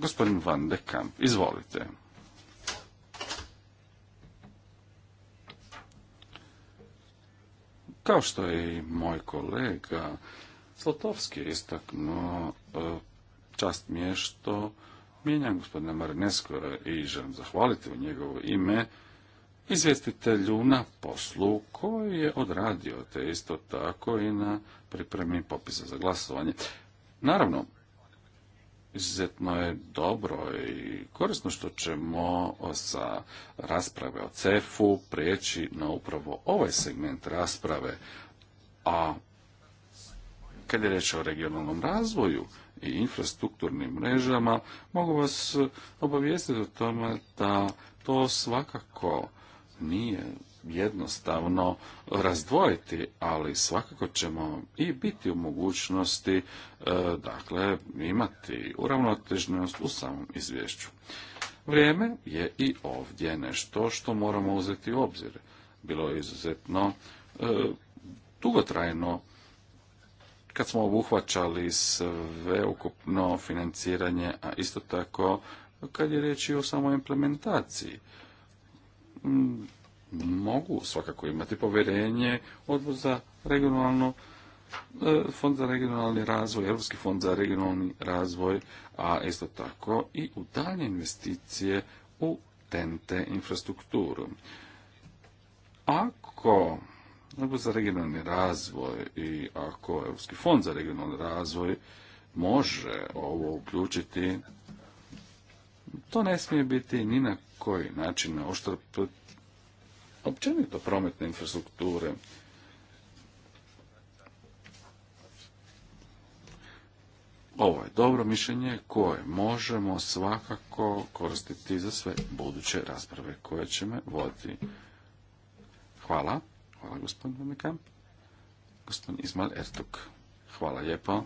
gospodin Van de Kamp. Izvolite. Kao što je i moj kolega Slotovski istaknuo, e, čast mi je što mijenjam gospodina Marineskora i želim zahvaliti u njegovo ime izvjestitelju na poslu koji je odradio, te isto tako i na pripremi popisa za glasovanje. Naravno, Izuzetno je dobro i korisno što ćemo sa rasprave o CEF-u prijeći na upravo ovaj segment rasprave, a kad je reč o regionalnom razvoju i infrastrukturnim mrežama, mogu vas obavijestiti o tome da to svakako nije jednostavno razdvojiti, ali svakako ćemo i biti u mogućnosti e, dakle imati uravnotežnost u samom izvješću. Vrijeme je i ovdje nešto što moramo uzeti u obzir. Bilo je izuzetno e, dugotrajno kad smo obuhvaćali sve ukupno financiranje, a isto tako kad je riječ i o samoj implementaciji mogu svakako imati povjerenje odbor za regionalno e, Fond za regionalni razvoj, Europski fond za regionalni razvoj, a isto tako i u dalje investicije u Tente infrastrukturu. Ako Odbor za regionalni razvoj i ako Europski fond za regionalni razvoj može ovo uključiti, to ne smije biti ni na koji način oštro općenito prometne infrastrukture. Ovo je dobro mišljenje koje možemo svakako koristiti za sve buduće rasprave koje me voditi. Hvala. Hvala gospodin Domika. Gospodin Izmal Ertuk. Hvala lijepo.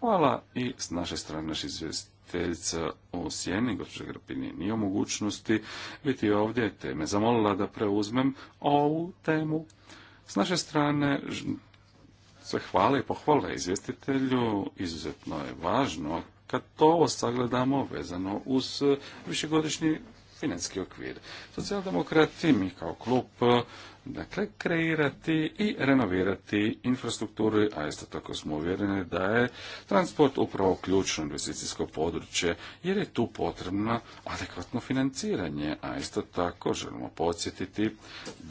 Hvala i s naše strane naš prijateljica u Sjeni, gospođa Grapini, nije u mogućnosti biti ovdje, te me zamolila da preuzmem ovu temu. S naše strane se hvale i pohvale izvjestitelju, izuzetno je važno kad to ovo sagledamo vezano uz višegodišnji financijski okvir. Socijaldemokrati mi kao klub Dakle, kreirati i renovirati infrastrukturu, a isto tako smo uvjereni da je transport upravo ključno investicijsko područje, jer je tu potrebno adekvatno financiranje, a isto tako želimo podsjetiti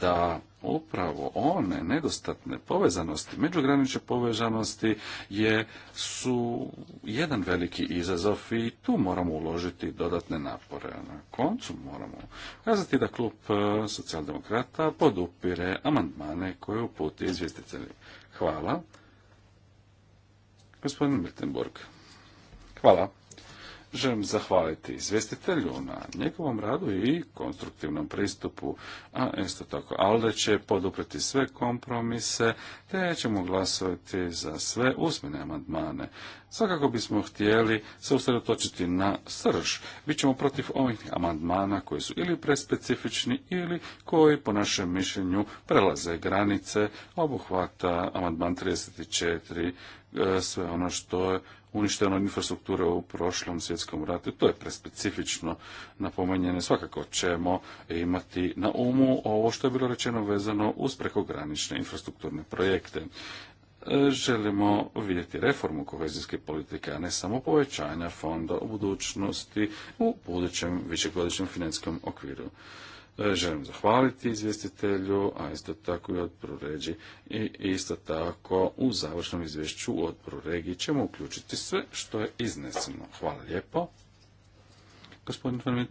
da upravo one nedostatne povezanosti, međugranične povezanosti je, su jedan veliki izazov i tu moramo uložiti dodatne napore. Na koncu moramo kazati da klub e, socijaldemokrata podupire amandmane koje uputi izvjestitelji. Hvala. Gospodin Miltenburg. Hvala. Želim zahvaliti izvjestitelju na njegovom radu i konstruktivnom pristupu, a isto tako Alde će poduprijeti sve kompromise, te ćemo glasovati za sve usmene amandmane. Svakako bismo htjeli se usredotočiti na srž. Bićemo protiv ovih amandmana koji su ili prespecifični ili koji po našem mišljenju prelaze granice obuhvata amandman 34 e, sve ono što je uništeno infrastrukture u prošlom svjetskom ratu. To je prespecifično napomenjene. Svakako ćemo imati na umu ovo što je bilo rečeno vezano uz prekogranične infrastrukturne projekte. E, želimo vidjeti reformu kohezijske politike, a ne samo povećanja fonda u budućnosti u budućem višegodišnjem financijskom okviru. E, želim zahvaliti izvjestitelju, a isto tako i odboru regiji i isto tako u završnom izvješću u odboru regiji ćemo uključiti sve što je izneseno. Hvala lijepo. Gospodin van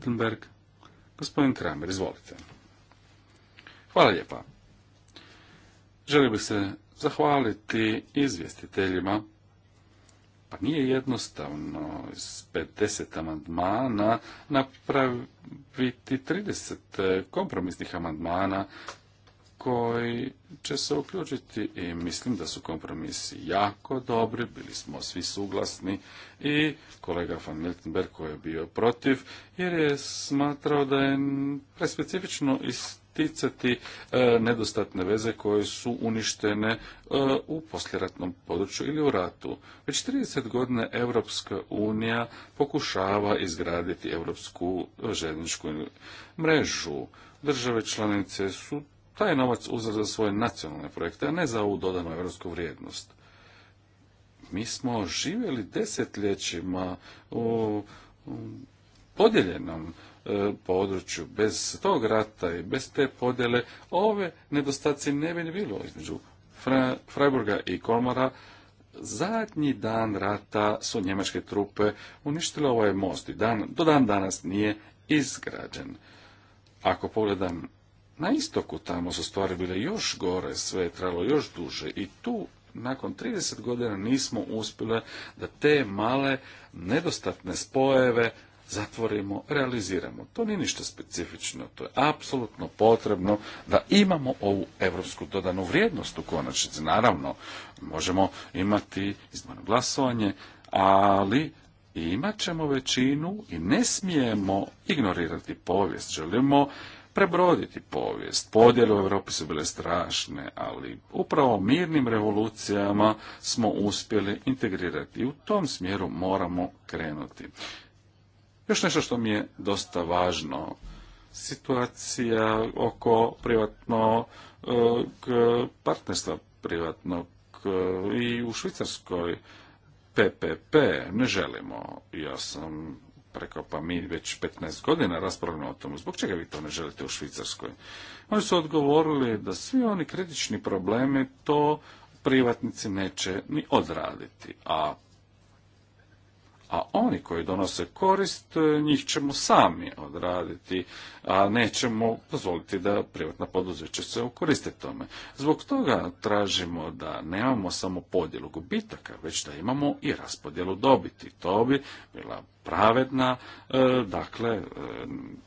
gospodin Kramer, izvolite. Hvala lijepa. Želio bih se zahvaliti izvjestiteljima. Pa nije jednostavno iz 50 amandmana napraviti 30 kompromisnih amandmana koji će se uključiti i mislim da su kompromisi jako dobri, bili smo svi suglasni i kolega van Miltenberg koji je bio protiv jer je smatrao da je prespecifično iz isticati e, nedostatne veze koje su uništene e, u posljeratnom području ili u ratu. Već 30 godina Europska unija pokušava izgraditi europsku željezničku mrežu. Države članice su taj novac uzeli za svoje nacionalne projekte, a ne za ovu dodanu europsku vrijednost. Mi smo živjeli desetljećima u podijeljenom E, području. Bez tog rata i bez te podjele ove nedostaci ne bi ni bilo između Freiburga i Kolmara. Zadnji dan rata su njemačke trupe uništile ovaj most i dan, do dan danas nije izgrađen. Ako pogledam na istoku tamo su stvari bile još gore, sve je trajalo još duže i tu nakon 30 godina nismo uspjeli da te male nedostatne spojeve zatvorimo, realiziramo. To nije ništa specifično, to je apsolutno potrebno da imamo ovu evropsku dodanu vrijednost u konačnici. Naravno, možemo imati izmano glasovanje, ali imat ćemo većinu i ne smijemo ignorirati povijest. Želimo prebroditi povijest. Podjele u Europi su bile strašne, ali upravo mirnim revolucijama smo uspjeli integrirati i u tom smjeru moramo krenuti. Još nešto što mi je dosta važno, situacija oko privatnog e, partnerstva privatnog e, i u Švicarskoj PPP ne želimo. Ja sam preko pa mi već 15 godina raspravljamo o tome Zbog čega vi to ne želite u Švicarskoj? Oni su odgovorili da svi oni kritični problemi to privatnici neće ni odraditi. A a oni koji donose korist, e, njih ćemo sami odraditi, a nećemo dozvoliti da privatna poduzeća se okoriste tome. Zbog toga tražimo da nemamo samo podjelu gubitaka, već da imamo i raspodjelu dobiti. To bi bila pravedna, e, dakle, e,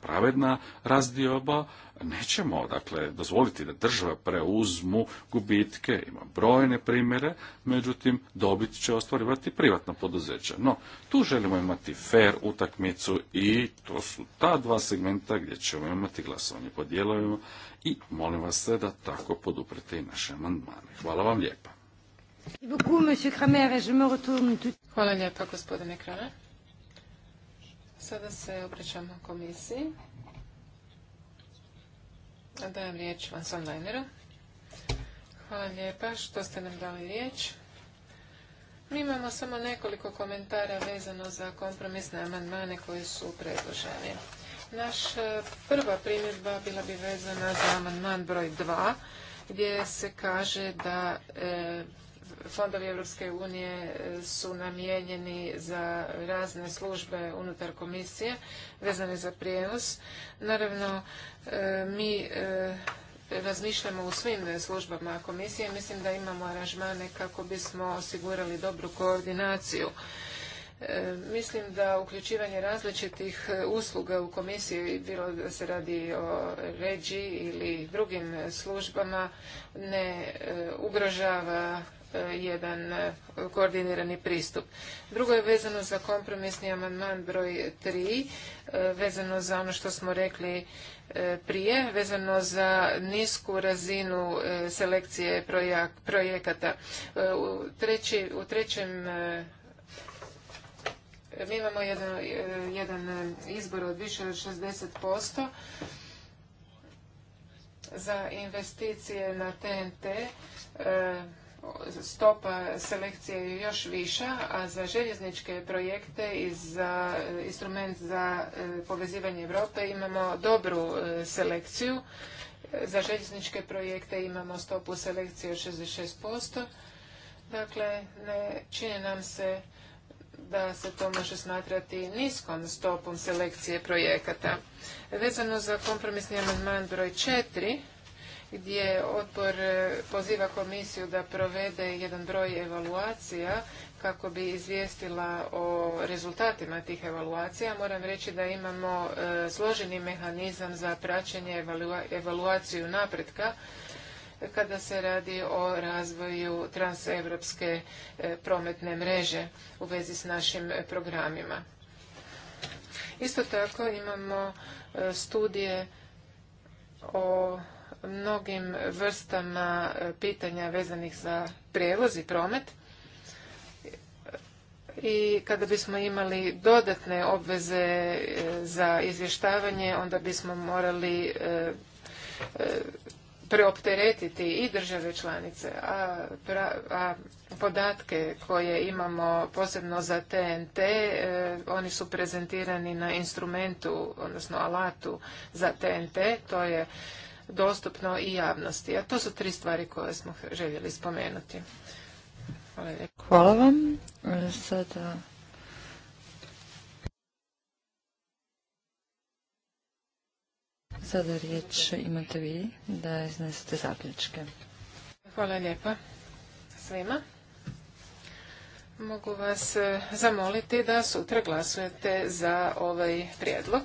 pravedna razdioba nećemo dakle dozvoliti da država preuzmu gubitke, ima brojne primjere, međutim dobit će ostvarivati privatna poduzeća. No, tu želimo imati fair utakmicu i to su ta dva segmenta gdje ćemo imati glasovanje po dijelovima i molim vas da tako poduprete i naše amandmane. Hvala vam lijepa. Hvala lijepa gospodine Kramer. Sada se obraćamo komisiji. Dajem riječ Van Sonlajneru. Hvala lijepa što ste nam dali riječ. Mi imamo samo nekoliko komentara vezano za kompromisne amandmane koji su predloženi. Naš e, prva primjedba bila bi vezana za amandman broj 2 gdje se kaže da e, fondovi Europske unije e, su namijenjeni za razne službe unutar komisije vezane za prijenos. Naravno, e, mi e, razmišljamo u svim službama komisije. Mislim da imamo aranžmane kako bismo osigurali dobru koordinaciju. Mislim da uključivanje različitih usluga u komisiji, bilo da se radi o ređi ili drugim službama, ne ugrožava jedan e, koordinirani pristup. Drugo je vezano za kompromisni amandman broj 3, e, vezano za ono što smo rekli e, prije, vezano za nisku razinu selekcije projekata. U, trećem mi imamo jedan, jedan izbor od više od 60% za investicije na TNT stopa selekcije je još viša, a za željezničke projekte i za e, instrument za e, povezivanje Europe imamo dobru e, selekciju. Za željezničke projekte imamo stopu selekcije od 66%. Dakle, ne čini nam se da se to može smatrati niskom stopom selekcije projekata. Vezano za kompromisni amandman broj 4, gdje odbor e, poziva komisiju da provede jedan broj evaluacija kako bi izvijestila o rezultatima tih evaluacija. Moram reći da imamo e, složeni mehanizam za praćenje evaluaciju napretka kada se radi o razvoju transeuropske e, prometne mreže u vezi s našim programima. Isto tako imamo studije o mnogim vrstama e, pitanja vezanih za prijevoz i promet i kada bismo imali dodatne obveze e, za izvještavanje onda bismo morali e, preopteretiti i države članice a, podatke koje imamo posebno za TNT oni su prezentirani na instrumentu odnosno alatu za TNT to je dostupno i javnosti. A to su tri stvari koje smo željeli spomenuti. Hvala, vam. E, sada... Sada riječ imate vi da iznesete zaključke. Hvala lijepa svima. Mogu vas e, zamoliti da sutra glasujete za ovaj prijedlog.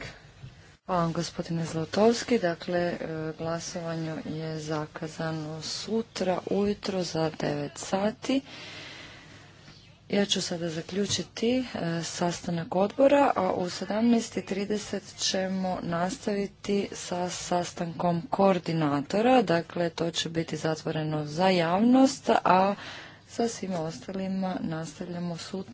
Hvala vam gospodine Zlotovski. Dakle, e, glasovanje je zakazano sutra ujutro za 9 sati. Ja ću sada zaključiti e, sastanak odbora, a u 17.30 ćemo nastaviti sa sastankom koordinatora. Dakle, to će biti zatvoreno za javnost, a sa svima ostalima nastavljamo sutra.